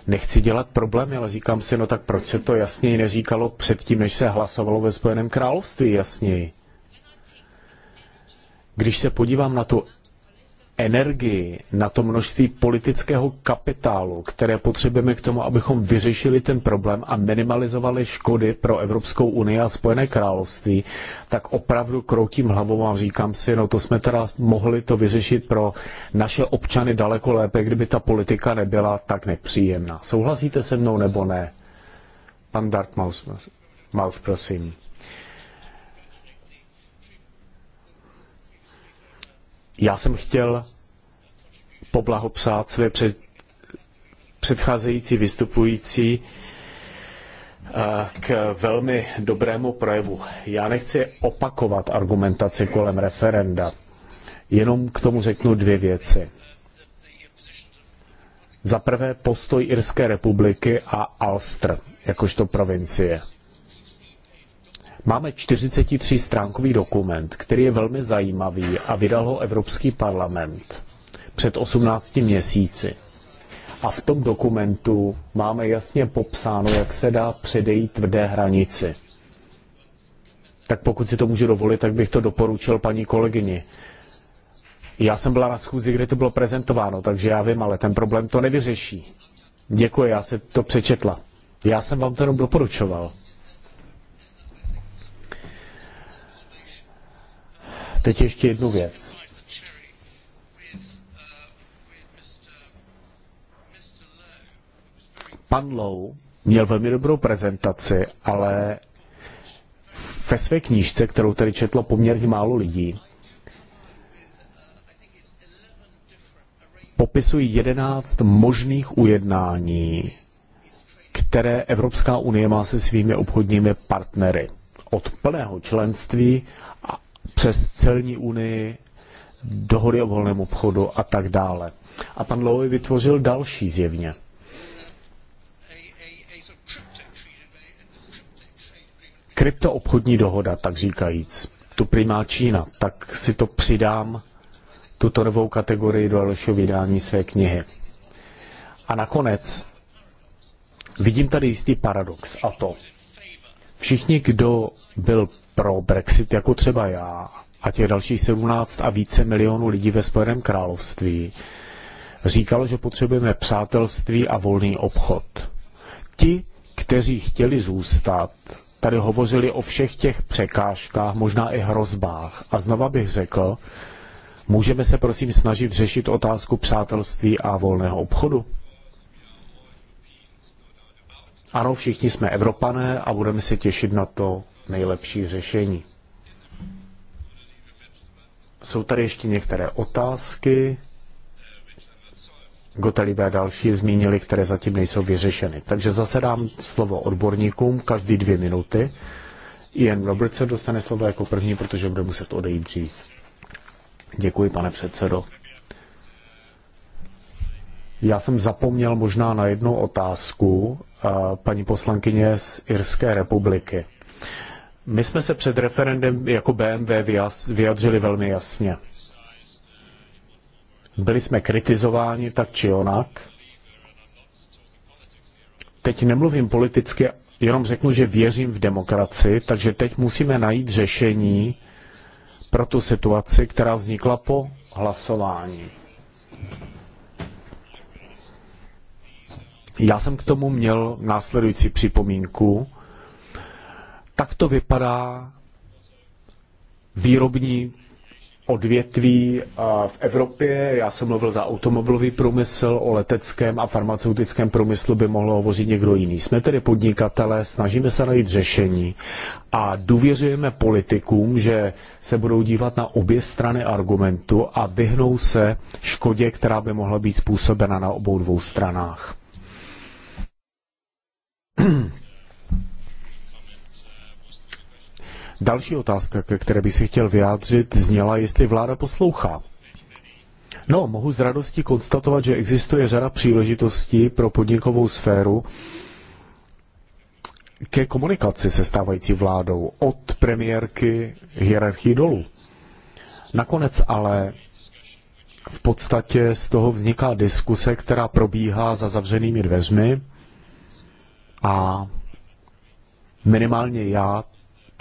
Nechci dělat problémy, ale říkám si, no tak proč se to jasněji neříkalo předtím, než se hlasovalo ve Spojeném království jasněji? Když se podívám na tu energii, na to množství politického kapitálu, které potřebujeme k tomu, abychom vyřešili ten problém a minimalizovali škody pro Evropskou unii a Spojené království, tak opravdu kroutím hlavou a říkám si, no to jsme teda mohli to vyřešit pro naše občany daleko lépe, kdyby ta politika nebyla tak nepříjemná. Souhlasíte se mnou nebo ne? Pan Dartmouth, prosím. Já jsem chtěl poblahopřát své před, předcházející vystupující eh, k velmi dobrému projevu. Já nechci opakovat argumentaci kolem referenda, jenom k tomu řeknu dvě věci. Za prvé postoj Irské republiky a Alstr, jakožto provincie. Máme 43 stránkový dokument, který je velmi zajímavý a vydal ho Evropský parlament před 18 měsíci. A v tom dokumentu máme jasně popsáno, jak se dá předejít tvrdé hranici. Tak pokud si to můžu dovolit, tak bych to doporučil paní kolegyni. Já jsem byla na schůzi, kde to bylo prezentováno, takže já vím, ale ten problém to nevyřeší. Děkuji, já si to přečetla. Já jsem vám to jenom doporučoval. Teď ještě jednu věc. Pan Lou měl velmi dobrou prezentaci, ale ve své knížce, kterou tady četlo poměrně málo lidí, popisují jedenáct možných ujednání, které Evropská unie má se svými obchodními partnery. Od plného členství přes celní unii, dohody o volném obchodu a tak dále. A pan Lowy vytvořil další zjevně. Kryptoobchodní dohoda, tak říkajíc, tu primá Čína, tak si to přidám, tuto novou kategorii do dalšího vydání své knihy. A nakonec vidím tady jistý paradox a to, všichni, kdo byl pro Brexit, jako třeba já a těch dalších 17 a více milionů lidí ve Spojeném království, říkalo, že potřebujeme přátelství a volný obchod. Ti, kteří chtěli zůstat, tady hovořili o všech těch překážkách, možná i hrozbách. A znova bych řekl, můžeme se prosím snažit řešit otázku přátelství a volného obchodu? Ano, všichni jsme Evropané a budeme se těšit na to, nejlepší řešení. Jsou tady ještě některé otázky. Gotelibé a další zmínili, které zatím nejsou vyřešeny. Takže zase dám slovo odborníkům každý dvě minuty. Ian Roberts dostane slovo jako první, protože bude muset odejít dřív. Děkuji, pane předsedo. Já jsem zapomněl možná na jednu otázku eh, paní poslankyně z Irské republiky. My jsme se před referendem jako BMW vyjadřili velmi jasně. Byli jsme kritizováni tak či onak. Teď nemluvím politicky, jenom řeknu, že věřím v demokracii, takže teď musíme najít řešení pro tu situaci, která vznikla po hlasování. Já jsem k tomu měl následující připomínku. Tak to vypadá výrobní odvětví v Evropě. Já jsem mluvil za automobilový průmysl, o leteckém a farmaceutickém průmyslu by mohlo hovořit někdo jiný. Jsme tedy podnikatelé, snažíme se najít řešení a důvěřujeme politikům, že se budou dívat na obě strany argumentu a vyhnou se škodě, která by mohla být způsobena na obou dvou stranách. [CLEARS THROAT] Další otázka, ke které bych si chtěl vyjádřit, zněla, jestli vláda poslouchá. No, mohu s radostí konstatovat, že existuje řada příležitostí pro podnikovou sféru ke komunikaci se stávající vládou od premiérky hierarchii dolů. Nakonec ale v podstatě z toho vzniká diskuse, která probíhá za zavřenými dveřmi a minimálně já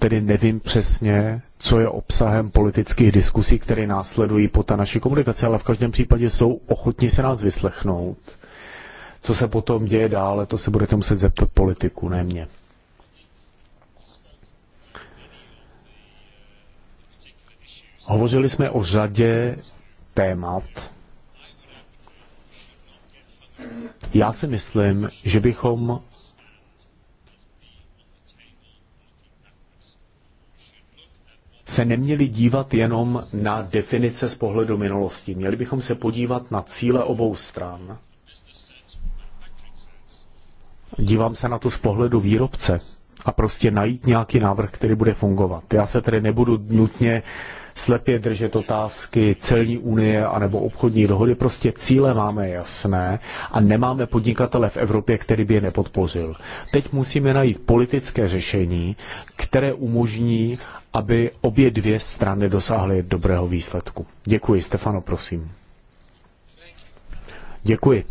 tedy nevím přesně, co je obsahem politických diskusí, které následují po ta naší komunikace, ale v každém případě jsou ochotní se nás vyslechnout. Co se potom děje dále, to se budete muset zeptat politiku, ne mě. Hovořili jsme o řadě témat. Já si myslím, že bychom se neměli dívat jenom na definice z pohledu minulosti. Měli bychom se podívat na cíle obou stran. Dívám se na to z pohledu výrobce a prostě najít nějaký návrh, který bude fungovat. Já se tedy nebudu nutně slepě držet otázky celní unie anebo obchodní dohody. Prostě cíle máme jasné a nemáme podnikatele v Evropě, který by je nepodpořil. Teď musíme najít politické řešení, které umožní, aby obě dvě strany dosáhly dobrého výsledku. Děkuji, Stefano, prosím. Děkuji.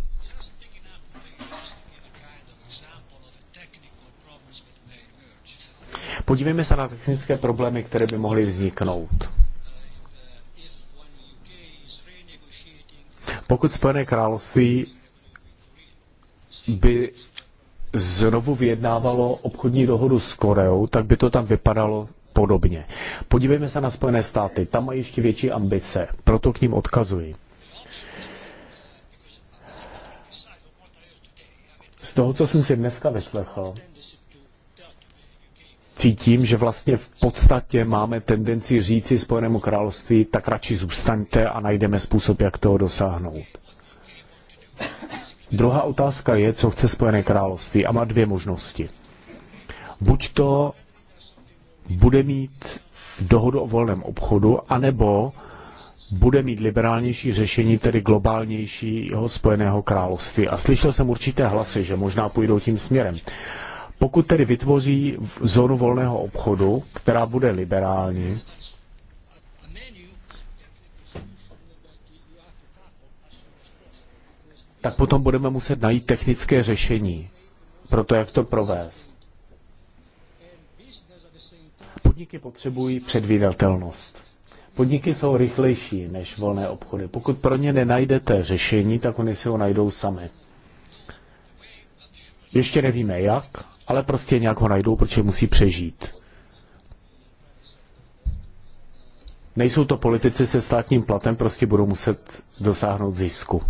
Podívejme se na technické problémy, které by mohly vzniknout. Pokud Spojené království by znovu vyjednávalo obchodní dohodu s Koreou, tak by to tam vypadalo podobně. Podívejme se na Spojené státy, tam mají ještě větší ambice, proto k ním odkazuji. Z toho, co jsem si dneska vyslechl, cítím, že vlastně v podstatě máme tendenci říci Spojenému království, tak radši zůstaňte a najdeme způsob, jak toho dosáhnout. Druhá otázka je, co chce Spojené království a má dvě možnosti. Buď to bude mít dohodu o volném obchodu, anebo bude mít liberálnější řešení, tedy globálnější jeho spojeného království. A slyšel jsem určité hlasy, že možná půjdou tím směrem. Pokud tedy vytvoří zónu volného obchodu, která bude liberální, tak potom budeme muset najít technické řešení pro to, jak to provést. Podniky potřebují předvídatelnost. Podniky jsou rychlejší než volné obchody. Pokud pro ně nenajdete řešení, tak oni si ho najdou sami. Ještě nevíme jak, ale prostě nějak ho najdou, protože musí přežít. Nejsou to politici se státním platem, prostě budou muset dosáhnout zisku.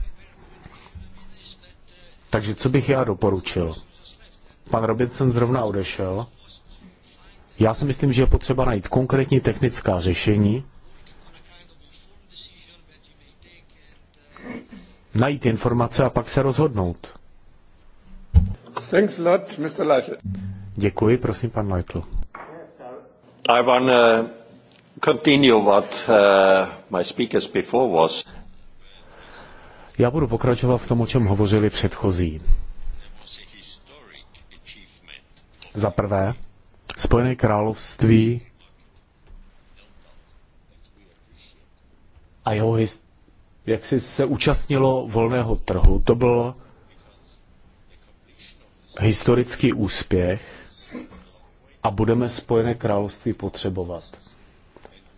Takže co bych já doporučil? Pan Robinson zrovna odešel, já si myslím, že je potřeba najít konkrétní technická řešení, najít informace a pak se rozhodnout. Thanks a lot, Mr. Leichel. Děkuji, prosím, pan Leitl. I want to continue what uh, my speakers before was. Já budu pokračovat v tom, o čem hovořili předchozí. Za prvé, Spojené království a jeho jak si se účastnilo volného trhu. To byl historický úspěch a budeme Spojené království potřebovat.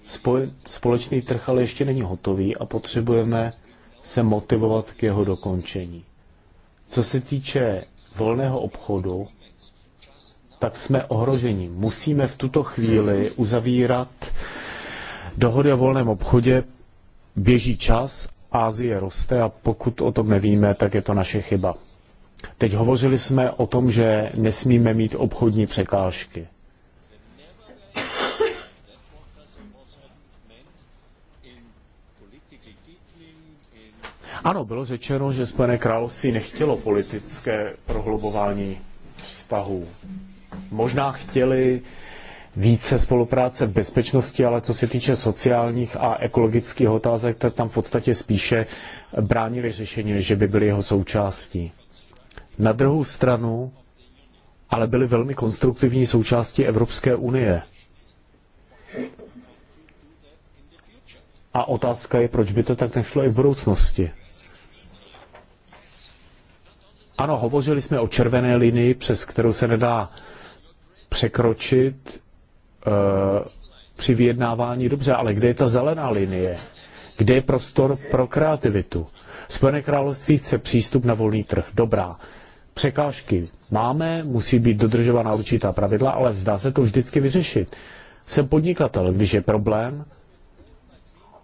Spoj, společný trh ale ještě není hotový a potřebujeme se motivovat k jeho dokončení. Co se týče volného obchodu, tak jsme ohroženi. Musíme v tuto chvíli uzavírat dohody o volném obchodě, běží čas, Ázie roste a pokud o tom nevíme, tak je to naše chyba. Teď hovořili jsme o tom, že nesmíme mít obchodní překážky. Ano, bylo řečeno, že Spojené království nechtělo politické prohlubování vztahů možná chtěli více spolupráce v bezpečnosti, ale co se týče sociálních a ekologických otázek, tak tam v podstatě spíše bránili řešení, než by byly jeho součástí. Na druhou stranu, ale byly velmi konstruktivní součástí Evropské unie. A otázka je, proč by to tak nešlo i v budoucnosti. Ano, hovořili jsme o červené linii, přes kterou se nedá překročit eh, při vyjednávání dobře, ale kde je ta zelená linie? Kde je prostor pro kreativitu? Spojené království chce přístup na volný trh. Dobrá. Překážky máme, musí být dodržována určitá pravidla, ale zdá se to vždycky vyřešit. Jsem podnikatel, když je problém,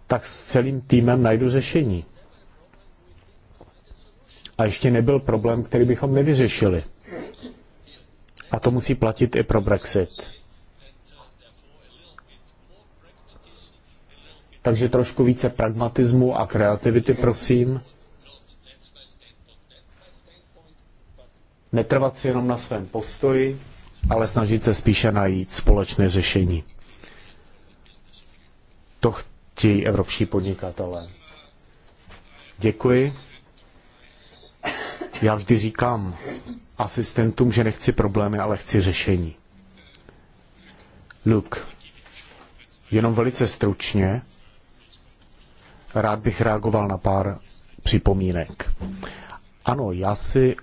tak s celým týmem najdu řešení. A ještě nebyl problém, který bychom nevyřešili. A to musí platit i pro Brexit. Takže trošku více pragmatismu a kreativity, prosím. Netrvat si jenom na svém postoji, ale snažit se spíše najít společné řešení. To chtějí evropští podnikatelé. Děkuji. Já vždy říkám, asistentům, že nechci problémy, ale chci řešení. Luke, jenom velice stručně, rád bych reagoval na pár připomínek. Ano, já si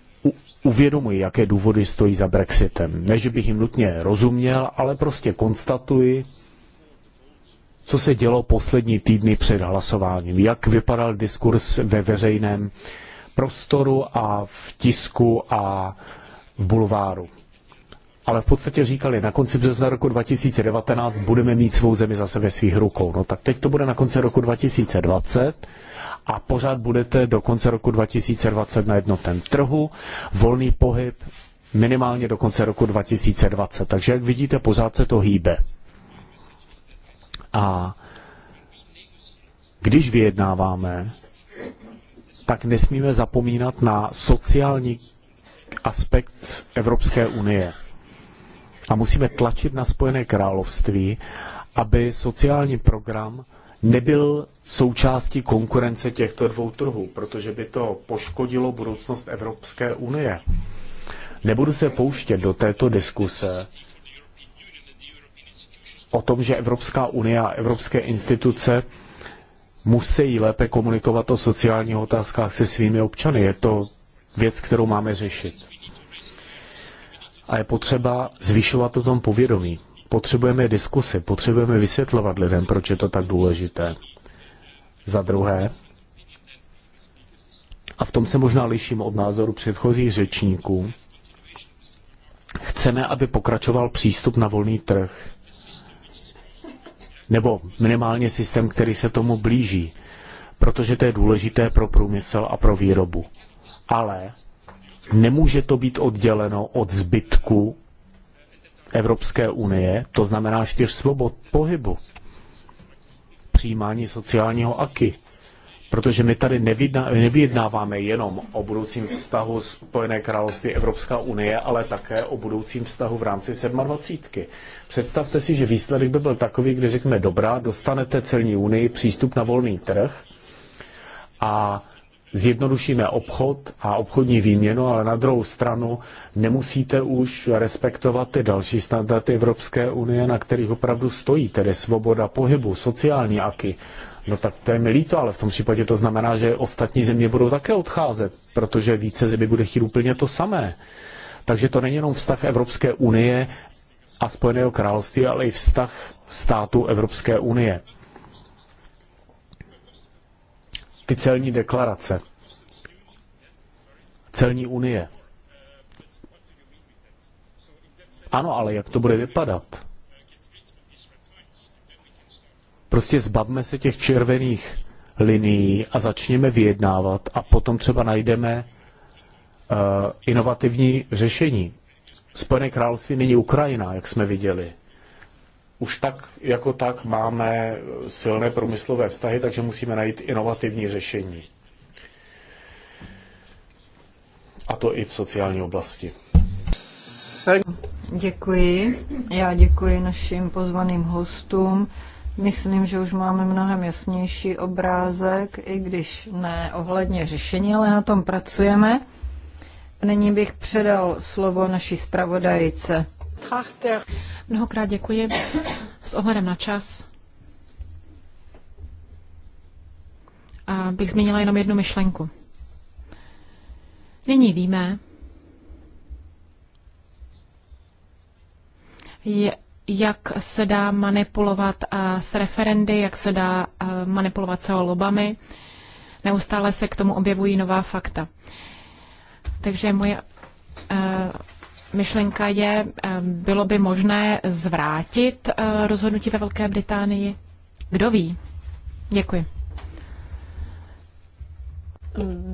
uvědomuji, jaké důvody stojí za Brexitem. Ne, že bych jim nutně rozuměl, ale prostě konstatuji, co se dělo poslední týdny před hlasováním, jak vypadal diskurs ve veřejném uh, prostoru a v tisku a v bulváru. Ale v podstatě říkali, na konci března roku 2019 budeme mít svou zemi zase ve svých rukou. No tak teď to bude na konci roku 2020 a pořád budete do konce roku 2020 na jednotném trhu, volný pohyb minimálně do konce roku 2020. Takže jak vidíte, pořád se to hýbe. A když vyjednáváme, tak nesmíme zapomínat na sociální aspekt Evropské unie. A musíme tlačit na Spojené království, aby sociální program nebyl součástí konkurence těchto dvou trhů, protože by to poškodilo budoucnost Evropské unie. Nebudu se pouštět do této diskuse o tom, že Evropská unie a evropské instituce musí lépe komunikovat o sociálních otázkách se svými občany. Je to věc, kterou máme řešit. A je potřeba zvyšovat o tom povědomí. Potřebujeme diskusy, potřebujeme vysvětlovat lidem, proč je to tak důležité. Za druhé, a v tom se možná liším od názoru předchozích řečníků, chceme, aby pokračoval přístup na volný trh nebo minimálně systém, který se tomu blíží, protože to je důležité pro průmysl a pro výrobu. Ale nemůže to být odděleno od zbytku Evropské unie, to znamená čtyř svobod pohybu, přijímání sociálního aky, Protože my tady nevyjednáváme jenom o budoucím vztahu Spojené království Evropská unie, ale také o budoucím vztahu v rámci 27. Představte si, že výsledek by byl takový, kdy řekneme dobrá, dostanete celní unii přístup na volný trh a zjednodušíme obchod a obchodní výměnu, ale na druhou stranu nemusíte už respektovat ty další standardy Evropské unie, na kterých opravdu stojí, tedy svoboda pohybu, sociální aky No tak to je mi líto, ale v tom případě to znamená, že ostatní země budou také odcházet, protože více zemí bude chtít úplně to samé. Takže to není jenom vztah Evropské unie a Spojeného království, ale i vztah Státu Evropské unie. Ty celní deklarace. Celní unie. Ano, ale jak to bude vypadat? Prostě zbavme se těch červených linií a začněme vyjednávat a potom třeba najdeme uh, inovativní řešení. Spojené království není Ukrajina, jak jsme viděli. Už tak jako tak máme silné průmyslové vztahy, takže musíme najít inovativní řešení. A to i v sociální oblasti. Děkuji. Já děkuji našim pozvaným hostům. Myslím, že už máme mnohem jasnější obrázek, i když ne ohledně řešení, ale na tom pracujeme. Nyní bych předal slovo naší zpravodajice. Mnohokrát děkuji. S ohledem na čas A bych zmínila jenom jednu myšlenku. Nyní víme, je, jak se dá manipulovat eh, s referendy, jak se dá eh, manipulovat se lobami. Neustále se k tomu objevují nová fakta. Takže moje eh, myšlenka je, bylo by možné zvrátit rozhodnutí ve Velké Británii. Kdo ví? Děkuji.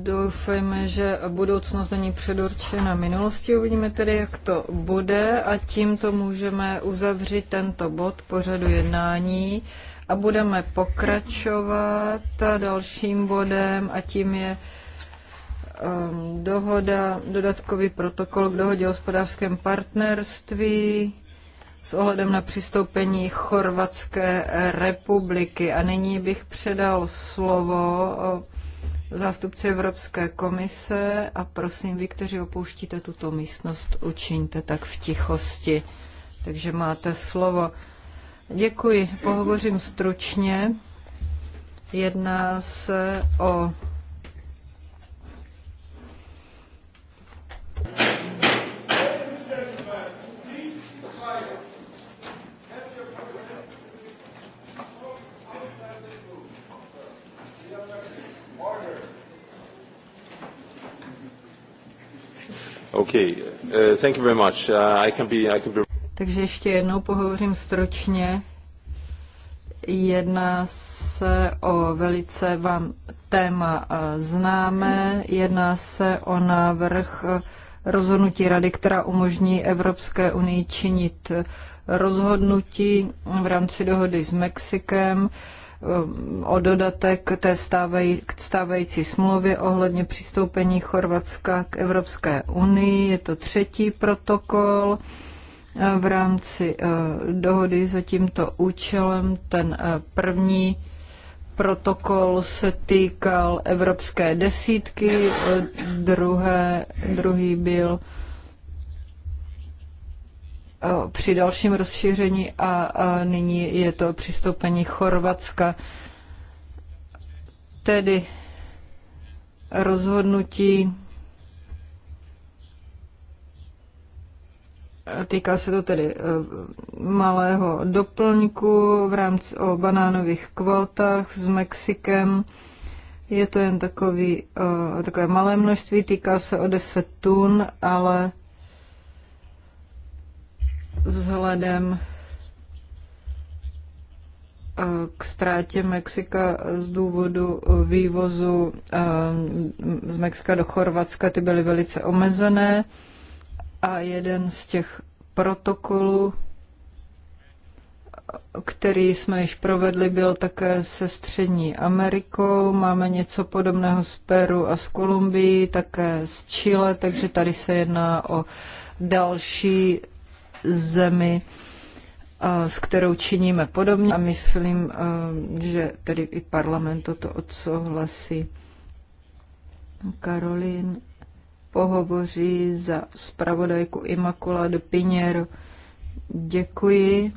Doufejme, že budoucnost není předurčena minulosti Uvidíme tedy, jak to bude a tímto můžeme uzavřít tento bod pořadu jednání a budeme pokračovat dalším bodem a tím je um, dohoda, dodatkový protokol k dohodě o hospodářském partnerství s ohledem na přistoupení Chorvatské republiky. A nyní bych předal slovo zástupci Evropské komise a prosím, vy, kteří opouštíte tuto místnost, učiňte tak v tichosti. Takže máte slovo. Děkuji, pohovořím stručně. Jedná se o Okay. Uh, thank you very much. Uh, I can be, I can be... Takže ještě jednou pohovořím stročně. Jedná se o velice vám téma uh, známé. Jedná se o návrh uh, rozhodnutí rady, která umožní Evropské unii činit uh, rozhodnutí v rámci dohody s Mexikem Eh, o dodatek té stávají, k stávající smlouvě ohledně přistoupení Chorvatska k Evropské unii. Je to třetí protokol eh, v rámci eh, dohody za tímto účelem. Ten první protokol se týkal Evropské desítky, druhé, druhý byl Eh, při dalším rozšíření a, a nyní je to přistoupení Chorvatska. Tedy rozhodnutí eh, Týká se to tedy eh, malého doplňku v rámci o banánových kvotách s Mexikem. Je to jen takový, takové malé množství, týká se o 10 tun, ale vzhledem eh, k ztrátě Mexika z důvodu eh, vývozu eh, z Mexika do Chorvatska, ty byly velice omezené a jeden z těch protokolů, který jsme již provedli, byl také se Střední Amerikou. Máme něco podobného z Peru a z Kolumbii, také z Chile, takže tady se jedná o další zemi, s kterou činíme podobně a myslím, že tedy i parlament toto odsouhlasí. Karolín pohovoří za zpravodajku Immaculada Pinheiro. Děkuji,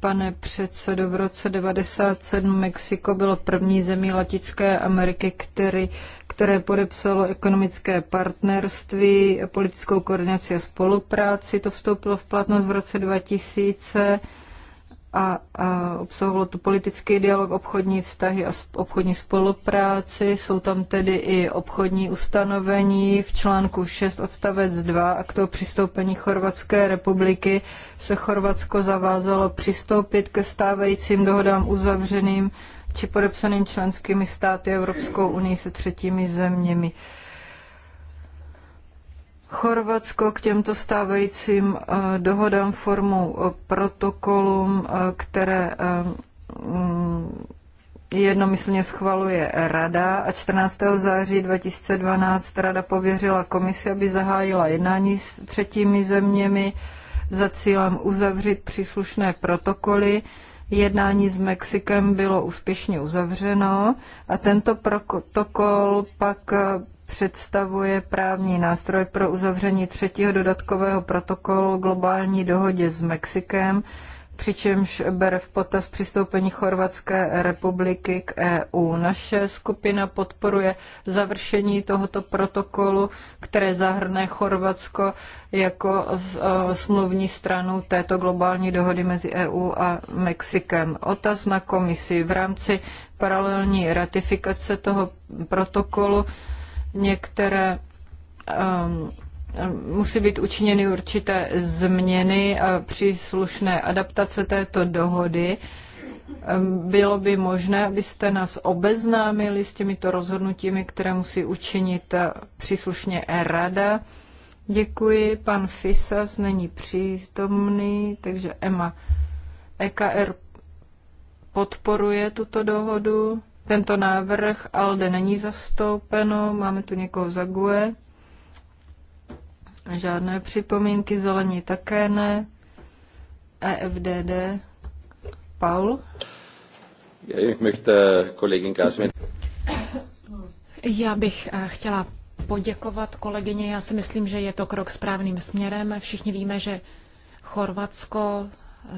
pane předsedo. V roce 1997 Mexiko bylo první zemí Latinské Ameriky, který, které podepsalo ekonomické partnerství, politickou koordinaci a spolupráci. To vstoupilo v platnost v roce 2000 a, a obsahovalo to politický dialog, obchodní vztahy a obchodní spolupráci. Jsou tam tedy i obchodní ustanovení. V článku 6 odstavec 2 a k toho přistoupení Chorvatské republiky se Chorvatsko zavázalo přistoupit ke stávajícím dohodám uzavřeným či podepsaným členskými státy Evropskou unii se třetími zeměmi. Uh, Chorvatsko k těmto stávajícím eh, dohodám formou eh, protokolům, eh, které mm, jednomyslně schvaluje Rada a 14. září 2012 Rada pověřila komisi, aby zahájila jednání s třetími zeměmi za cílem uzavřít příslušné protokoly. Jednání s Mexikem bylo úspěšně uzavřeno a tento protokol pak představuje právní nástroj pro uzavření třetího dodatkového protokolu globální dohodě s Mexikem, přičemž bere v potaz přistoupení Chorvatské republiky k EU. Naše skupina podporuje završení tohoto protokolu, které zahrne Chorvatsko jako e, smluvní stranu této globální dohody mezi EU a Mexikem. Otaz na komisi v rámci paralelní ratifikace toho protokolu některé um, musí být učiněny určité změny a příslušné adaptace této dohody. Um, bylo by možné, abyste nás obeznámili s těmito rozhodnutími, které musí učinit příslušně rada. Děkuji, pan Fisas není přítomný, takže EMA EKR podporuje tuto dohodu tento návrh. Alde není zastoupeno, máme tu někoho za GUE. Žádné připomínky, zelení také ne. EFDD. Paul? Já bych eh, chtěla poděkovat kolegyně. Já si myslím, že je to krok správným směrem. Všichni víme, že Chorvatsko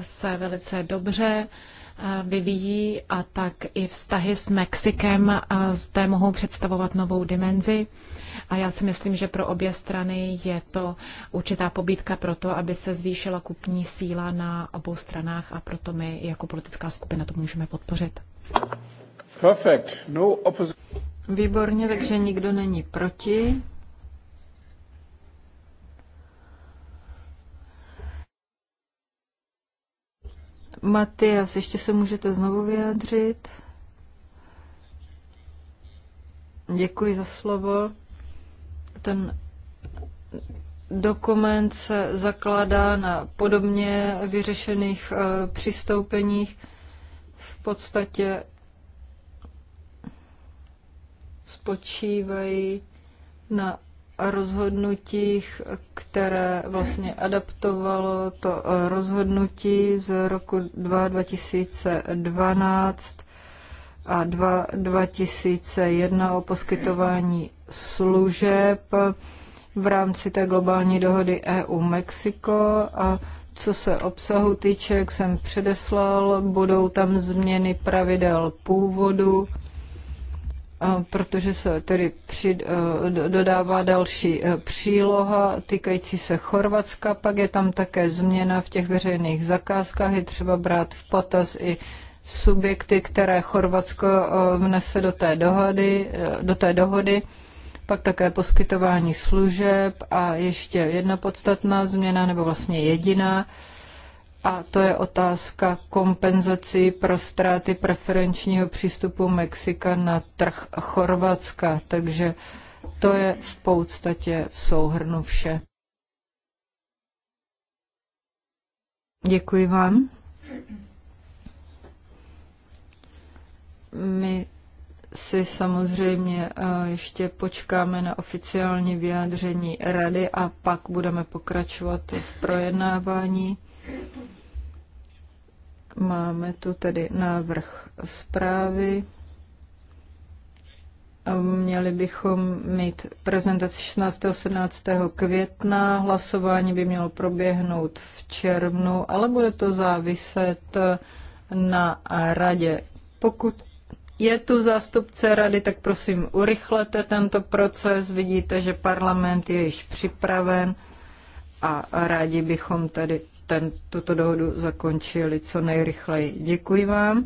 se velice dobře Eh, vyvíjí a tak i vztahy s Mexikem eh, zde mohou představovat novou dimenzi. A já si myslím, že pro obě strany je to určitá pobídka pro to, aby se zvýšila kupní síla na obou stranách a proto my jako politická skupina to můžeme podpořit. Perfect. No Výborně, takže nikdo není proti. Matias, ještě se můžete znovu vyjádřit. Děkuji za slovo. Ten dokument se zakládá na podobně vyřešených eh, přistoupeních. V podstatě spočívají na rozhodnutích, které vlastně adaptovalo to eh, rozhodnutí z roku 2012 a 2001 o poskytování služeb v rámci té globální dohody EU-Mexiko a co se obsahu týče, jak jsem předeslal, budou tam změny pravidel původu, protože se tedy při, eh, dodává další eh, příloha týkající se Chorvatska, pak je tam také změna v těch veřejných zakázkách, je třeba brát v potaz i subjekty, které Chorvatsko eh, vnese do té dohody, do té dohody pak také poskytování služeb a ještě jedna podstatná změna, nebo vlastně jediná, a to je otázka kompenzací pro ztráty preferenčního přístupu Mexika na trh Chorvatska. Takže to je v podstatě v souhrnu vše. Děkuji vám. My si samozřejmě eh, ještě počkáme na oficiální vyjádření rady a pak budeme pokračovat v projednávání. Máme tu tedy návrh zprávy. Měli bychom mít prezentaci 16. 17. května. Hlasování by mělo proběhnout v červnu, ale bude to záviset na radě. Pokud je tu zástupce rady, tak prosím urychlete tento proces. Vidíte, že parlament je již připraven a rádi bychom tady ten, tuto dohodu zakončili co nejrychleji. Děkuji vám.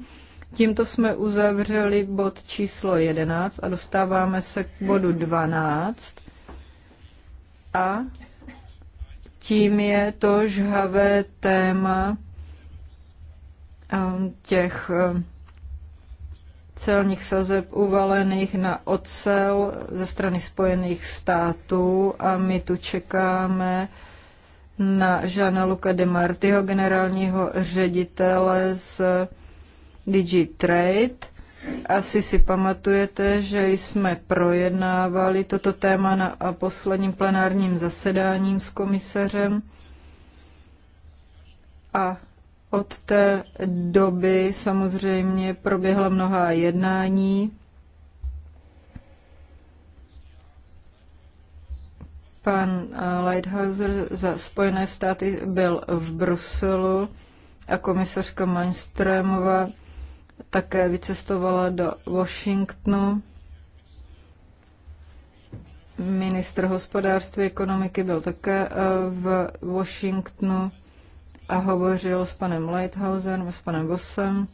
Tímto jsme uzavřeli bod číslo 11 a dostáváme se k bodu 12. A tím je to žhavé téma ehm, těch ehm, celních sazeb uvalených na ocel ze strany Spojených států a my tu čekáme na Žana Luca de Martyho, generálního ředitele z DigiTrade. Asi si pamatujete, že jsme projednávali toto téma na posledním plenárním zasedáním s komisařem a od té doby samozřejmě proběhla mnohá jednání Pan eh, Lighthouser za Spojené státy byl v Bruselu a komisařka Mainstreamová také vycestovala do Washingtonu. Ministr hospodářství ekonomiky byl také eh, v Washingtonu a hovořil s panem Lighthouserem, s panem Bossem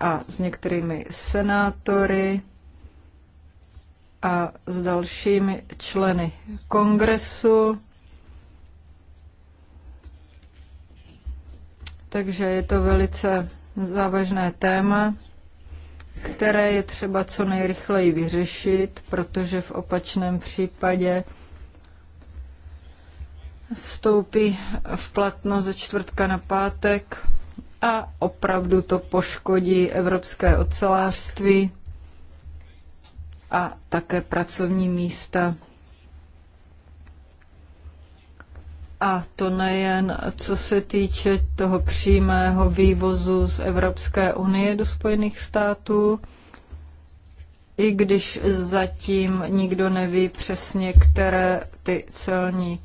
a s některými senátory a s dalšími členy kongresu. Takže je to velice závažné téma, které je třeba co nejrychleji vyřešit, protože v opačném případě vstoupí v platnost ze čtvrtka na pátek a opravdu to poškodí evropské ocelářství a také pracovní místa. A to nejen co se týče toho přímého vývozu z Evropské unie do Spojených států, i když zatím nikdo neví přesně, které ty celní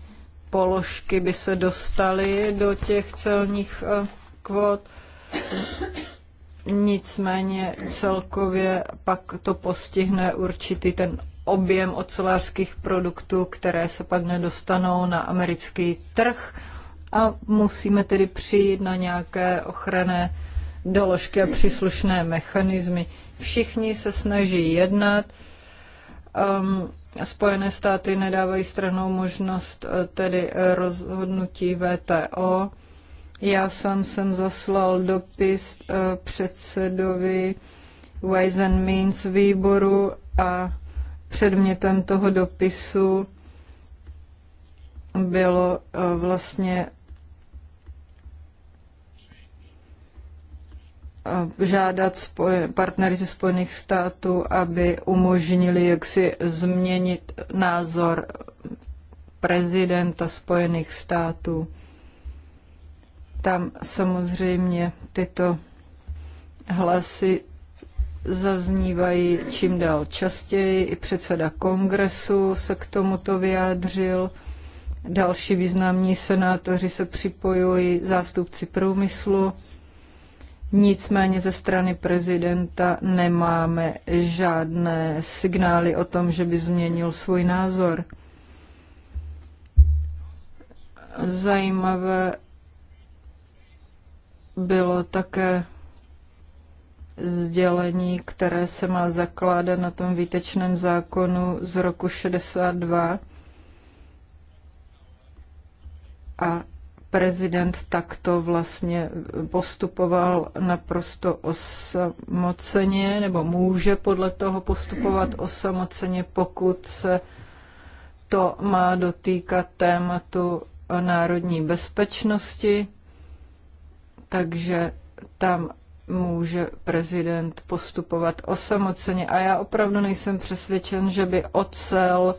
položky by se dostaly do těch celních eh, kvot, Nicméně celkově pak to postihne určitý ten objem ocelářských produktů, které se pak nedostanou na americký trh a musíme tedy přijít na nějaké ochranné doložky a příslušné mechanismy. Všichni se snaží jednat. Um, Spojené státy nedávají stranou možnost eh, tedy eh, rozhodnutí VTO já sám jsem zaslal dopis eh, předsedovi Ways and Means výboru a předmětem toho dopisu bylo eh, vlastně eh, žádat partnery ze Spojených států, aby umožnili jaksi změnit názor prezidenta Spojených států. Tam samozřejmě tyto hlasy zaznívají čím dál častěji. I předseda kongresu se k tomuto vyjádřil. Další významní senátoři se připojují, zástupci průmyslu. Nicméně ze strany prezidenta nemáme žádné signály o tom, že by změnil svůj názor. Zajímavé bylo také sdělení, které se má zakládat na tom výtečném zákonu z roku 62. A prezident takto vlastně postupoval naprosto osamoceně, nebo může podle toho postupovat osamoceně, pokud se to má dotýkat tématu národní bezpečnosti, takže tam může prezident postupovat osamoceně. A já opravdu nejsem přesvědčen, že by ocel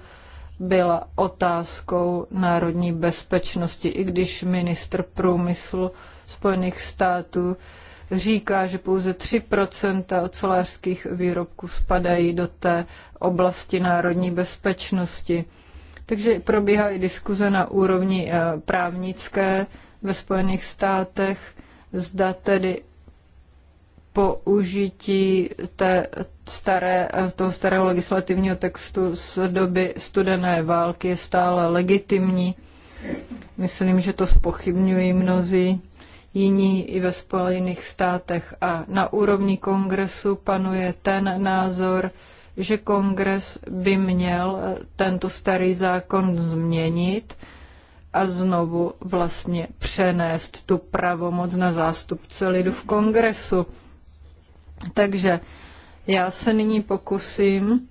byla otázkou národní bezpečnosti, i když ministr průmyslu Spojených států říká, že pouze 3 ocelářských výrobků spadají do té oblasti národní bezpečnosti. Takže probíhá i diskuze na úrovni eh, právnické ve Spojených státech Zda tedy použití té staré, toho starého legislativního textu z doby studené války je stále legitimní. Myslím, že to spochybňují mnozí jiní i ve Spojených státech. A na úrovni kongresu panuje ten názor, že kongres by měl tento starý zákon změnit, a znovu vlastně přenést tu pravomoc na zástupce lidu v kongresu. Takže já se nyní pokusím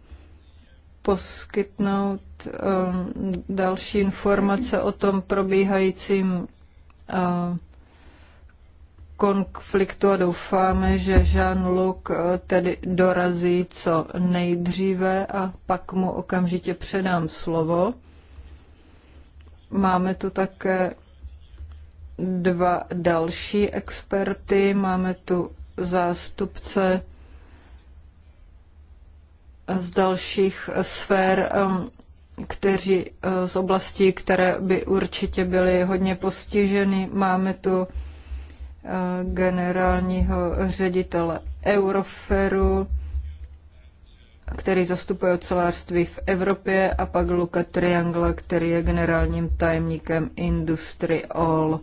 poskytnout um, další informace o tom probíhajícím uh, konfliktu a doufáme, že Jean-Luc uh, tedy dorazí co nejdříve a pak mu okamžitě předám slovo. Máme tu také dva další experty. Máme tu zástupce z dalších sfér, um, kteří uh, z oblastí, které by určitě byly hodně postiženy. Máme tu uh, generálního ředitele Euroferu, který zastupuje ocelářství v Evropě, a pak Luka Triangla, který je generálním tajemníkem Industry All.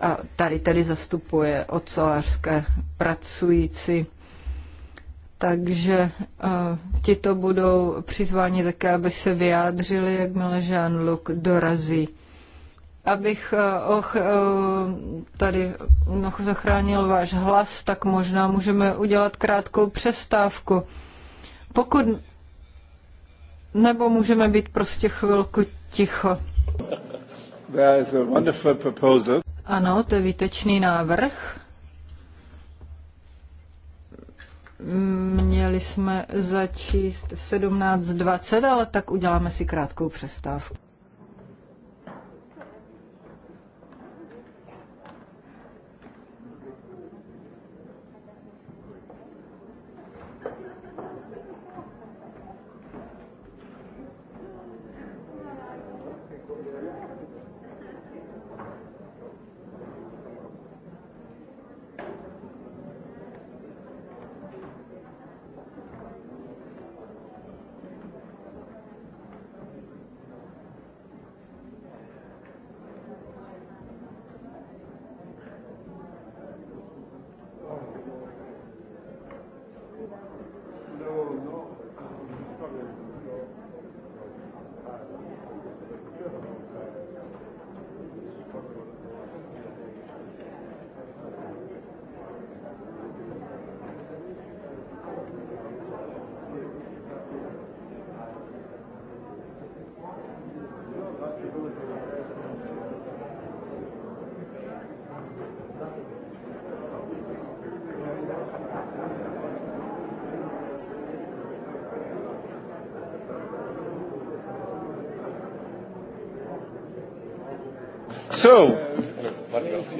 A tady tedy zastupuje ocelářské pracující. Takže uh, to budou přizváni také, aby se vyjádřili, jakmile Jean-Luc dorazí. Abych uh, och, uh, tady no, zachránil váš hlas, tak možná můžeme udělat krátkou přestávku. Pokud nebo můžeme být prostě chvilku ticho. Ano, to je výtečný návrh. Měli jsme začíst v 17.20, ale tak uděláme si krátkou přestávku.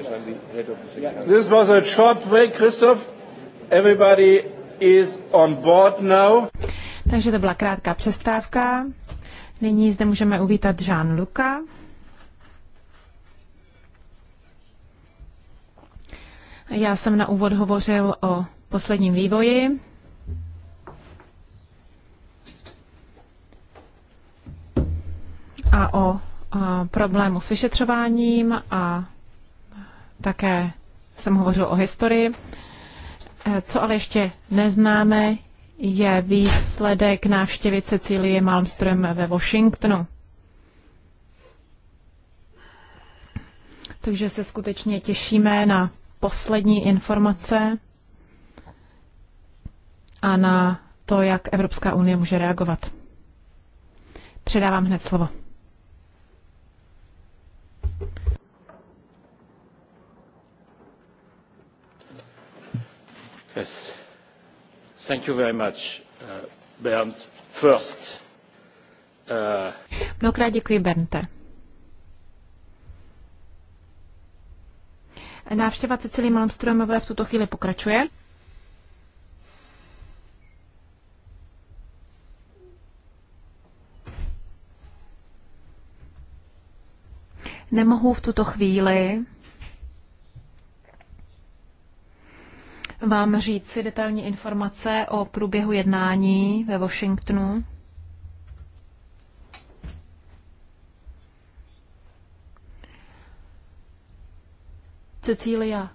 because I'm the head of the security. This was a short break, Christoph. Everybody is on board now. Takže to byla krátká přestávka. Nyní zde můžeme uvítat Jean-Luca. Já jsem na úvod hovořil o posledním vývoji. A o a problému s vyšetřováním a také jsem hovořil o historii. Eh, co ale ještě neznáme, je výsledek návštěvy Cecílie Malmström ve Washingtonu. Takže se skutečně těšíme na poslední informace a na to, jak Evropská unie může reagovat. Předávám hned slovo. Yes. Thank you very much, uh, Bernd. First. Uh, Mnohokrát děkuji, Bernte. Návštěva Cecily Malmströmové v tuto chvíli pokračuje. Nemohu v tuto chvíli vám říci detailní informace o průběhu jednání ve Washingtonu. Cecília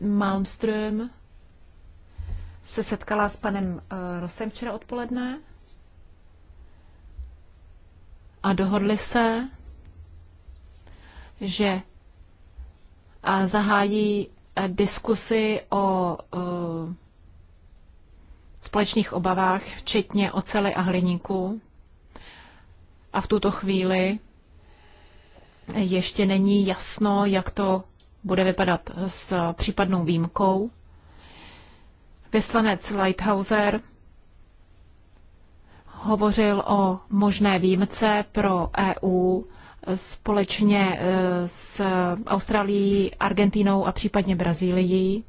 Malmström se setkala s panem eh, Rosem včera odpoledne a dohodli se, že a zahájí Eh, diskusi o eh, společných obavách, včetně oceli a hliníku. A v tuto chvíli ještě není jasno, jak to bude vypadat s případnou výjimkou. Vyslanec Lighthouser hovořil o možné výjimce pro EU společně eh, s Austrálií, Argentínou a případně Brazílií.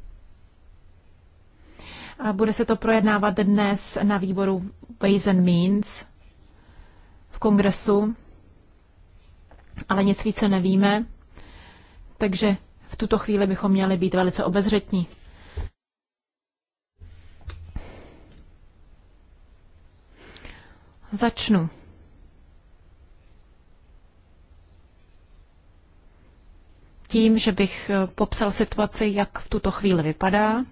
Bude se to projednávat dnes na výboru Ways and Means v kongresu, ale nic více nevíme, takže v tuto chvíli bychom měli být velice obezřetní. Začnu tím, že bych eh, popsal situaci, jak v tuto chvíli vypadá.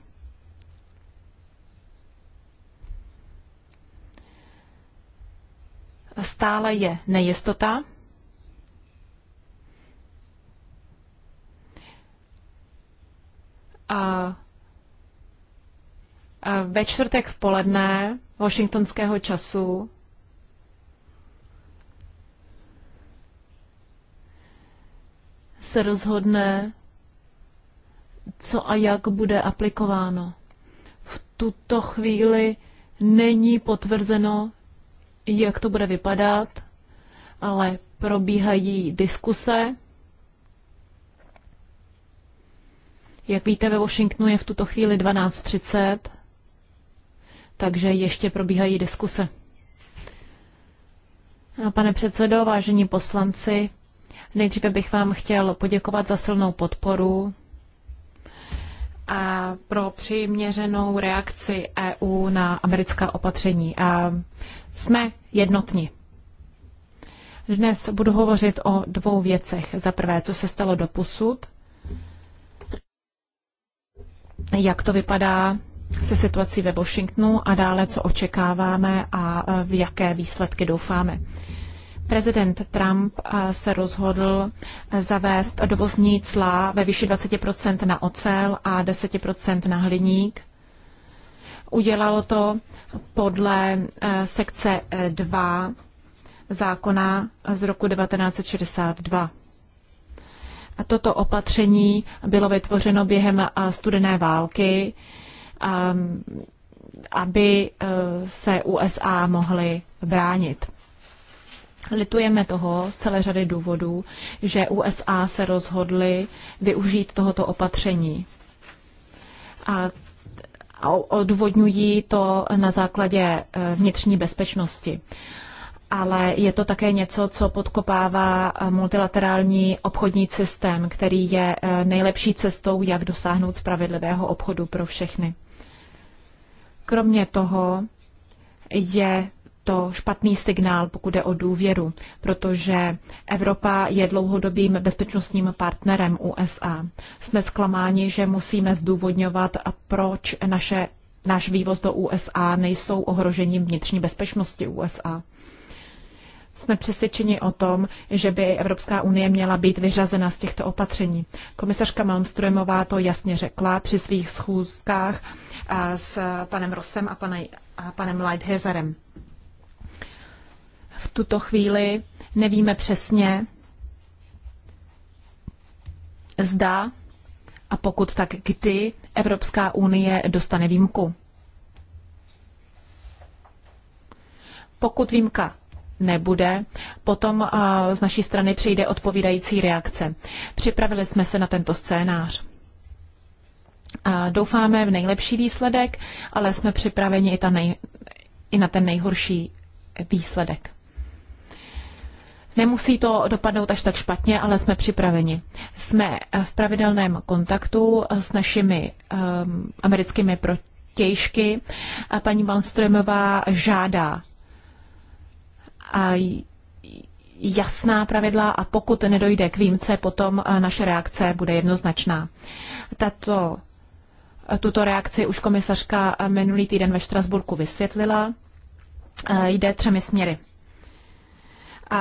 Stále je nejistota. A ve čtvrtek v poledne washingtonského času se rozhodne, co a jak bude aplikováno. V tuto chvíli není potvrzeno, jak to bude vypadat, ale probíhají diskuse. Jak víte, ve Washingtonu je v tuto chvíli 12.30, takže ještě probíhají diskuse. Pane předsedo, vážení poslanci, Nejdříve bych vám chtěl poděkovat za silnou podporu a pro přiměřenou reakci EU na americká opatření. A jsme jednotní. Dnes budu hovořit o dvou věcech. Za prvé, co se stalo do jak to vypadá se situací ve Washingtonu a dále, co očekáváme a v jaké výsledky doufáme. Prezident Trump eh, se rozhodl eh, zavést dovozní cla ve výši 20 na ocel a 10 na hliník. Udělalo to podle eh, sekce 2 zákona z roku 1962. A toto opatření bylo vytvořeno během studené války, ehm, aby se USA mohly bránit. Litujeme toho z celé řady důvodů, že USA se rozhodly využít tohoto opatření. A odvodňují to na základě e, vnitřní bezpečnosti. Ale je to také něco, co podkopává e, multilaterální obchodní systém, který je e, nejlepší cestou, jak dosáhnout spravedlivého obchodu pro všechny. Kromě toho je to špatný signál, pokud jde o důvěru, protože Evropa je dlouhodobým bezpečnostním partnerem USA. Jsme zklamáni, že musíme zdůvodňovat, proč naše, náš vývoz do USA nejsou ohrožením vnitřní bezpečnosti USA. Jsme přesvědčeni o tom, že by Evropská unie měla být vyřazena z těchto opatření. Komisařka Malmströmová to jasně řekla při svých schůzkách s panem Rosem a, panem Lighthazerem. V tuto chvíli nevíme přesně, zda a pokud tak kdy Evropská unie dostane výjimku. Pokud výjimka nebude, potom z naší strany přijde odpovídající reakce. Připravili jsme se na tento scénář. Doufáme v nejlepší výsledek, ale jsme připraveni i, ta nej, i na ten nejhorší výsledek. Nemusí to dopadnout až tak špatně, ale jsme připraveni. Jsme eh, v pravidelném kontaktu eh, s našimi um, americkými protějšky. A paní Malmströmová žádá a jasná pravidla a pokud nedojde k výjimce, potom eh, naše reakce bude jednoznačná. Tato, tuto reakci už komisařka minulý týden ve Štrasburku vysvětlila. Jde třemi směry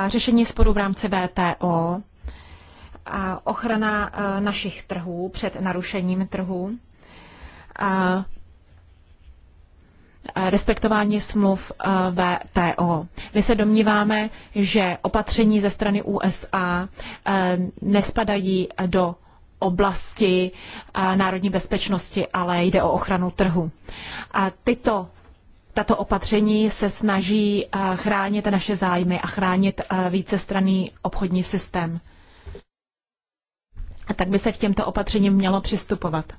řešení sporu v rámci VTO, ochrana e, našich trhů před narušením trhu, respektování smluv e, VTO. My se domníváme, že opatření ze strany USA e, nespadají do oblasti národní bezpečnosti, ale jde o ochranu trhu. A tyto tato opatření se snaží eh, chránit naše zájmy a chránit eh, vícestranný obchodní systém. A tak by se k těmto opatřením mělo přistupovat.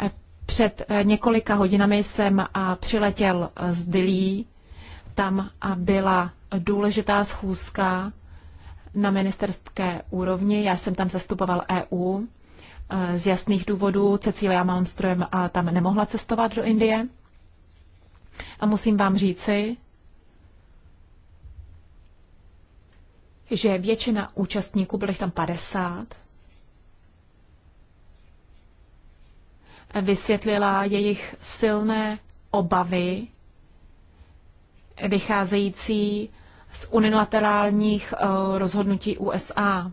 Eh, před několika hodinami jsem přiletěl z Dilí. Tam byla důležitá schůzka na ministerské úrovni. Já jsem tam zastupoval EU. Z jasných důvodů Cecília Malmström tam nemohla cestovat do Indie. A musím vám říci, že většina účastníků, byly tam 50, vysvětlila jejich silné obavy vycházející z unilaterálních eh, rozhodnutí USA.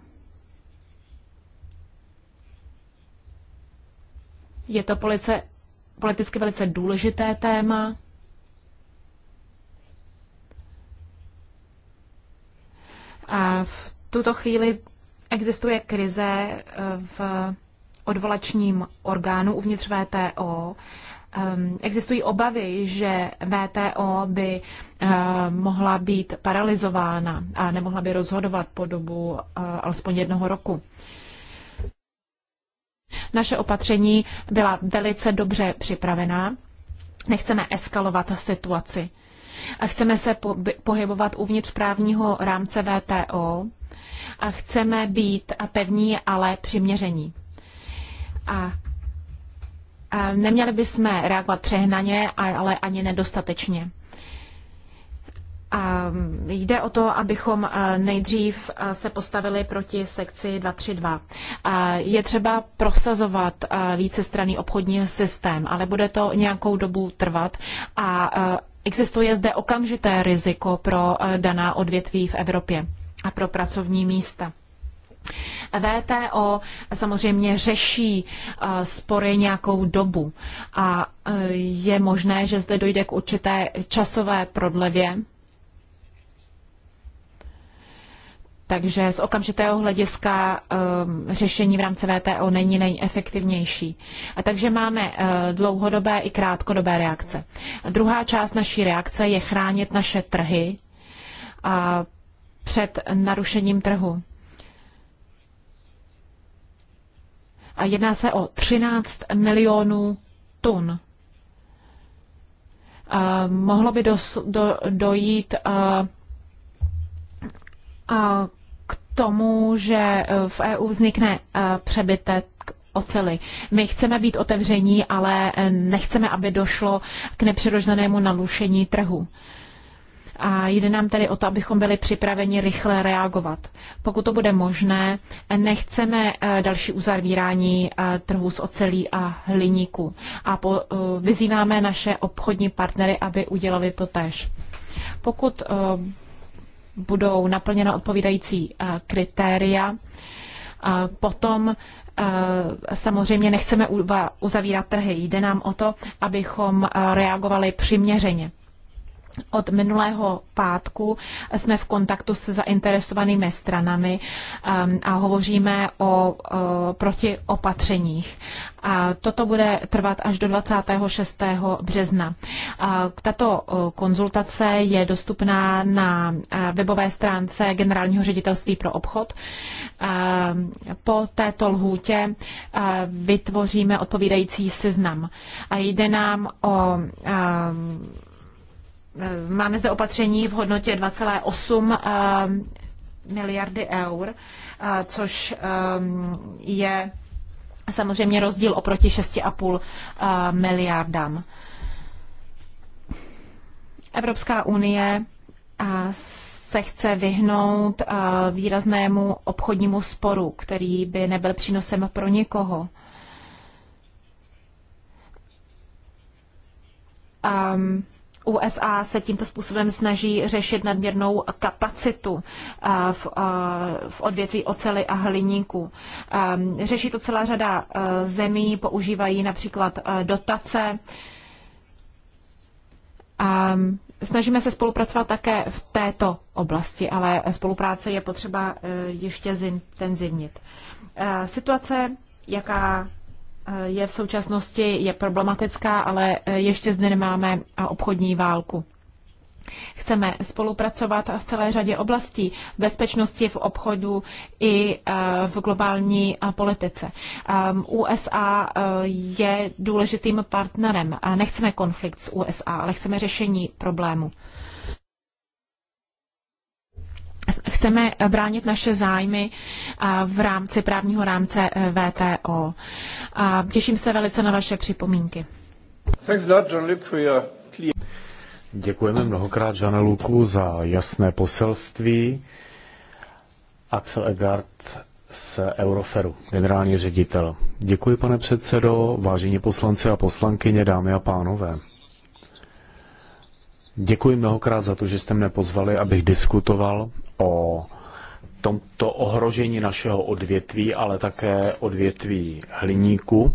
Je to police, politicky velice důležité téma. V tuto chvíli existuje krize eh, v odvolačním orgánu uvnitř VTO. Ehm, existují obavy, že VTO by eh, mohla být paralizována a nemohla by rozhodovat po dobu eh, alespoň jednoho roku. Naše opatření byla velice dobře připravená. Nechceme eskalovat situaci a chceme se po, pohybovat uvnitř právního rámce VTO a chceme být a pevní, ale přiměření. A, a neměli bychom reagovat přehnaně, ale ani nedostatečně. A mm, jde o to, abychom e, nejdřív e, se postavili proti sekci 232. A je třeba prosazovat e, vícestranný obchodní systém, ale bude to nějakou dobu trvat a Existuje zde okamžité riziko pro eh, daná odvětví v Evropě a pro pracovní místa. VTO samozřejmě řeší eh, spory nějakou dobu a eh, je možné, že zde dojde k určité časové prodlevě Takže z okamžitého hlediska um, řešení v rámci VTO není nejefektivnější. A takže máme uh, dlouhodobé i krátkodobé reakce. A druhá část naší reakce je chránit naše trhy a před narušením trhu. A jedná se o 13 milionů tun. Uh, mohlo by dos, do, dojít uh, k tomu, že eh, v EU vznikne eh, přebytek oceli. My chceme být otevření, ale eh, nechceme, aby došlo k nepřirozenému nalušení trhu. A jde nám tedy o to, abychom byli připraveni rychle reagovat. Pokud to bude možné, nechceme další uzavírání trhu s ocelí a hliníku. A po, vyzýváme naše obchodní partnery, aby udělali to tež. Pokud budou naplněna odpovídající eh, kritéria. Eh, potom eh, samozřejmě nechceme uzavírat trhy, jde nám o to, abychom reagovali přiměřeně. Od minulého pátku jsme v kontaktu se zainteresovanými stranami um, a hovoříme o uh, protiopatřeních. A toto bude trvat až do 26. března. A tato uh, konzultace je dostupná na uh, webové stránce Generálního ředitelství pro obchod. A po této lhůtě vytvoříme odpovídající seznam. A jde nám o Máme zde opatření v hodnotě 2,8 eh, miliardy eur, eh, což eh, je samozřejmě rozdíl oproti 6,5 miliardám. Evropská unie se chce vyhnout výraznému obchodnímu sporu, který by nebyl přínosem pro nikoho. Um, USA se tímto způsobem snaží řešit nadměrnou kapacitu eh, v, eh, v odvětví ocely a hliníku. Eh, řeší to celá řada zemí, používají například dotace. Snažíme se spolupracovat také v této oblasti, ale spolupráce je potřeba ještě zintenzivnit. Situace, jaká je v současnosti je problematická, ale eh, ještě zde nemáme eh, obchodní válku. Chceme spolupracovat v celé řadě oblastí bezpečnosti v obchodu i eh, v globální politice. Ehm, USA je důležitým partnerem a nechceme konflikt s USA, ale chceme řešení problému chceme bránit naše zájmy v rámci právního rámce e, VTO. A těším se velice na vaše připomínky. Děkujeme mnohokrát Žane Luku za jasné poselství. Axel Egard z Euroferu, generální ředitel. Děkuji, pane předsedo, vážení poslanci a poslankyně, dámy a pánové. Děkuji mnohokrát za to, že jste mne pozvali, abych diskutoval o tomto ohrožení našeho odvětví, ale také odvětví hliníku.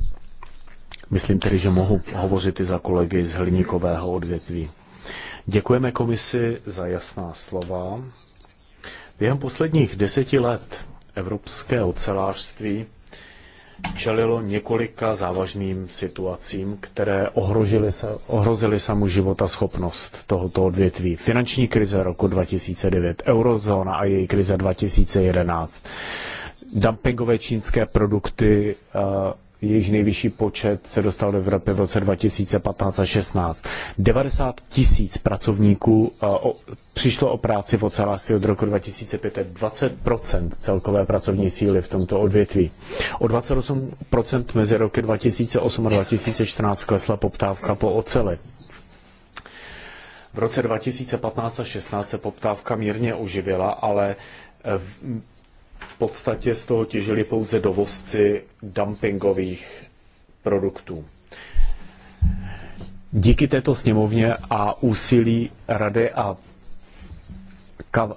Myslím tedy, že mohu hovořit i za kolegy z hliníkového odvětví. Děkujeme komisi za jasná slova. Během posledních deseti let evropské ocelářství čelilo několika závažným situacím, které ohrozily, ohrozily samu života schopnost tohoto odvětví. Finanční krize roku 2009, eurozóna a její krize 2011, dumpingové čínské produkty eh, jejíž nejvyšší počet se dostal do Evropy v roce 2015 a 16. 90 tisíc pracovníků přišlo o práci v ocelářství od roku 2005, 20 celkové pracovní síly v tomto odvětví. O 28 mezi roky 2008 a 2014 klesla poptávka po oceli. V roce 2015 a 16 se poptávka mírně oživila, ale e, podstatě z toho těžili pouze dovozci dumpingových produktů. Díky této sněmovně a úsilí Rady a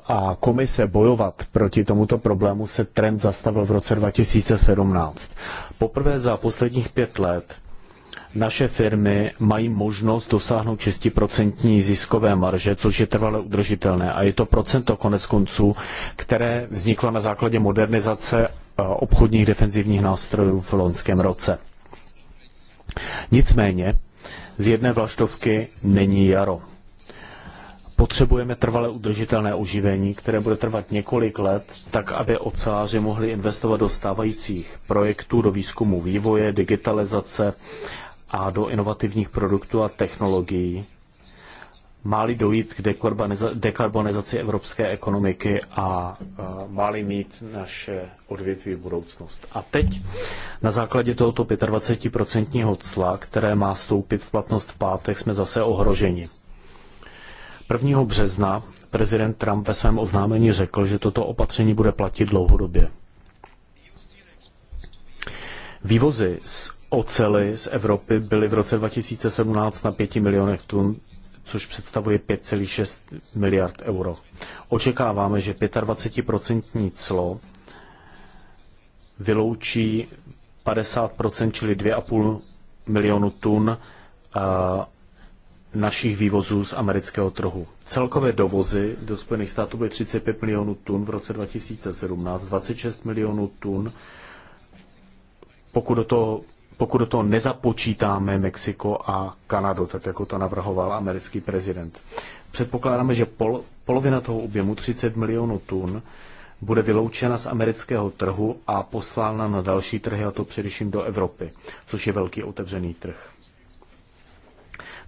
a komise bojovat proti tomuto problému se trend zastavil v roce 2017. Poprvé za posledních pět let naše firmy mají možnost dosáhnout 6% ziskové marže, což je trvale udržitelné. A je to procento konec konců, které vzniklo na základě modernizace eh, obchodních defenzivních nástrojů v loňském roce. Nicméně, z jedné vlaštovky není jaro potřebujeme trvale udržitelné oživení, které bude trvat několik let, tak aby oceláři mohli investovat do stávajících projektů, do výzkumu vývoje, digitalizace a do inovativních produktů a technologií. Máli dojít k dekarbonizaci evropské ekonomiky a e, máli mít naše odvětví budoucnost. A teď na základě tohoto 25% cla, které má stoupit v platnost v pátek, jsme zase ohroženi. 1. března prezident Trump ve svém oznámení řekl, že toto opatření bude platit dlouhodobě. Vývozy z ocely z Evropy byly v roce 2017 na 5 milionech tun, což představuje 5,6 miliard euro. Očekáváme, že 25% clo vyloučí 50%, čili 2,5 milionu tun našich vývozů z amerického trhu. Celkové dovozy do Spojených států byly 35 milionů tun v roce 2017, 26 milionů tun, pokud do toho, pokud do toho nezapočítáme Mexiko a Kanadu, tak jako to navrhoval americký prezident. Předpokládáme, že pol, polovina toho objemu, 30 milionů tun, bude vyloučena z amerického trhu a poslána na další trhy, a to především do Evropy, což je velký otevřený trh.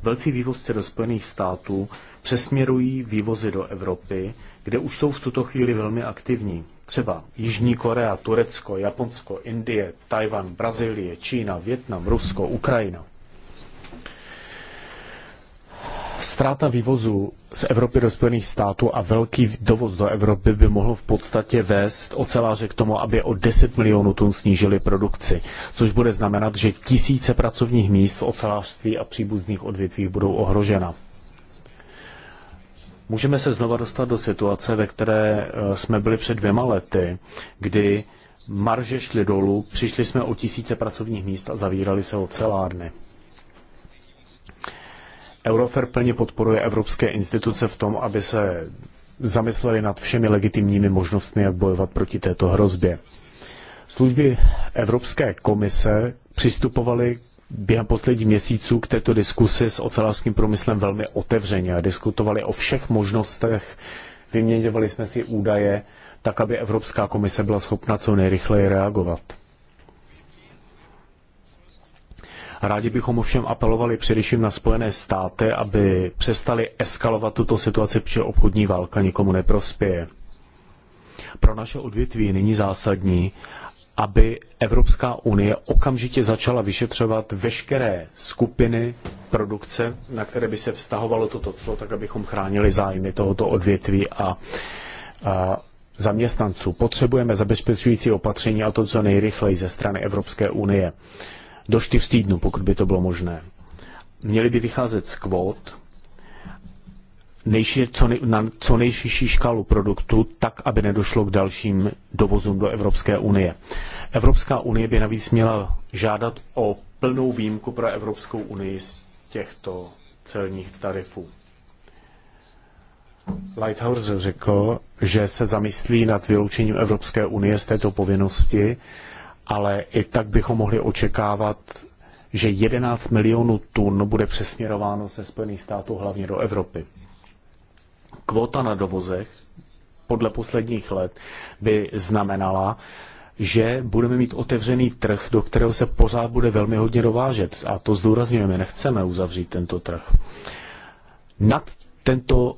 Velcí vývozci do Spojených států přesměrují vývozy do Evropy, kde už jsou v tuto chvíli velmi aktivní. Třeba Jižní Korea, Turecko, Japonsko, Indie, Tajvan, Brazílie, Čína, Větnam, Rusko, Ukrajina. Ztráta vývozu z Evropy do Spojených států a velký dovoz do Evropy by mohl v podstatě vést oceláře k tomu, aby o 10 milionů tun snížili produkci, což bude znamenat, že tisíce pracovních míst v ocelářství a příbuzných odvětvích budou ohrožena. Můžeme se znova dostat do situace, ve které eh, jsme byli před dvěma lety, kdy marže šly dolů, přišli jsme o tisíce pracovních míst a zavírali se ocelárny. Eurofer plně podporuje evropské instituce v tom, aby se zamysleli nad všemi legitimními možnostmi, jak bojovat proti této hrozbě. Služby Evropské komise přistupovaly během posledních měsíců k této diskusi s ocelářským průmyslem velmi otevřeně a diskutovali o všech možnostech, vyměňovali jsme si údaje, tak aby Evropská komise byla schopna co nejrychleji reagovat. Rádi bychom ovšem apelovali především na Spojené státy, aby přestali eskalovat tuto situaci, protože obchodní válka nikomu neprospěje. Pro naše odvětví není zásadní, aby Evropská unie okamžitě začala vyšetřovat veškeré skupiny produkce, na které by se vztahovalo toto clo, tak abychom chránili zájmy tohoto odvětví a, a zaměstnanců. Potřebujeme zabezpečující opatření a to co nejrychleji ze strany Evropské unie do čtyř týdnů, pokud by to bylo možné. Měly by vycházet z kvót co nej, na co nejširší škálu produktů, tak, aby nedošlo k dalším dovozům do Evropské unie. Evropská unie by navíc měla žádat o plnou výjimku pro Evropskou unii z těchto celních tarifů. Lighthouse řekl, že se zamyslí nad vyloučením Evropské unie z této povinnosti ale i tak bychom mohli očekávat, že 11 milionů tun bude přesměrováno ze Spojených států hlavně do Evropy. Kvota na dovozech podle posledních let by znamenala, že budeme mít otevřený trh, do kterého se pořád bude velmi hodně dovážet. A to zdůrazňujeme, nechceme uzavřít tento trh. Nad, tento,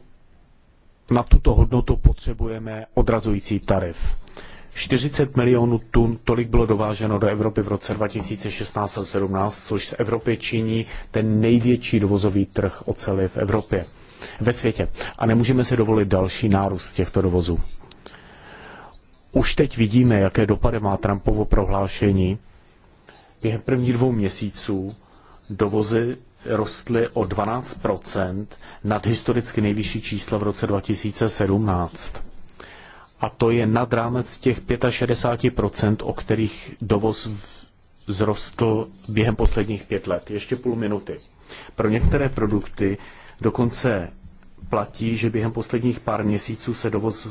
na tuto hodnotu potřebujeme odrazující tarif. 40 milionů tun, tolik bylo dováženo do Evropy v roce 2016 a 2017, což z Evropy činí ten největší dovozový trh oceli v Evropě, ve světě. A nemůžeme si dovolit další nárůst těchto dovozů. Už teď vidíme, jaké dopady má Trumpovo prohlášení. Během prvních dvou měsíců dovozy rostly o 12 nad historicky nejvyšší čísla v roce 2017 a to je nad rámec těch 65%, o kterých dovoz vzrostl během posledních pět let. Ještě půl minuty. Pro některé produkty dokonce platí, že během posledních pár měsíců se dovoz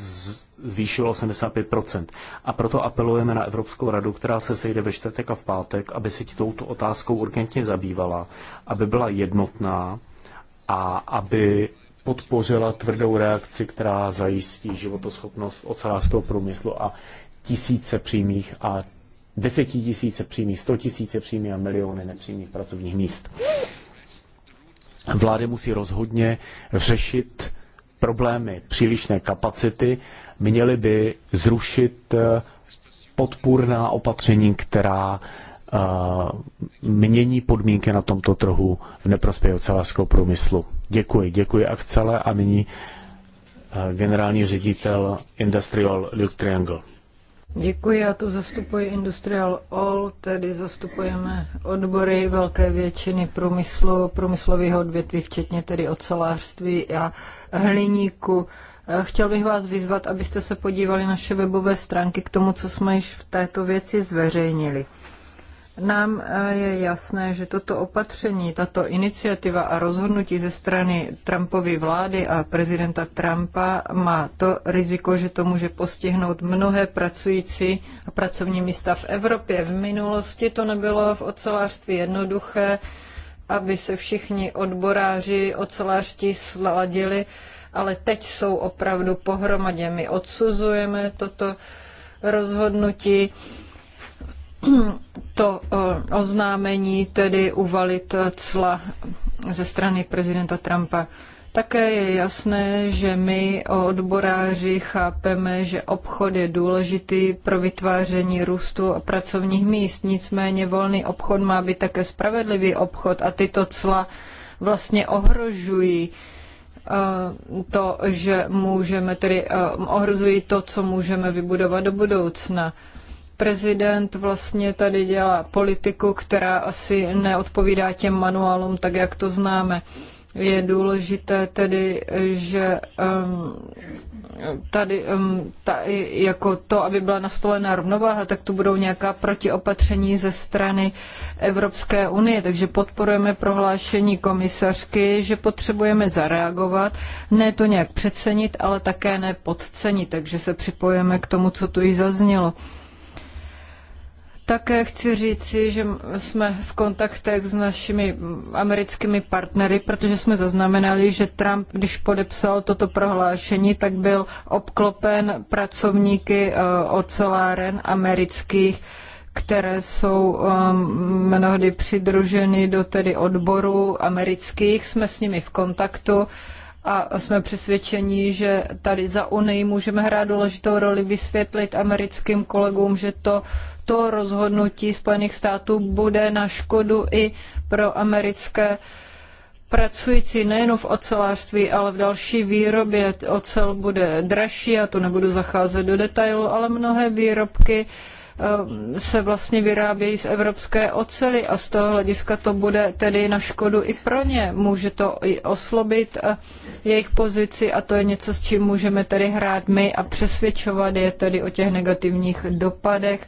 zvýšil 85%. A proto apelujeme na Evropskou radu, která se sejde ve čtvrtek a v pátek, aby se touto otázkou urgentně zabývala, aby byla jednotná a aby podpořila tvrdou reakci, která zajistí životoschopnost ocelářského průmyslu a tisíce přímých a desetitisíce přímých, sto tisíce přímých a miliony nepřímých pracovních míst. Vlády musí rozhodně řešit problémy přílišné kapacity, měly by zrušit eh, podpůrná opatření, která eh, mění podmínky na tomto trhu v neprospěch ocelářského průmyslu. Děkuji, děkuji Akcele a nyní eh, generální ředitel Industrial Luke Triangle. Děkuji, já tu zastupuji Industrial All, tedy zastupujeme odbory velké většiny průmyslu, průmyslového odvětví, včetně tedy ocelářství a hliníku. Eh, chtěl bych vás vyzvat, abyste se podívali naše webové stránky k tomu, co jsme již v této věci zveřejnili. Nám eh, je jasné, že toto opatření, tato iniciativa a rozhodnutí ze strany Trumpovy vlády a prezidenta Trumpa má to riziko, že to může postihnout mnohé pracující a pracovní místa v Evropě. V minulosti to nebylo v ocelářství jednoduché, aby se všichni odboráři ocelářství sladili, ale teď jsou opravdu pohromadě. My odsuzujeme toto rozhodnutí to eh, oznámení, tedy uvalit cla ze strany prezidenta Trumpa. Také je jasné, že my odboráři chápeme, že obchod je důležitý pro vytváření růstu a pracovních míst. Nicméně volný obchod má být také spravedlivý obchod a tyto cla vlastně ohrožují eh, to, že můžeme, tedy eh, ohrozují to, co můžeme vybudovat do budoucna prezident vlastně tady dělá politiku, která asi neodpovídá těm manuálům, tak jak to známe. Je důležité tedy, že um, tady um, ta, jako to, aby byla nastolena rovnováha, tak tu budou nějaká protiopatření ze strany Evropské unie. Takže podporujeme prohlášení komisařky, že potřebujeme zareagovat, ne to nějak přecenit, ale také ne podcenit. Takže se připojeme k tomu, co tu již zaznělo. Také chci říci, že jsme v kontaktech s našimi americkými partnery, protože jsme zaznamenali, že Trump, když podepsal toto prohlášení, tak byl obklopen pracovníky eh, oceláren amerických, které jsou ehm, mnohdy přidruženy do tedy odborů amerických. Jsme s nimi v kontaktu a jsme přesvědčeni, že tady za Unii můžeme hrát důležitou roli, vysvětlit americkým kolegům, že to to rozhodnutí Spojených států bude na škodu i pro americké pracující nejen v ocelářství, ale v další výrobě. Ocel bude dražší, a to nebudu zacházet do detailu, ale mnohé výrobky eh, se vlastně vyrábějí z evropské ocely a z toho hlediska to bude tedy na škodu i pro ně. Může to i oslobit eh, jejich pozici a to je něco, s čím můžeme tedy hrát my a přesvědčovat je tedy o těch negativních dopadech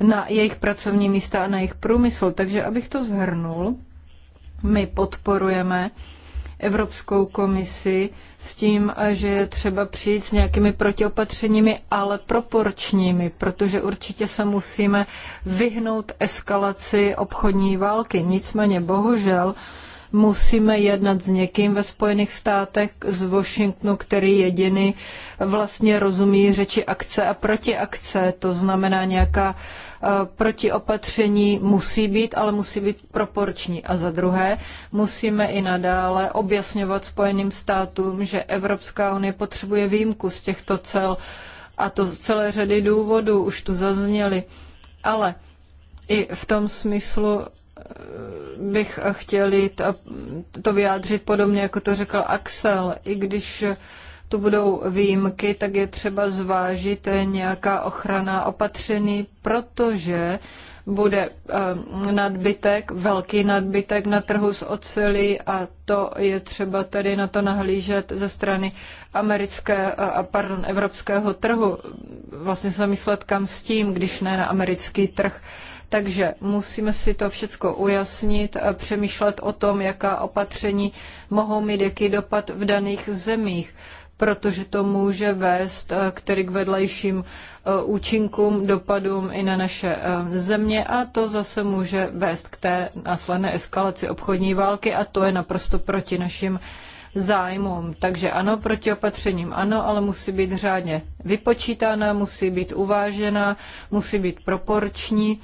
na jejich pracovní místa a na jejich průmysl. Takže abych to zhrnul, my podporujeme Evropskou komisi s tím, že je třeba přijít s nějakými protiopatřeními, ale proporčními, protože určitě se musíme vyhnout eskalaci obchodní války. Nicméně bohužel musíme jednat s někým ve Spojených státech, z Washingtonu, který jediný vlastně rozumí řeči akce a protiakce. To znamená nějaká eh, protiopatření musí být, ale musí být proporční. A za druhé, musíme i nadále objasňovat Spojeným státům, že Evropská unie potřebuje výjimku z těchto cel a to z celé řady důvodů už tu zazněly. Ale i v tom smyslu, bych a to vyjádřit podobně, jako to řekl Axel, i když tu budou výjimky, tak je třeba zvážit nějaká ochrana opatření, protože bude eh, nadbytek, velký nadbytek na trhu s ocelí a to je třeba tady na to nahlížet ze strany americké eh, a pardon, evropského trhu. Vlastně se myslet kam s tím, když ne na americký trh. Takže musíme si to všechno ujasnit a přemýšlet o tom, jaká opatření mohou mít jaký dopad v daných zemích protože to může vést eh, k vedlejším eh, účinkům, dopadům i na naše eh, země a to zase může vést k té následné eskalaci obchodní války a to je naprosto proti našim zájmům. Takže ano, proti opatřením ano, ale musí být řádně vypočítána, musí být uvážena, musí být proporční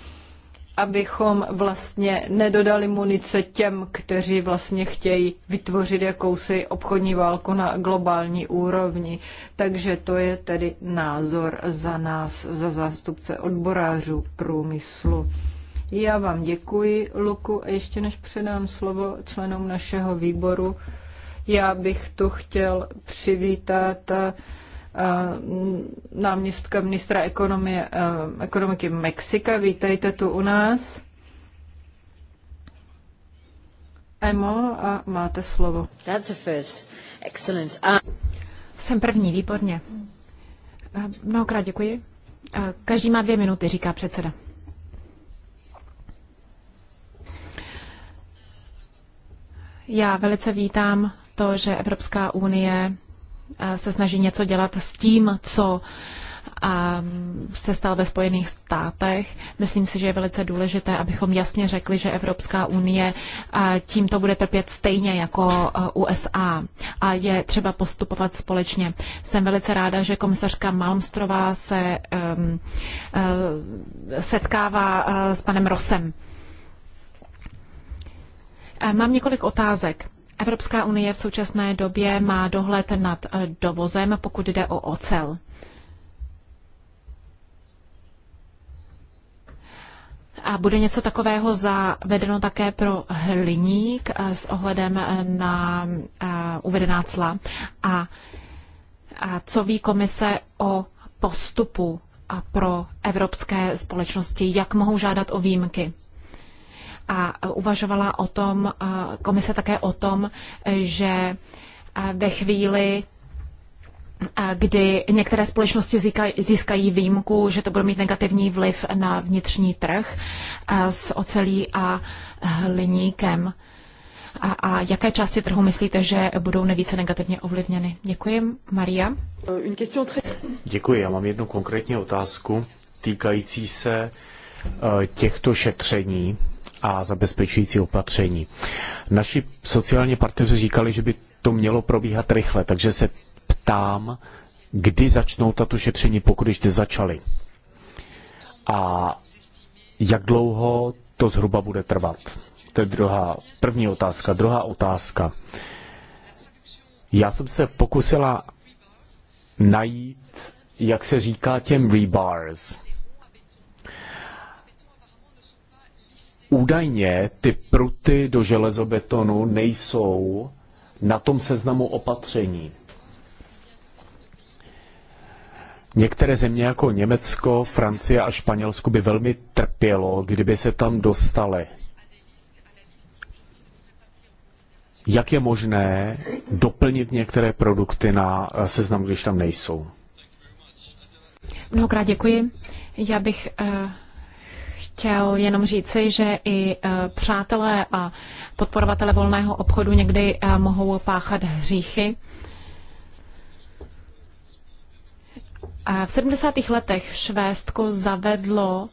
abychom vlastně nedodali munice těm, kteří vlastně chtějí vytvořit jakousi obchodní válku na globální úrovni. Takže to je tedy názor za nás, za zástupce odborářů průmyslu. Já vám děkuji, Luku, a ještě než předám slovo členům našeho výboru, já bych tu chtěl přivítat Eh, náměstka ministra ekonomie, eh, ekonomiky Mexika. Vítejte tu u nás. Emo, a máte slovo. That's a first. Excellent. Uh... Jsem první, výborně. Eh, mnohokrát děkuji. Každý má dvě minuty, říká předseda. Já velice vítám to, že Evropská unie se snaží něco dělat s tím, co a se stal ve Spojených státech. Myslím si, že je velice důležité, abychom jasně řekli, že Evropská unie tímto bude trpět stejně jako USA a je třeba postupovat společně. Jsem velice ráda, že komisařka Malmstrová se um, setkává s panem Rosem. Mám několik otázek. Evropská unie v současné době má dohled nad eh, dovozem, pokud jde o ocel. A bude něco takového zavedeno také pro hliník eh, s ohledem eh, na uvedená cla. A, co ví komise o postupu pro evropské společnosti, jak mohou žádat o výjimky? A uvažovala o tom, komise také o tom, že ve chvíli, kdy některé společnosti získají výjimku, že to bude mít negativní vliv na vnitřní trh s ocelí a hliníkem. A, a jaké části trhu myslíte, že budou nejvíce negativně ovlivněny? Děkuji, Maria. Děkuji, já mám jednu konkrétní otázku týkající se e, těchto šetření a zabezpečující opatření. Naši sociální partneři říkali, že by to mělo probíhat rychle, takže se ptám, kdy začnou tato šetření, pokud již začaly. A jak dlouho to zhruba bude trvat? To je druhá, první otázka. Druhá otázka. Já jsem se pokusila najít, jak se říká těm rebars. Údajně ty pruty do železobetonu nejsou na tom seznamu opatření. Některé země jako Německo, Francie a Španělsko by velmi trpělo, kdyby se tam dostaly. Jak je možné doplnit některé produkty na seznam, když tam nejsou? Mnohokrát děkuji. Já bych uh chtěl jenom říci, že i e, přátelé a podporovatele volného obchodu někdy e, mohou páchat hříchy. V 70. letech Švédsko zavedlo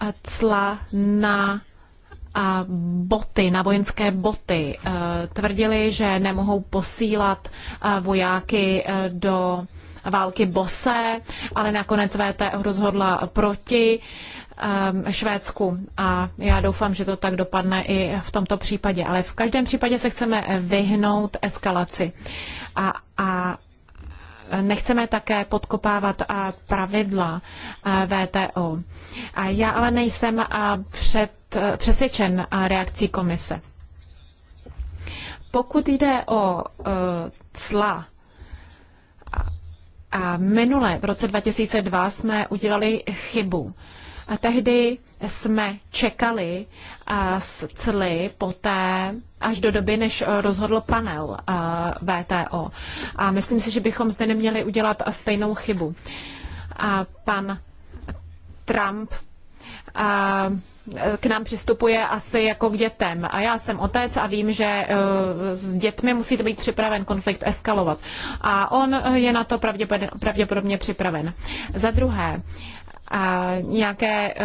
e, cla na a boty, na vojenské boty. Tvrdili, že nemohou posílat vojáky do války bose, ale nakonec VTO rozhodla proti. Ehm, Švédsku a já doufám, že to tak dopadne i v tomto případě. Ale v každém případě se chceme vyhnout eskalaci a, a nechceme také podkopávat pravidla VTO. Já ale nejsem před, přesvědčen reakcí komise. Pokud jde o e, cla, a minule, v roce 2002, jsme udělali chybu. A tehdy jsme čekali s cly poté až do doby, než rozhodl panel VTO. A myslím si, že bychom zde neměli udělat stejnou chybu. A pan Trump k nám přistupuje asi jako k dětem. A já jsem otec a vím, že e, s dětmi musíte být připraven konflikt eskalovat. A on je na to pravděpodobně připraven. Za druhé, a nějaké eh,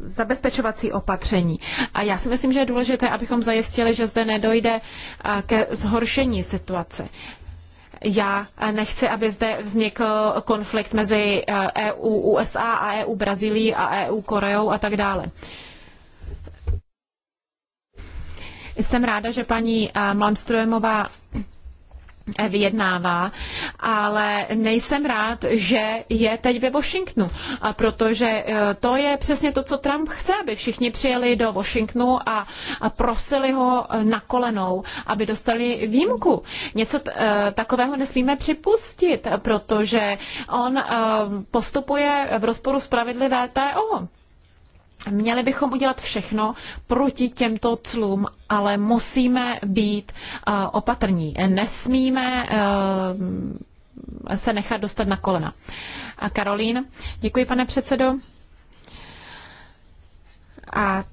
zabezpečovací opatření. A já si myslím, že je důležité, abychom zajistili, že zde nedojde eh, ke zhoršení situace. Já eh, nechci, aby zde vznikl konflikt mezi EU, e USA a EU Brazílií a EU Koreou a tak dále. Jsem ráda, že paní Malmströmová vyjednává, ale nejsem rád, že je teď ve Washingtonu, protože eh, to je přesně to, co Trump chce, aby všichni přijeli do Washingtonu a prosili ho eh, na kolenou, aby dostali výjimku. Něco eh, takového nesmíme připustit, protože on postupuje v rozporu s pravidly VTO. Měli bychom udělat všechno proti těmto clům, ale musíme být eh, opatrní. Nesmíme eh, se nechat dostat na kolena. A Karolín, děkuji pane předsedo. A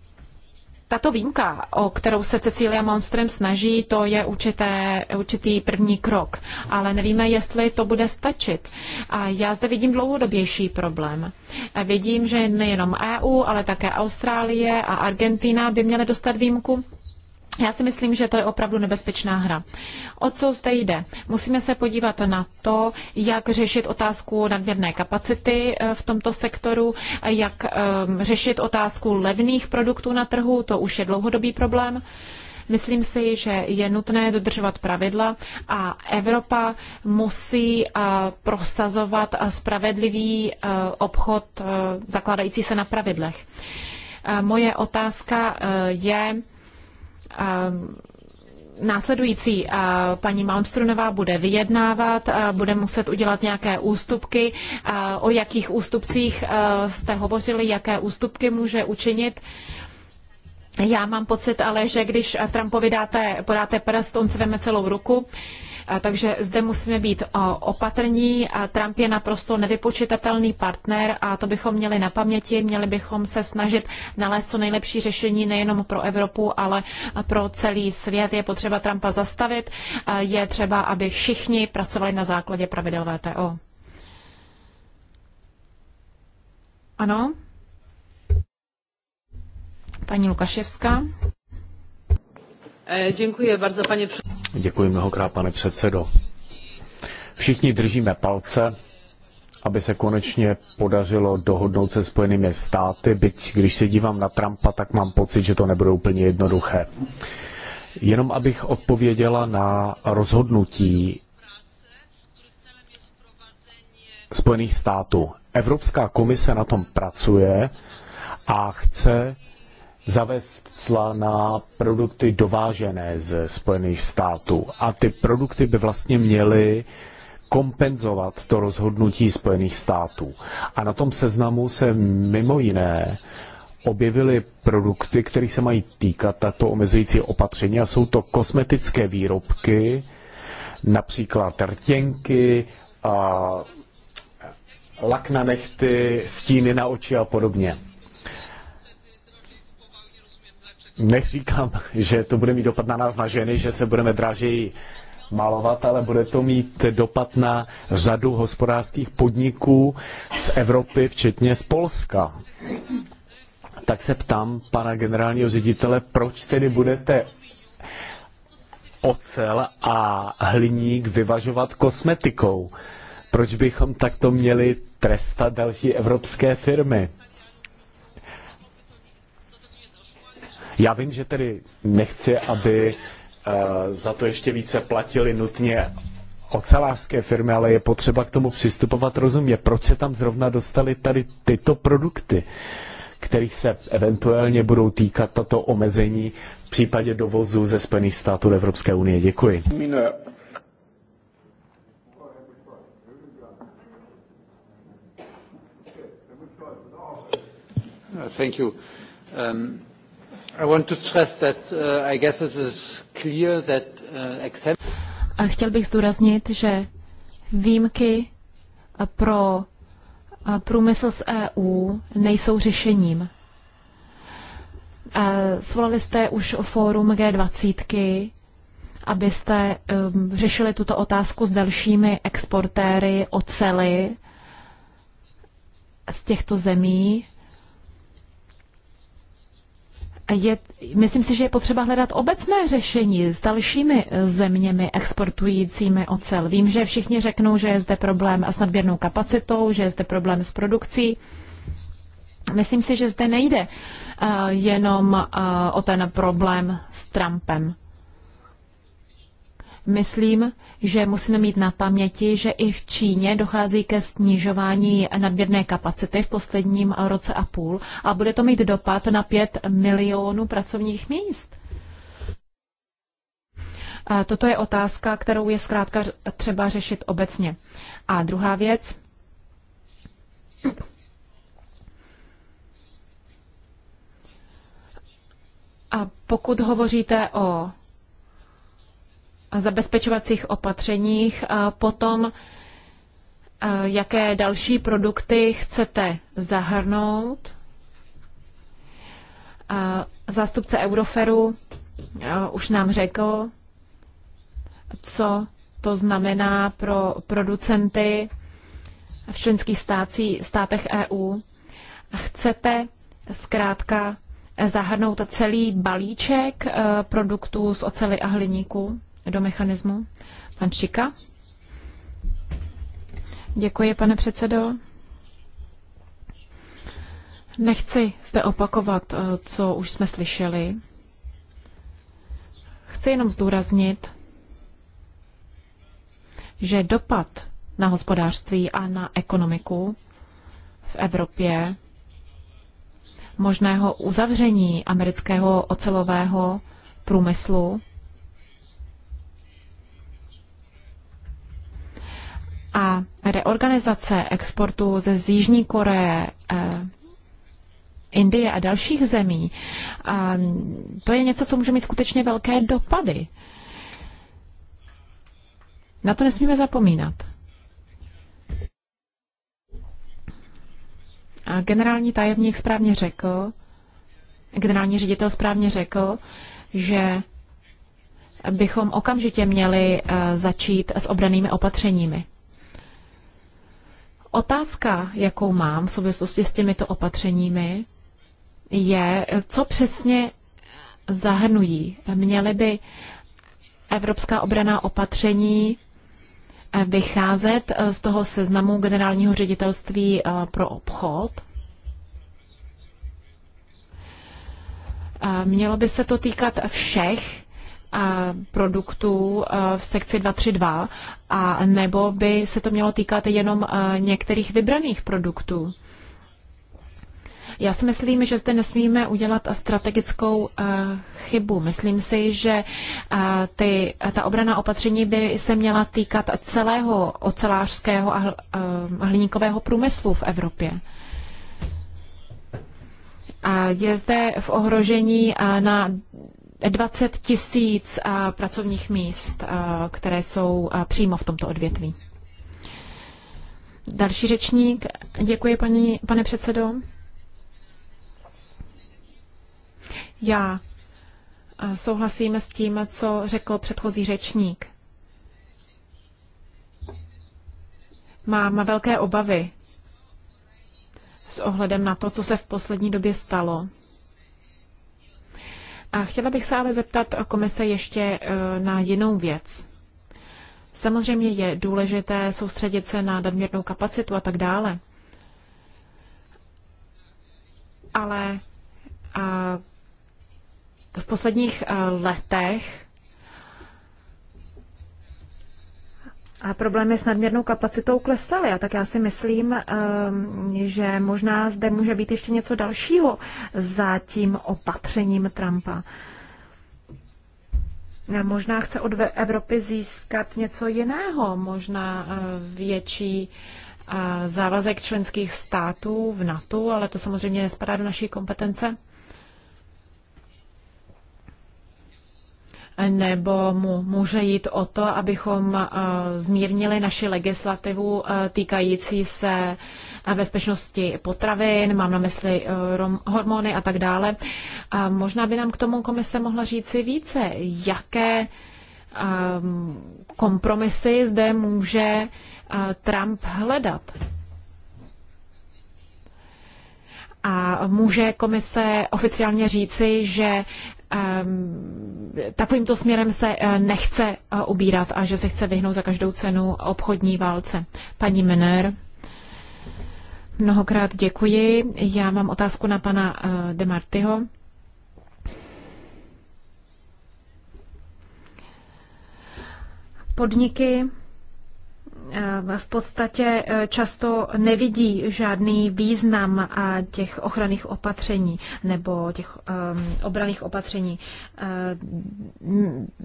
tato výjimka, o kterou se Cecilia Malmström snaží, to je určité, určitý první krok, ale nevíme, jestli to bude stačit. A já zde vidím dlouhodobější problém. A vidím, že nejenom EU, ale také Austrálie a Argentina by měly dostat výjimku. Já si myslím, že to je opravdu nebezpečná hra. O co zde jde? Musíme se podívat na to, jak řešit otázku nadměrné kapacity eh, v tomto sektoru, jak ehm, řešit otázku levných produktů na trhu, to už je dlouhodobý problém. Myslím si, že je nutné dodržovat pravidla a Evropa musí eh, prosazovat spravedlivý eh, obchod zakládající se na pravidlech. Moje otázka je, následující. Paní Malmstrunová bude vyjednávat, bude muset udělat nějaké ústupky. O jakých ústupcích jste hovořili, jaké ústupky může učinit? Já mám pocit ale, že když Trumpovi dáte, podáte prst, on si veme celou ruku. Uh, takže zde musíme být opatrní. Trump je naprosto nevypočitatelný partner a to bychom měli na paměti. Měli bychom se snažit nalézt co nejlepší řešení nejenom pro Evropu, ale pro celý svět. Je potřeba Trumpa zastavit. Je třeba, aby všichni pracovali na základě pravidel VTO. Ano? Paní Lukaševská. Eh, děkuji bardzo, pane Děkuji mnohokrát, pane předsedo. Všichni držíme palce, aby se konečně podařilo dohodnout se Spojenými státy, byť když se dívám na Trumpa, tak mám pocit, že to nebude úplně jednoduché. Jenom abych odpověděla na rozhodnutí Spojených států. Evropská komise na tom pracuje a chce zavést cla na produkty dovážené ze Spojených států. A ty produkty by vlastně měly kompenzovat to rozhodnutí Spojených států. A na tom seznamu se mimo jiné objevily produkty, které se mají týkat tato omezující opatření a jsou to kosmetické výrobky, například rtěnky, a lak na nechty, stíny na oči a podobně. neříkám, že to bude mít dopad na nás, na ženy, že se budeme dražeji malovat, ale bude to mít dopad na řadu hospodářských podniků z Evropy, včetně z Polska. Tak se ptám pana generálního ředitele, proč tedy budete ocel a hliník vyvažovat kosmetikou? Proč bychom takto měli trestat další evropské firmy? Já vím, že tedy nechci, aby eh, za to ještě více platili nutně ocelářské firmy, ale je potřeba k tomu přistupovat rozumně. Proč se tam zrovna dostali tady tyto produkty, kterých se eventuálně budou týkat tato omezení v případě dovozu ze Spojených států do Evropské unie? Děkuji. Thank you. Um, a chtěl bych zdůraznit, že výjimky pro průmysl z EU nejsou řešením. Svolali jste už fórum G20, abyste um, řešili tuto otázku s dalšími exportéry oceli z těchto zemí je, myslím si, že je potřeba hledat obecné řešení s dalšími eh, zeměmi exportujícími ocel. Vím, že všichni řeknou, že je zde problém s nadběrnou kapacitou, že je zde problém s produkcí. Myslím si, že zde nejde uh, jenom uh, o ten problém s Trumpem. Myslím, že musíme mít na paměti, že i v Číně dochází ke snižování nadměrné kapacity v posledním roce a půl a bude to mít dopad na 5 milionů pracovních míst. A toto je otázka, kterou je zkrátka třeba řešit obecně. A druhá věc. A pokud hovoříte o zabezpečovacích opatřeních a potom, e, jaké další produkty chcete zahrnout. A zástupce Euroferu e, už nám řekl, co to znamená pro producenty v členských stácí, státech EU. Chcete zkrátka zahrnout celý balíček e, produktů z ocely a hliníku? do mechanismu. Pan Šika. Děkuji, pane předsedo. Nechci zde opakovat, eh, co už jsme slyšeli. Chci jenom zdůraznit, že dopad na hospodářství a na ekonomiku v Evropě možného uzavření amerického ocelového průmyslu A reorganizace exportu ze Jižní Koreje, eh, Indie a dalších zemí, to je něco, co může mít skutečně velké dopady. Na to nesmíme zapomínat. A generální tajemník správně řekl, generální ředitel správně řekl, že bychom okamžitě měli eh, začít s obranými opatřeními. Otázka, jakou mám v souvislosti s těmito opatřeními, je, co přesně zahrnují. Měly by evropská obraná opatření eh, vycházet eh, z toho seznamu generálního ředitelství eh, pro obchod? Mělo by se to týkat všech produktů eh, v sekci 232, a nebo by se to mělo týkat jenom eh, některých vybraných produktů. Já si myslím, že zde nesmíme udělat strategickou eh, chybu. Myslím si, že ty, ta obrana opatření by se měla týkat celého ocelářského a hliníkového průmyslu v Evropě. A je zde v ohrožení na 20 tisíc eh, pracovních míst, eh, které jsou eh, přímo v tomto odvětví. Další řečník. Děkuji, paní, pane předsedo. Já souhlasím s tím, co řekl předchozí řečník. Mám velké obavy s ohledem na to, co se v poslední době stalo a chtěla bych se ale zeptat komise ještě e, na jinou věc. Samozřejmě je důležité soustředit se na nadměrnou kapacitu a tak dále. Ale v posledních e, letech a problémy s nadměrnou kapacitou klesaly. A tak já si myslím, ehm, že možná zde může být ještě něco dalšího za tím opatřením Trumpa. Možná chce od Evropy získat něco jiného, možná eh, větší eh, závazek členských států v NATO, ale to samozřejmě nespadá do naší kompetence. nebo mu může jít o to, abychom eh, zmírnili naši legislativu eh, týkající se eh, bezpečnosti potravin, mám na mysli hormony a tak dále. A možná by nám k tomu komise mohla říci více, jaké ehm, kompromisy zde může Trump hledat. A může komise oficiálně říci, že Ehm, takovýmto směrem se eh, nechce eh, ubírat a že se chce vyhnout za každou cenu obchodní válce. Paní Mener, mnohokrát děkuji. Já mám otázku na pana eh, Demartyho. Podniky v podstatě eh, často nevidí žádný význam eh, těch ochranných opatření nebo těch ehm, obraných opatření.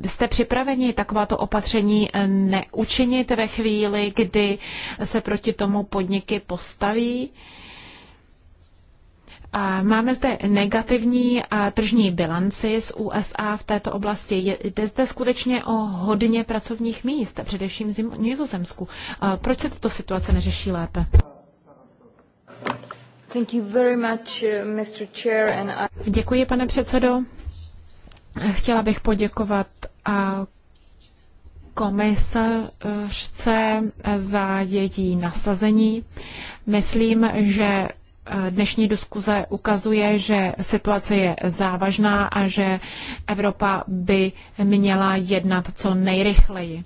Eh, jste připraveni takováto opatření neučinit ve chvíli, kdy se proti tomu podniky postaví? Máme zde negativní tržní bilanci z USA v této oblasti. Jde zde skutečně o hodně pracovních míst, především v Nizozemsku. Proč se tato situace neřeší lépe? Thank you very much, uh, Mr. Chair, and I... Děkuji, pane předsedo. Chtěla bych poděkovat komisařce za její nasazení. Myslím, že dnešní diskuze ukazuje, že situace je závažná a že Evropa by měla jednat co nejrychleji.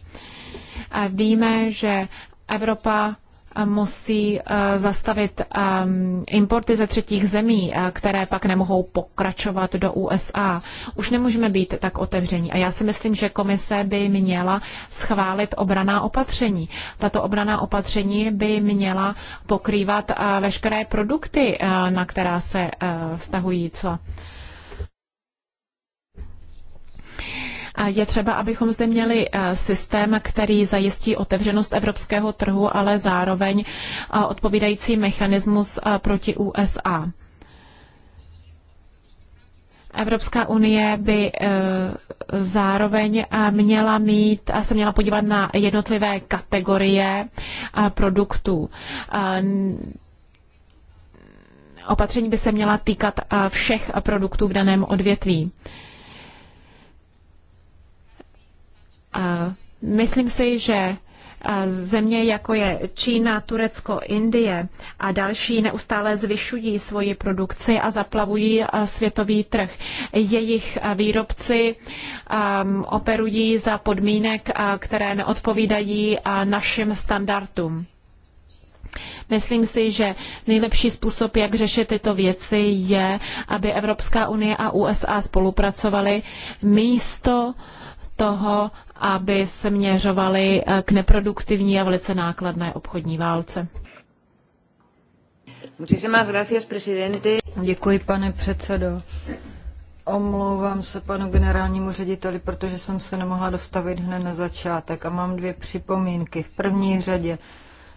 Víme, že Evropa musí eh, zastavit ehm, importy ze třetích zemí, eh, které pak nemohou pokračovat do USA. Už nemůžeme být tak otevření. A já si myslím, že komise by měla schválit obraná opatření. Tato obraná opatření by měla pokrývat eh, veškeré produkty, na která se vztahují cla. Je třeba, abychom zde měli eh, systém, který zajistí otevřenost evropského trhu, ale zároveň eh, odpovídající mechanismus eh, proti USA. Evropská unie by zároveň měla mít a se měla podívat na jednotlivé kategorie produktů. Opatření by se měla týkat všech produktů v daném odvětví. Myslím si, že země jako je Čína, Turecko, Indie a další neustále zvyšují svoji produkci a zaplavují světový trh. Jejich výrobci operují za podmínek, které neodpovídají našim standardům. Myslím si, že nejlepší způsob, jak řešit tyto věci, je, aby Evropská unie a USA spolupracovaly místo toho, aby se měřovaly eh, k neproduktivní a velice nákladné obchodní válce. Děkuji, pane předsedo. Omlouvám se panu generálnímu řediteli, protože jsem se nemohla dostavit hned na začátek a mám dvě připomínky. V první řadě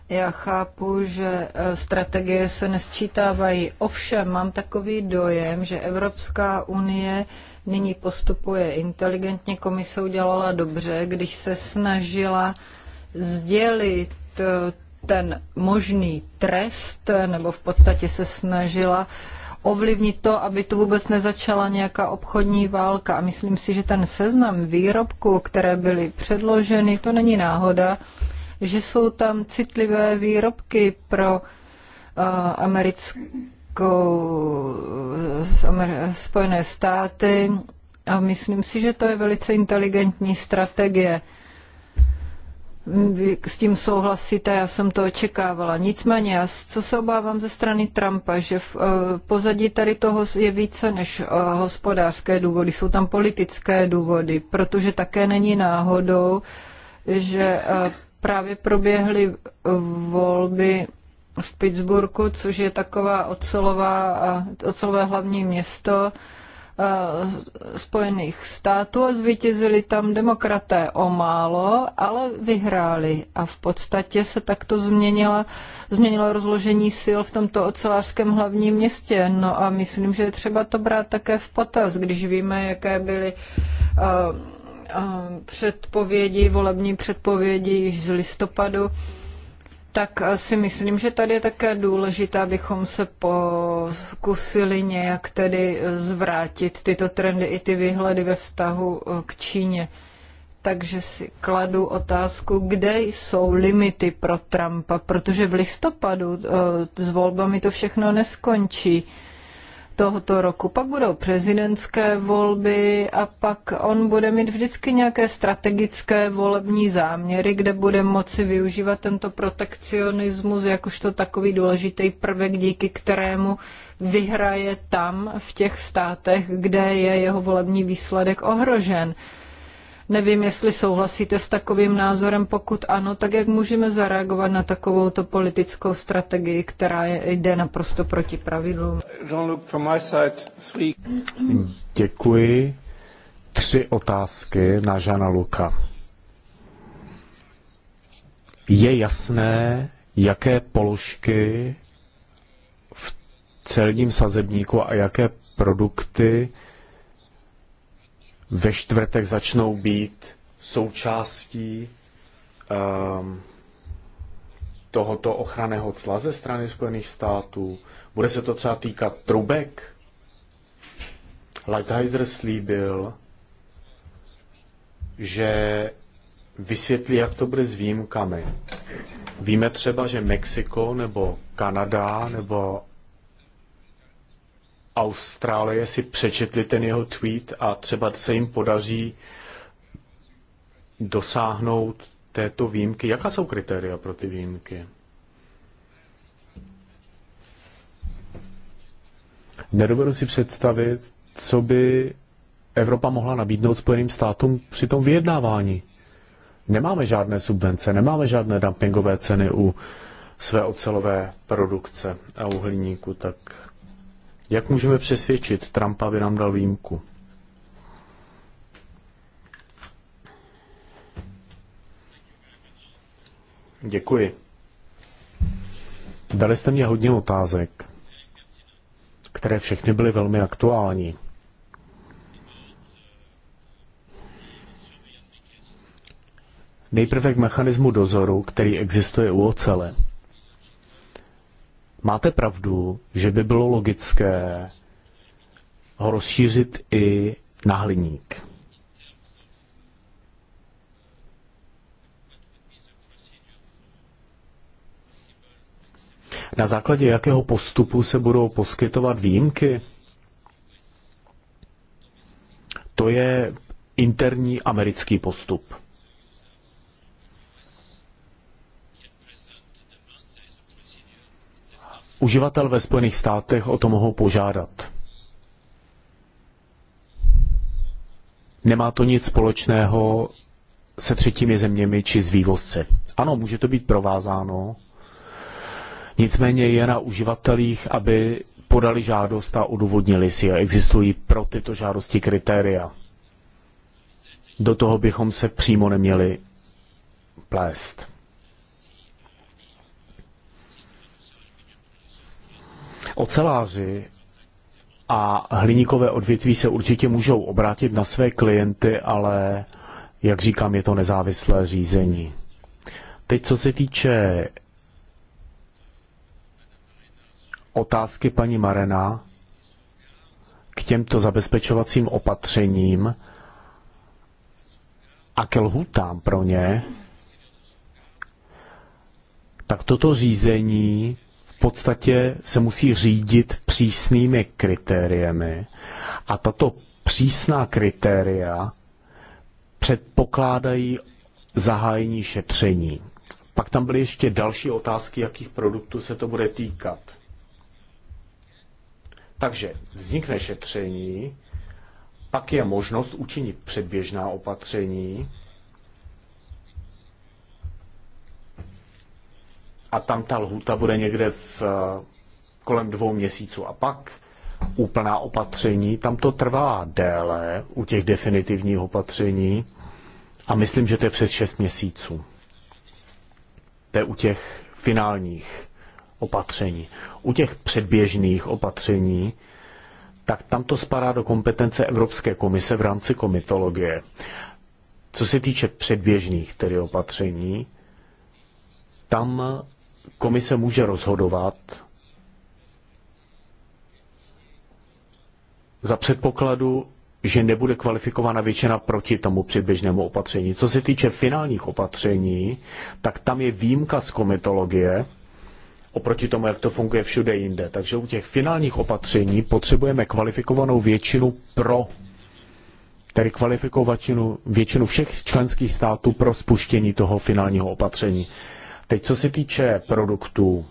já chápu, že eh, strategie se nesčítávají. Ovšem, mám takový dojem, že Evropská unie nyní postupuje inteligentně. Komise udělala dobře, když se snažila sdělit eh, ten možný trest, eh, nebo v podstatě se snažila ovlivnit to, aby tu vůbec nezačala nějaká obchodní válka. A myslím si, že ten seznam výrobků, které byly předloženy, to není náhoda, že jsou tam citlivé výrobky pro uh, eh, americké Amerikou, Spojené státy a myslím si, že to je velice inteligentní strategie. Vy s tím souhlasíte, já jsem to očekávala. Nicméně, já, co se obávám ze strany Trumpa, že v eh, pozadí tady toho je více než eh, hospodářské důvody, jsou tam politické důvody, protože také není náhodou, že eh, právě proběhly volby v Pittsburghu, což je taková ocelová, ocelové hlavní město Spojených států a zvítězili tam demokraté o málo, ale vyhráli. A v podstatě se takto změnila, změnilo rozložení sil v tomto ocelářském hlavním městě. No a myslím, že je třeba to brát také v potaz, když víme, jaké byly předpovědi, volební předpovědi již z listopadu tak si myslím, že tady je také důležité, abychom se pokusili nějak tedy zvrátit tyto trendy i ty výhledy ve vztahu eh, k Číně. Takže si kladu otázku, kde jsou limity pro Trumpa, protože v listopadu eh, s volbami to všechno neskončí tohoto roku. Pak budou prezidentské volby a pak on bude mít vždycky nějaké strategické volební záměry, kde bude moci využívat tento protekcionismus jakožto takový důležitý prvek, díky kterému vyhraje tam v těch státech, kde je jeho volební výsledek ohrožen. Nevím, jestli souhlasíte s takovým názorem. Pokud ano, tak jak můžeme zareagovat na takovouto politickou strategii, která je, jde naprosto proti pravidlům? Děkuji. Tři otázky na Žana Luka. Je jasné, jaké položky v celním sazebníku a jaké produkty ve čtvrtek začnou být součástí um, tohoto ochranného cla ze strany Spojených států? Bude se to třeba týkat trubek? Lighthizer slíbil, že vysvětlí, jak to bude s výjimkami. Víme třeba, že Mexiko nebo Kanada nebo Austrálie si přečetli ten jeho tweet a třeba se jim podaří dosáhnout této výjimky. Jaká jsou kritéria pro ty výjimky? Nedovedu si představit, co by Evropa mohla nabídnout Spojeným státům při tom vyjednávání. Nemáme žádné subvence, nemáme žádné dumpingové ceny u své ocelové produkce a uhlíníku, tak jak můžeme přesvědčit Trumpa, aby nám dal výjimku? Děkuji. Dali jste mě hodně otázek, které všechny byly velmi aktuální. Nejprve k mechanismu dozoru, který existuje u ocele. Máte pravdu, že by bylo logické ho rozšířit i na hliník. Na základě jakého postupu se budou poskytovat výjimky? To je interní americký postup. uživatel ve Spojených státech o to mohou požádat. Nemá to nic společného se třetími zeměmi či s vývozci. Ano, může to být provázáno, nicméně je na uživatelích, aby podali žádost a odůvodnili si. Existují pro tyto žádosti kritéria. Do toho bychom se přímo neměli plést. Oceláři a hliníkové odvětví se určitě můžou obrátit na své klienty, ale jak říkám, je to nezávislé řízení. Teď, co se týče otázky paní Marena k těmto zabezpečovacím opatřením a ke lhutám pro ně, tak toto řízení podstatě se musí řídit přísnými kritériemi a tato přísná kritéria předpokládají zahájení šetření. Pak tam byly ještě další otázky, jakých produktů se to bude týkat. Takže vznikne šetření, pak je možnost učinit předběžná opatření, a tam ta lhuta bude někde v, eh, kolem dvou měsíců. A pak úplná opatření, tam to trvá déle u těch definitivních opatření a myslím, že to je přes 6 měsíců. To je u těch finálních opatření. U těch předběžných opatření, tak tam to spadá do kompetence Evropské komise v rámci komitologie. Co se týče předběžných tedy opatření, tam komise může rozhodovat za předpokladu, že nebude kvalifikována většina proti tomu předběžnému opatření. Co se týče finálních opatření, tak tam je výjimka z komitologie oproti tomu, jak to funguje všude jinde. Takže u těch finálních opatření potřebujeme kvalifikovanou většinu pro, tedy kvalifikovanou většinu všech členských států pro spuštění toho finálního opatření. Teď, co se týče produktů,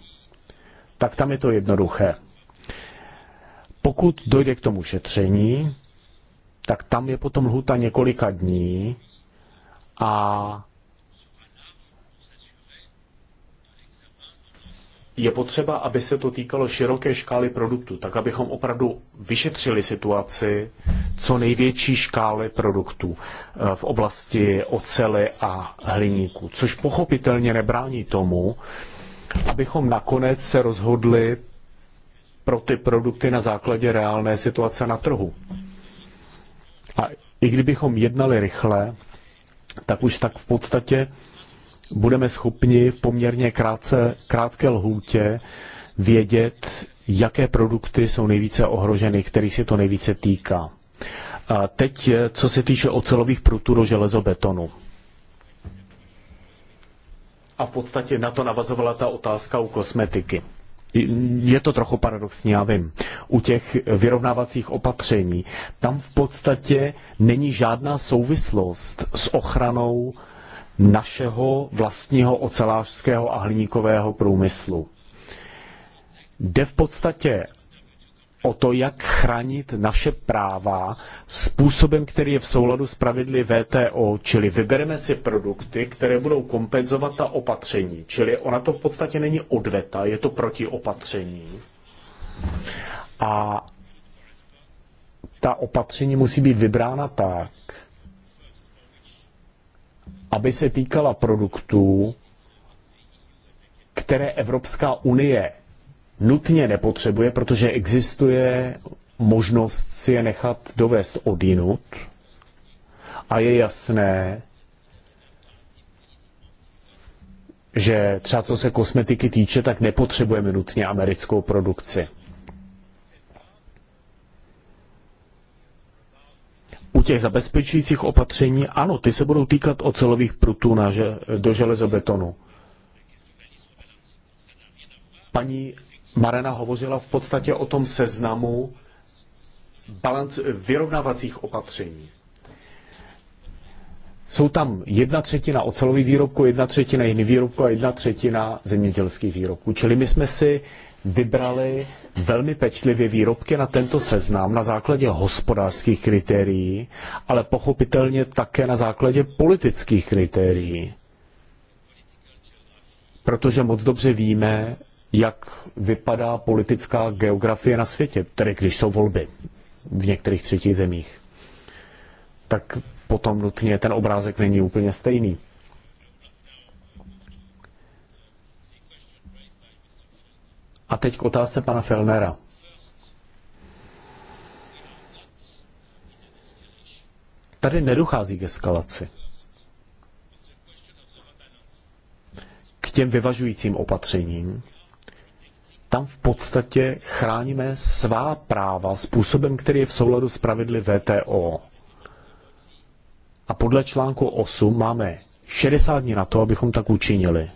tak tam je to jednoduché. Pokud dojde k tomu šetření, tak tam je potom lhuta několika dní a je potřeba, aby se to týkalo široké škály produktů, tak abychom opravdu vyšetřili situaci co největší škály produktů eh, v oblasti ocely a hliníku, což pochopitelně nebrání tomu, abychom nakonec se rozhodli pro ty produkty na základě reálné situace na trhu. A i kdybychom jednali rychle, tak už tak v podstatě budeme schopni v poměrně krátce, krátké lhůtě vědět, jaké produkty jsou nejvíce ohroženy, kterých se to nejvíce týká. A teď, co se týče ocelových prutů do železobetonu. A v podstatě na to navazovala ta otázka u kosmetiky. Je to trochu paradoxní, já vím. U těch vyrovnávacích opatření, tam v podstatě není žádná souvislost s ochranou našeho vlastního ocelářského a hliníkového průmyslu. Jde v podstatě o to, jak chránit naše práva způsobem, který je v souladu s pravidly VTO, čili vybereme si produkty, které budou kompenzovat ta opatření. Čili ona to v podstatě není odveta, je to proti opatření, A ta opatření musí být vybrána tak, aby se týkala produktů, které Evropská unie nutně nepotřebuje, protože existuje možnost si je nechat dovést odinut. A je jasné, že třeba co se kosmetiky týče, tak nepotřebujeme nutně americkou produkci. U těch zabezpečujících opatření, ano, ty se budou týkat ocelových prutů na, do železobetonu. Paní Marena hovořila v podstatě o tom seznamu balanc, vyrovnávacích opatření. Jsou tam jedna třetina ocelových výrobků, jedna třetina jiných výrobků a jedna třetina zemědělských výrobků. Čili my jsme si vybrali velmi pečlivě výrobky na tento seznam na základě hospodářských kritérií, ale pochopitelně také na základě politických kritérií. Protože moc dobře víme, jak vypadá politická geografie na světě, tedy když jsou volby v některých třetích zemích. Tak potom nutně ten obrázek není úplně stejný. A teď k otázce pana Felnera. Tady nedochází k eskalaci. K těm vyvažujícím opatřením, tam v podstatě chráníme svá práva způsobem, který je v souladu s pravidly VTO. A podle článku 8 máme 60 dní na to, abychom tak učinili.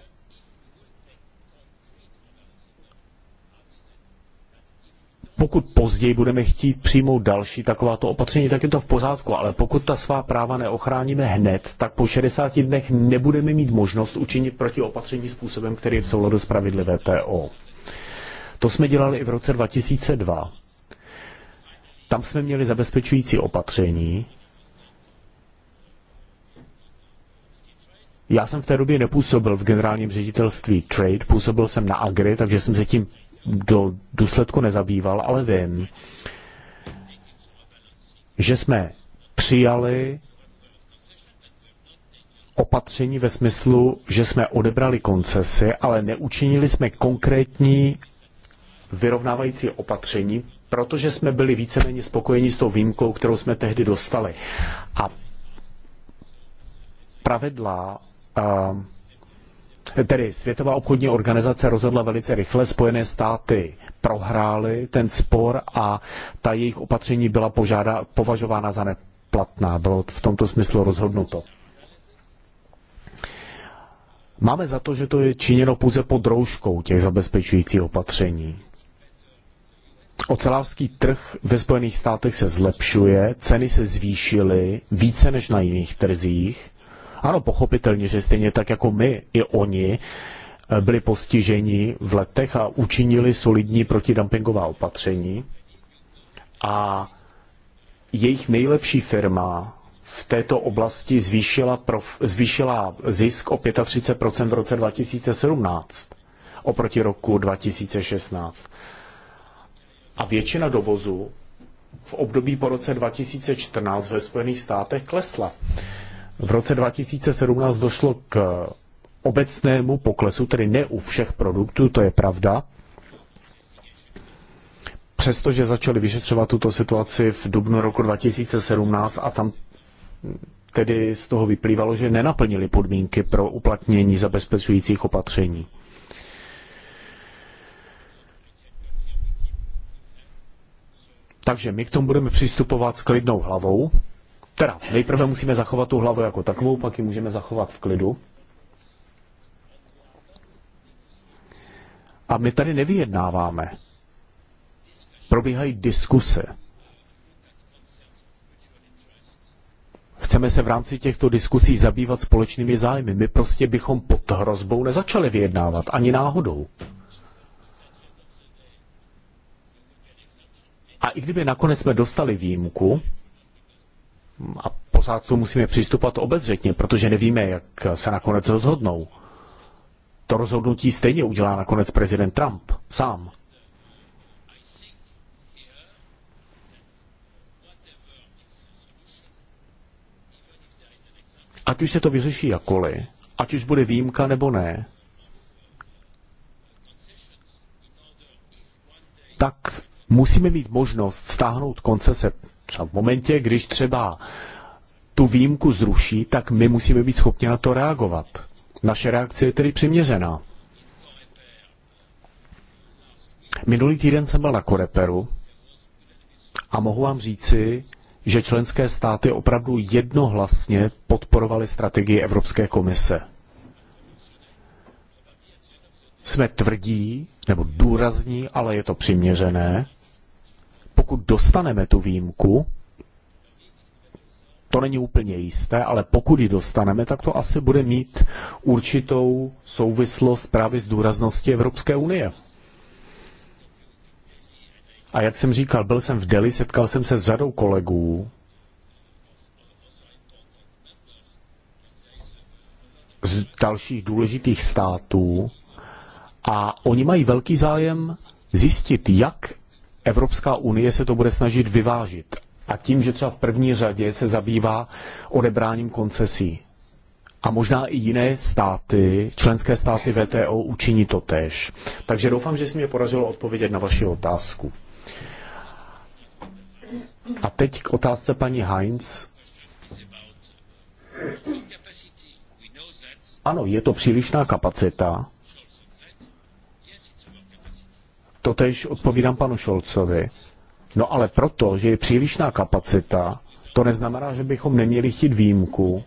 pokud později budeme chtít přijmout další takováto opatření, tak je to v pořádku, ale pokud ta svá práva neochráníme hned, tak po 60 dnech nebudeme mít možnost učinit proti opatření způsobem, který je v souladu s pravidly VTO. To jsme dělali i v roce 2002. Tam jsme měli zabezpečující opatření. Já jsem v té době nepůsobil v generálním ředitelství Trade, působil jsem na Agri, takže jsem se tím do důsledku nezabýval, ale vím, že jsme přijali opatření ve smyslu, že jsme odebrali koncesy, ale neučinili jsme konkrétní vyrovnávající opatření, protože jsme byli víceméně spokojeni s tou výjimkou, kterou jsme tehdy dostali. A pravidla uh, tedy Světová obchodní organizace rozhodla velice rychle, Spojené státy prohrály ten spor a ta jejich opatření byla požáda, považována za neplatná, bylo v tomto smyslu rozhodnuto. Máme za to, že to je činěno pouze pod rouškou těch zabezpečujících opatření. Ocelářský trh ve Spojených státech se zlepšuje, ceny se zvýšily více než na jiných trzích, ano, pochopitelně, že stejně tak jako my, i oni eh, byli postiženi v letech a učinili solidní protidumpingová opatření. A jejich nejlepší firma v této oblasti zvýšila, prof, zvýšila zisk o 35% v roce 2017 oproti roku 2016. A většina dovozu v období po roce 2014 ve Spojených státech klesla. V roce 2017 došlo k obecnému poklesu, tedy ne u všech produktů, to je pravda. Přestože začali vyšetřovat tuto situaci v dubnu roku 2017 a tam tedy z toho vyplývalo, že nenaplnili podmínky pro uplatnění zabezpečujících opatření. Takže my k tomu budeme přistupovat s klidnou hlavou, Teda, nejprve musíme zachovat tu hlavu jako takovou, pak ji můžeme zachovat v klidu. A my tady nevyjednáváme. Probíhají diskuse. Chceme se v rámci těchto diskusí zabývat společnými zájmy. My prostě bychom pod hrozbou nezačali vyjednávat, ani náhodou. A i kdyby nakonec jsme dostali výjimku, a pořád to musíme přistupovat obezřetně, protože nevíme, jak se nakonec rozhodnou. To rozhodnutí stejně udělá nakonec prezident Trump sám. Ať už se to vyřeší jakkoliv, ať už bude výjimka nebo ne, tak musíme mít možnost stáhnout koncese Třeba v momentě, když třeba tu výjimku zruší, tak my musíme být schopni na to reagovat. Naše reakce je tedy přiměřená. Minulý týden jsem byl na Koreperu a mohu vám říci, že členské státy opravdu jednohlasně podporovaly strategii Evropské komise. Jsme tvrdí nebo důrazní, ale je to přiměřené pokud dostaneme tu výjimku, to není úplně jisté, ale pokud ji dostaneme, tak to asi bude mít určitou souvislost právě s důrazností Evropské unie. A jak jsem říkal, byl jsem v Deli, setkal jsem se s řadou kolegů, z dalších důležitých států a oni mají velký zájem zjistit, jak Evropská unie se to bude snažit vyvážit. A tím, že třeba v první řadě se zabývá odebráním koncesí. A možná i jiné státy, členské státy VTO učiní to tež. Takže doufám, že se mě podařilo odpovědět na vaši otázku. A teď k otázce paní Heinz. Ano, je to přílišná kapacita. Totež odpovídám panu Šolcovi. No ale proto, že je přílišná kapacita, to neznamená, že bychom neměli chtít výjimku,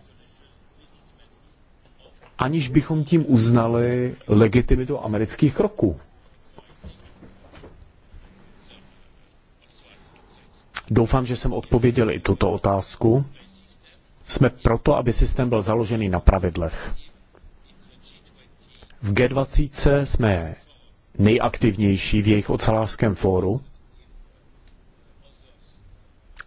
aniž bychom tím uznali legitimitu amerických kroků. Doufám, že jsem odpověděl i tuto otázku. Jsme proto, aby systém byl založený na pravidlech. V G20 jsme nejaktivnější v jejich ocelářském fóru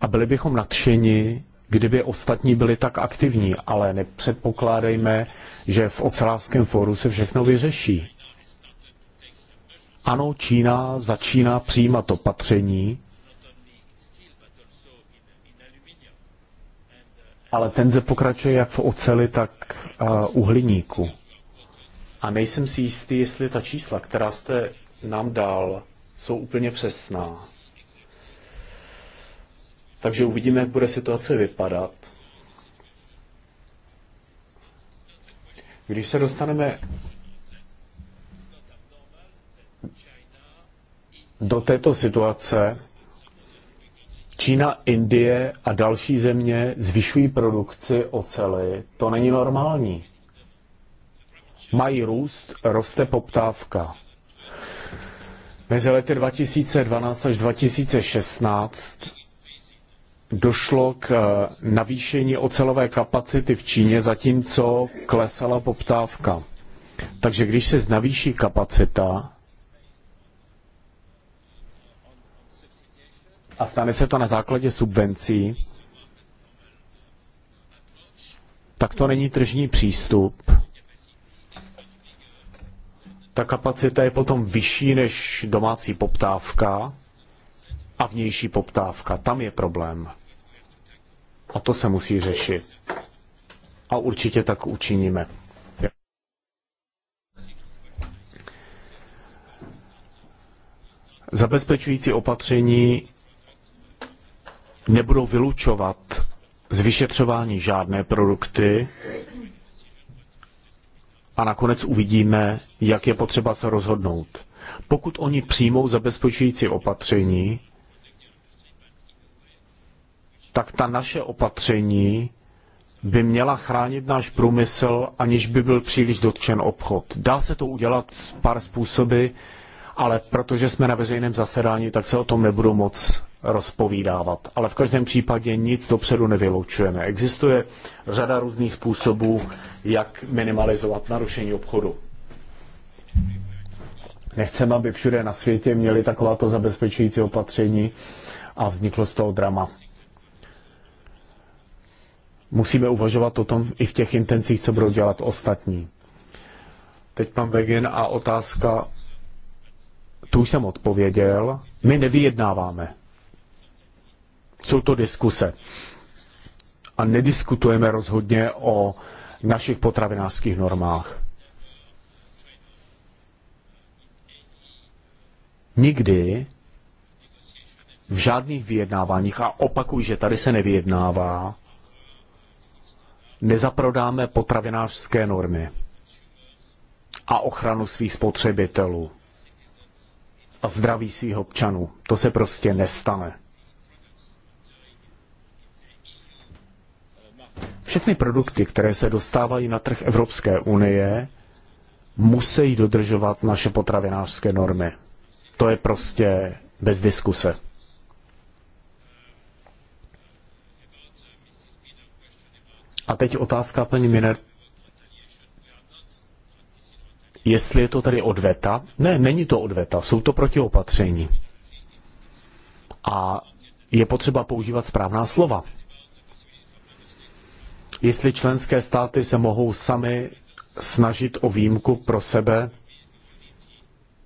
a byli bychom nadšeni, kdyby ostatní byli tak aktivní, ale nepředpokládejme, že v ocelářském fóru se všechno vyřeší. Ano, Čína začíná přijímat opatření, ale tenze pokračuje jak v oceli, tak uh, eh, uhliníku. A nejsem si jistý, jestli ta čísla, která jste nám dal, jsou úplně přesná. Takže uvidíme, jak bude situace vypadat. Když se dostaneme do této situace, Čína, Indie a další země zvyšují produkci oceli. To není normální mají růst, roste poptávka. Mezi lety 2012 až 2016 došlo k eh, navýšení ocelové kapacity v Číně, zatímco klesala poptávka. Takže když se navýší kapacita a stane se to na základě subvencí, tak to není tržní přístup ta kapacita je potom vyšší než domácí poptávka a vnější poptávka. Tam je problém. A to se musí řešit. A určitě tak učiníme. Zabezpečující opatření nebudou vylučovat z vyšetřování žádné produkty, a nakonec uvidíme, jak je potřeba se rozhodnout. Pokud oni přijmou zabezpečující opatření, tak ta naše opatření by měla chránit náš průmysl, aniž by byl příliš dotčen obchod. Dá se to udělat pár způsoby, ale protože jsme na veřejném zasedání, tak se o tom nebudu moc rozpovídávat. Ale v každém případě nic dopředu nevylučujeme. Existuje řada různých způsobů, jak minimalizovat narušení obchodu. Nechceme, aby všude na světě měli takováto zabezpečující opatření a vzniklo z toho drama. Musíme uvažovat o tom i v těch intencích, co budou dělat ostatní. Teď pan Begin a otázka, tu už jsem odpověděl. My nevyjednáváme. Jsou to diskuse. A nediskutujeme rozhodně o našich potravinářských normách. Nikdy v žádných vyjednáváních, a opakuju, že tady se nevyjednává, nezaprodáme potravinářské normy a ochranu svých spotřebitelů a zdraví svých občanů. To se prostě nestane. Všechny produkty, které se dostávají na trh Evropské unie, musí dodržovat naše potravinářské normy. To je prostě bez diskuse. A teď otázka paní Miner. Jestli je to tady odveta? Ne, není to odveta, jsou to protiopatření. A je potřeba používat správná slova jestli členské státy se mohou sami snažit o výjimku pro sebe.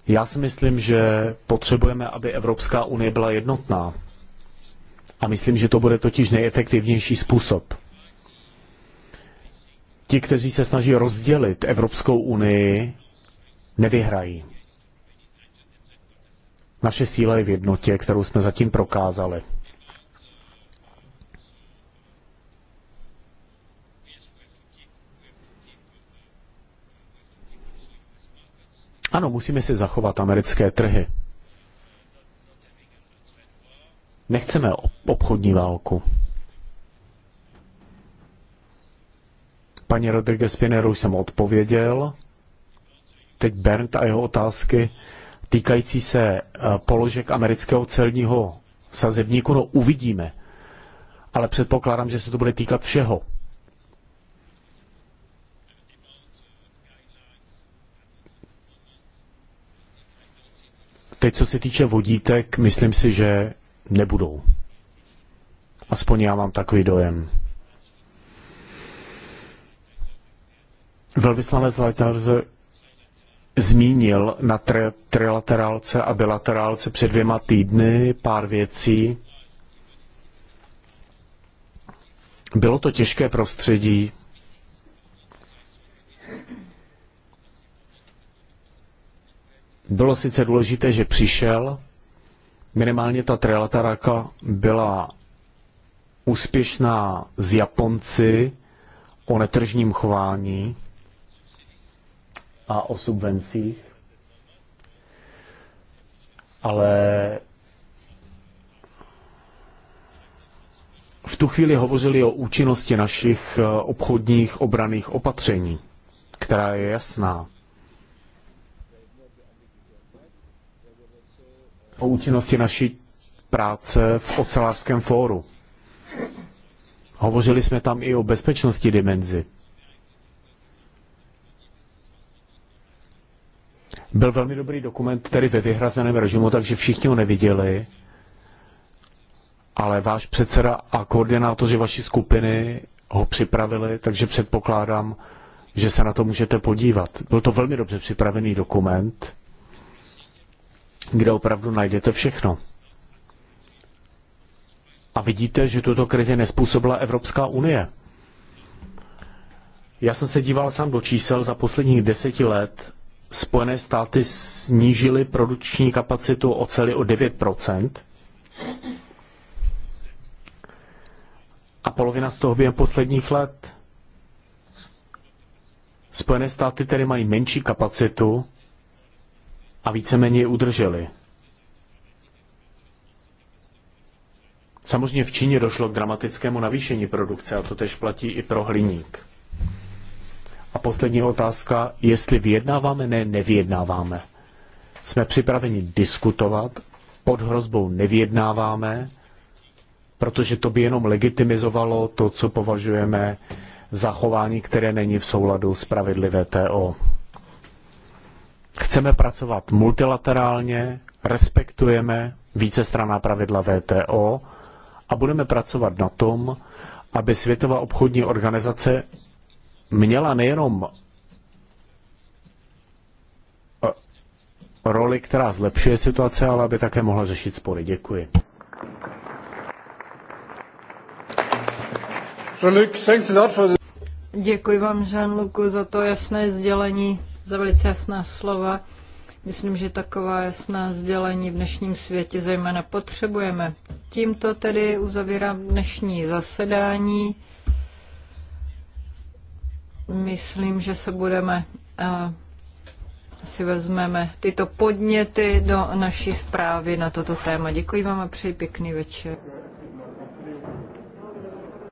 Já si myslím, že potřebujeme, aby Evropská unie byla jednotná. A myslím, že to bude totiž nejefektivnější způsob. Ti, kteří se snaží rozdělit Evropskou unii, nevyhrají. Naše síla je v jednotě, kterou jsme zatím prokázali. Ano, musíme si zachovat americké trhy. Nechceme obchodní válku. Paní Rodriguez Pinero jsem odpověděl. Teď Bernd a jeho otázky týkající se eh, položek amerického celního sazebníku, no uvidíme. Ale předpokládám, že se to bude týkat všeho. Teď, co se týče vodítek, myslím si, že nebudou. Aspoň já mám takový dojem. Velvyslanec Leitnerze zmínil na tri- trilaterálce a bilaterálce před dvěma týdny pár věcí. Bylo to těžké prostředí, Bylo sice důležité, že přišel, minimálně ta trilaterálka byla úspěšná z Japonci o netržním chování a o subvencích, ale v tu chvíli hovořili o účinnosti našich eh, obchodních obraných opatření, která je jasná. o účinnosti naší práce v ocelářském fóru. Hovořili jsme tam i o bezpečnosti dimenzi. Byl velmi dobrý dokument který ve vyhrazeném režimu, takže všichni ho neviděli. Ale váš předseda a koordinátoři vaší skupiny ho připravili, takže předpokládám, že se na to můžete podívat. Byl to velmi dobře připravený dokument kde opravdu najdete všechno. A vidíte, že tuto krizi nespůsobila Evropská unie. Já jsem se díval sám do čísel za posledních deseti let. Spojené státy snížily produkční kapacitu oceli o 9 a polovina z toho během posledních let. Spojené státy tedy mají menší kapacitu a víceméně je udrželi. Samozřejmě v Číně došlo k dramatickému navýšení produkce a to tež platí i pro hliník. A poslední otázka, jestli vyjednáváme, ne, nevyjednáváme. Jsme připraveni diskutovat, pod hrozbou nevyjednáváme, protože to by jenom legitimizovalo to, co považujeme za chování, které není v souladu s pravidly VTO. Chceme pracovat multilaterálně, respektujeme vícestranná pravidla VTO a budeme pracovat na tom, aby Světová obchodní organizace měla nejenom eh, roli, která zlepšuje situaci, ale aby také mohla řešit spory. Děkuji. Děkuji vám, Jean-Luc, za to jasné sdělení za velice jasná slova. Myslím, že taková jasná sdělení v dnešním světě zejména potřebujeme. Tímto tedy uzavírám dnešní zasedání. Myslím, že se budeme si vezmeme tyto podněty do naší zprávy na toto téma. Děkuji vám a přeji pěkný večer.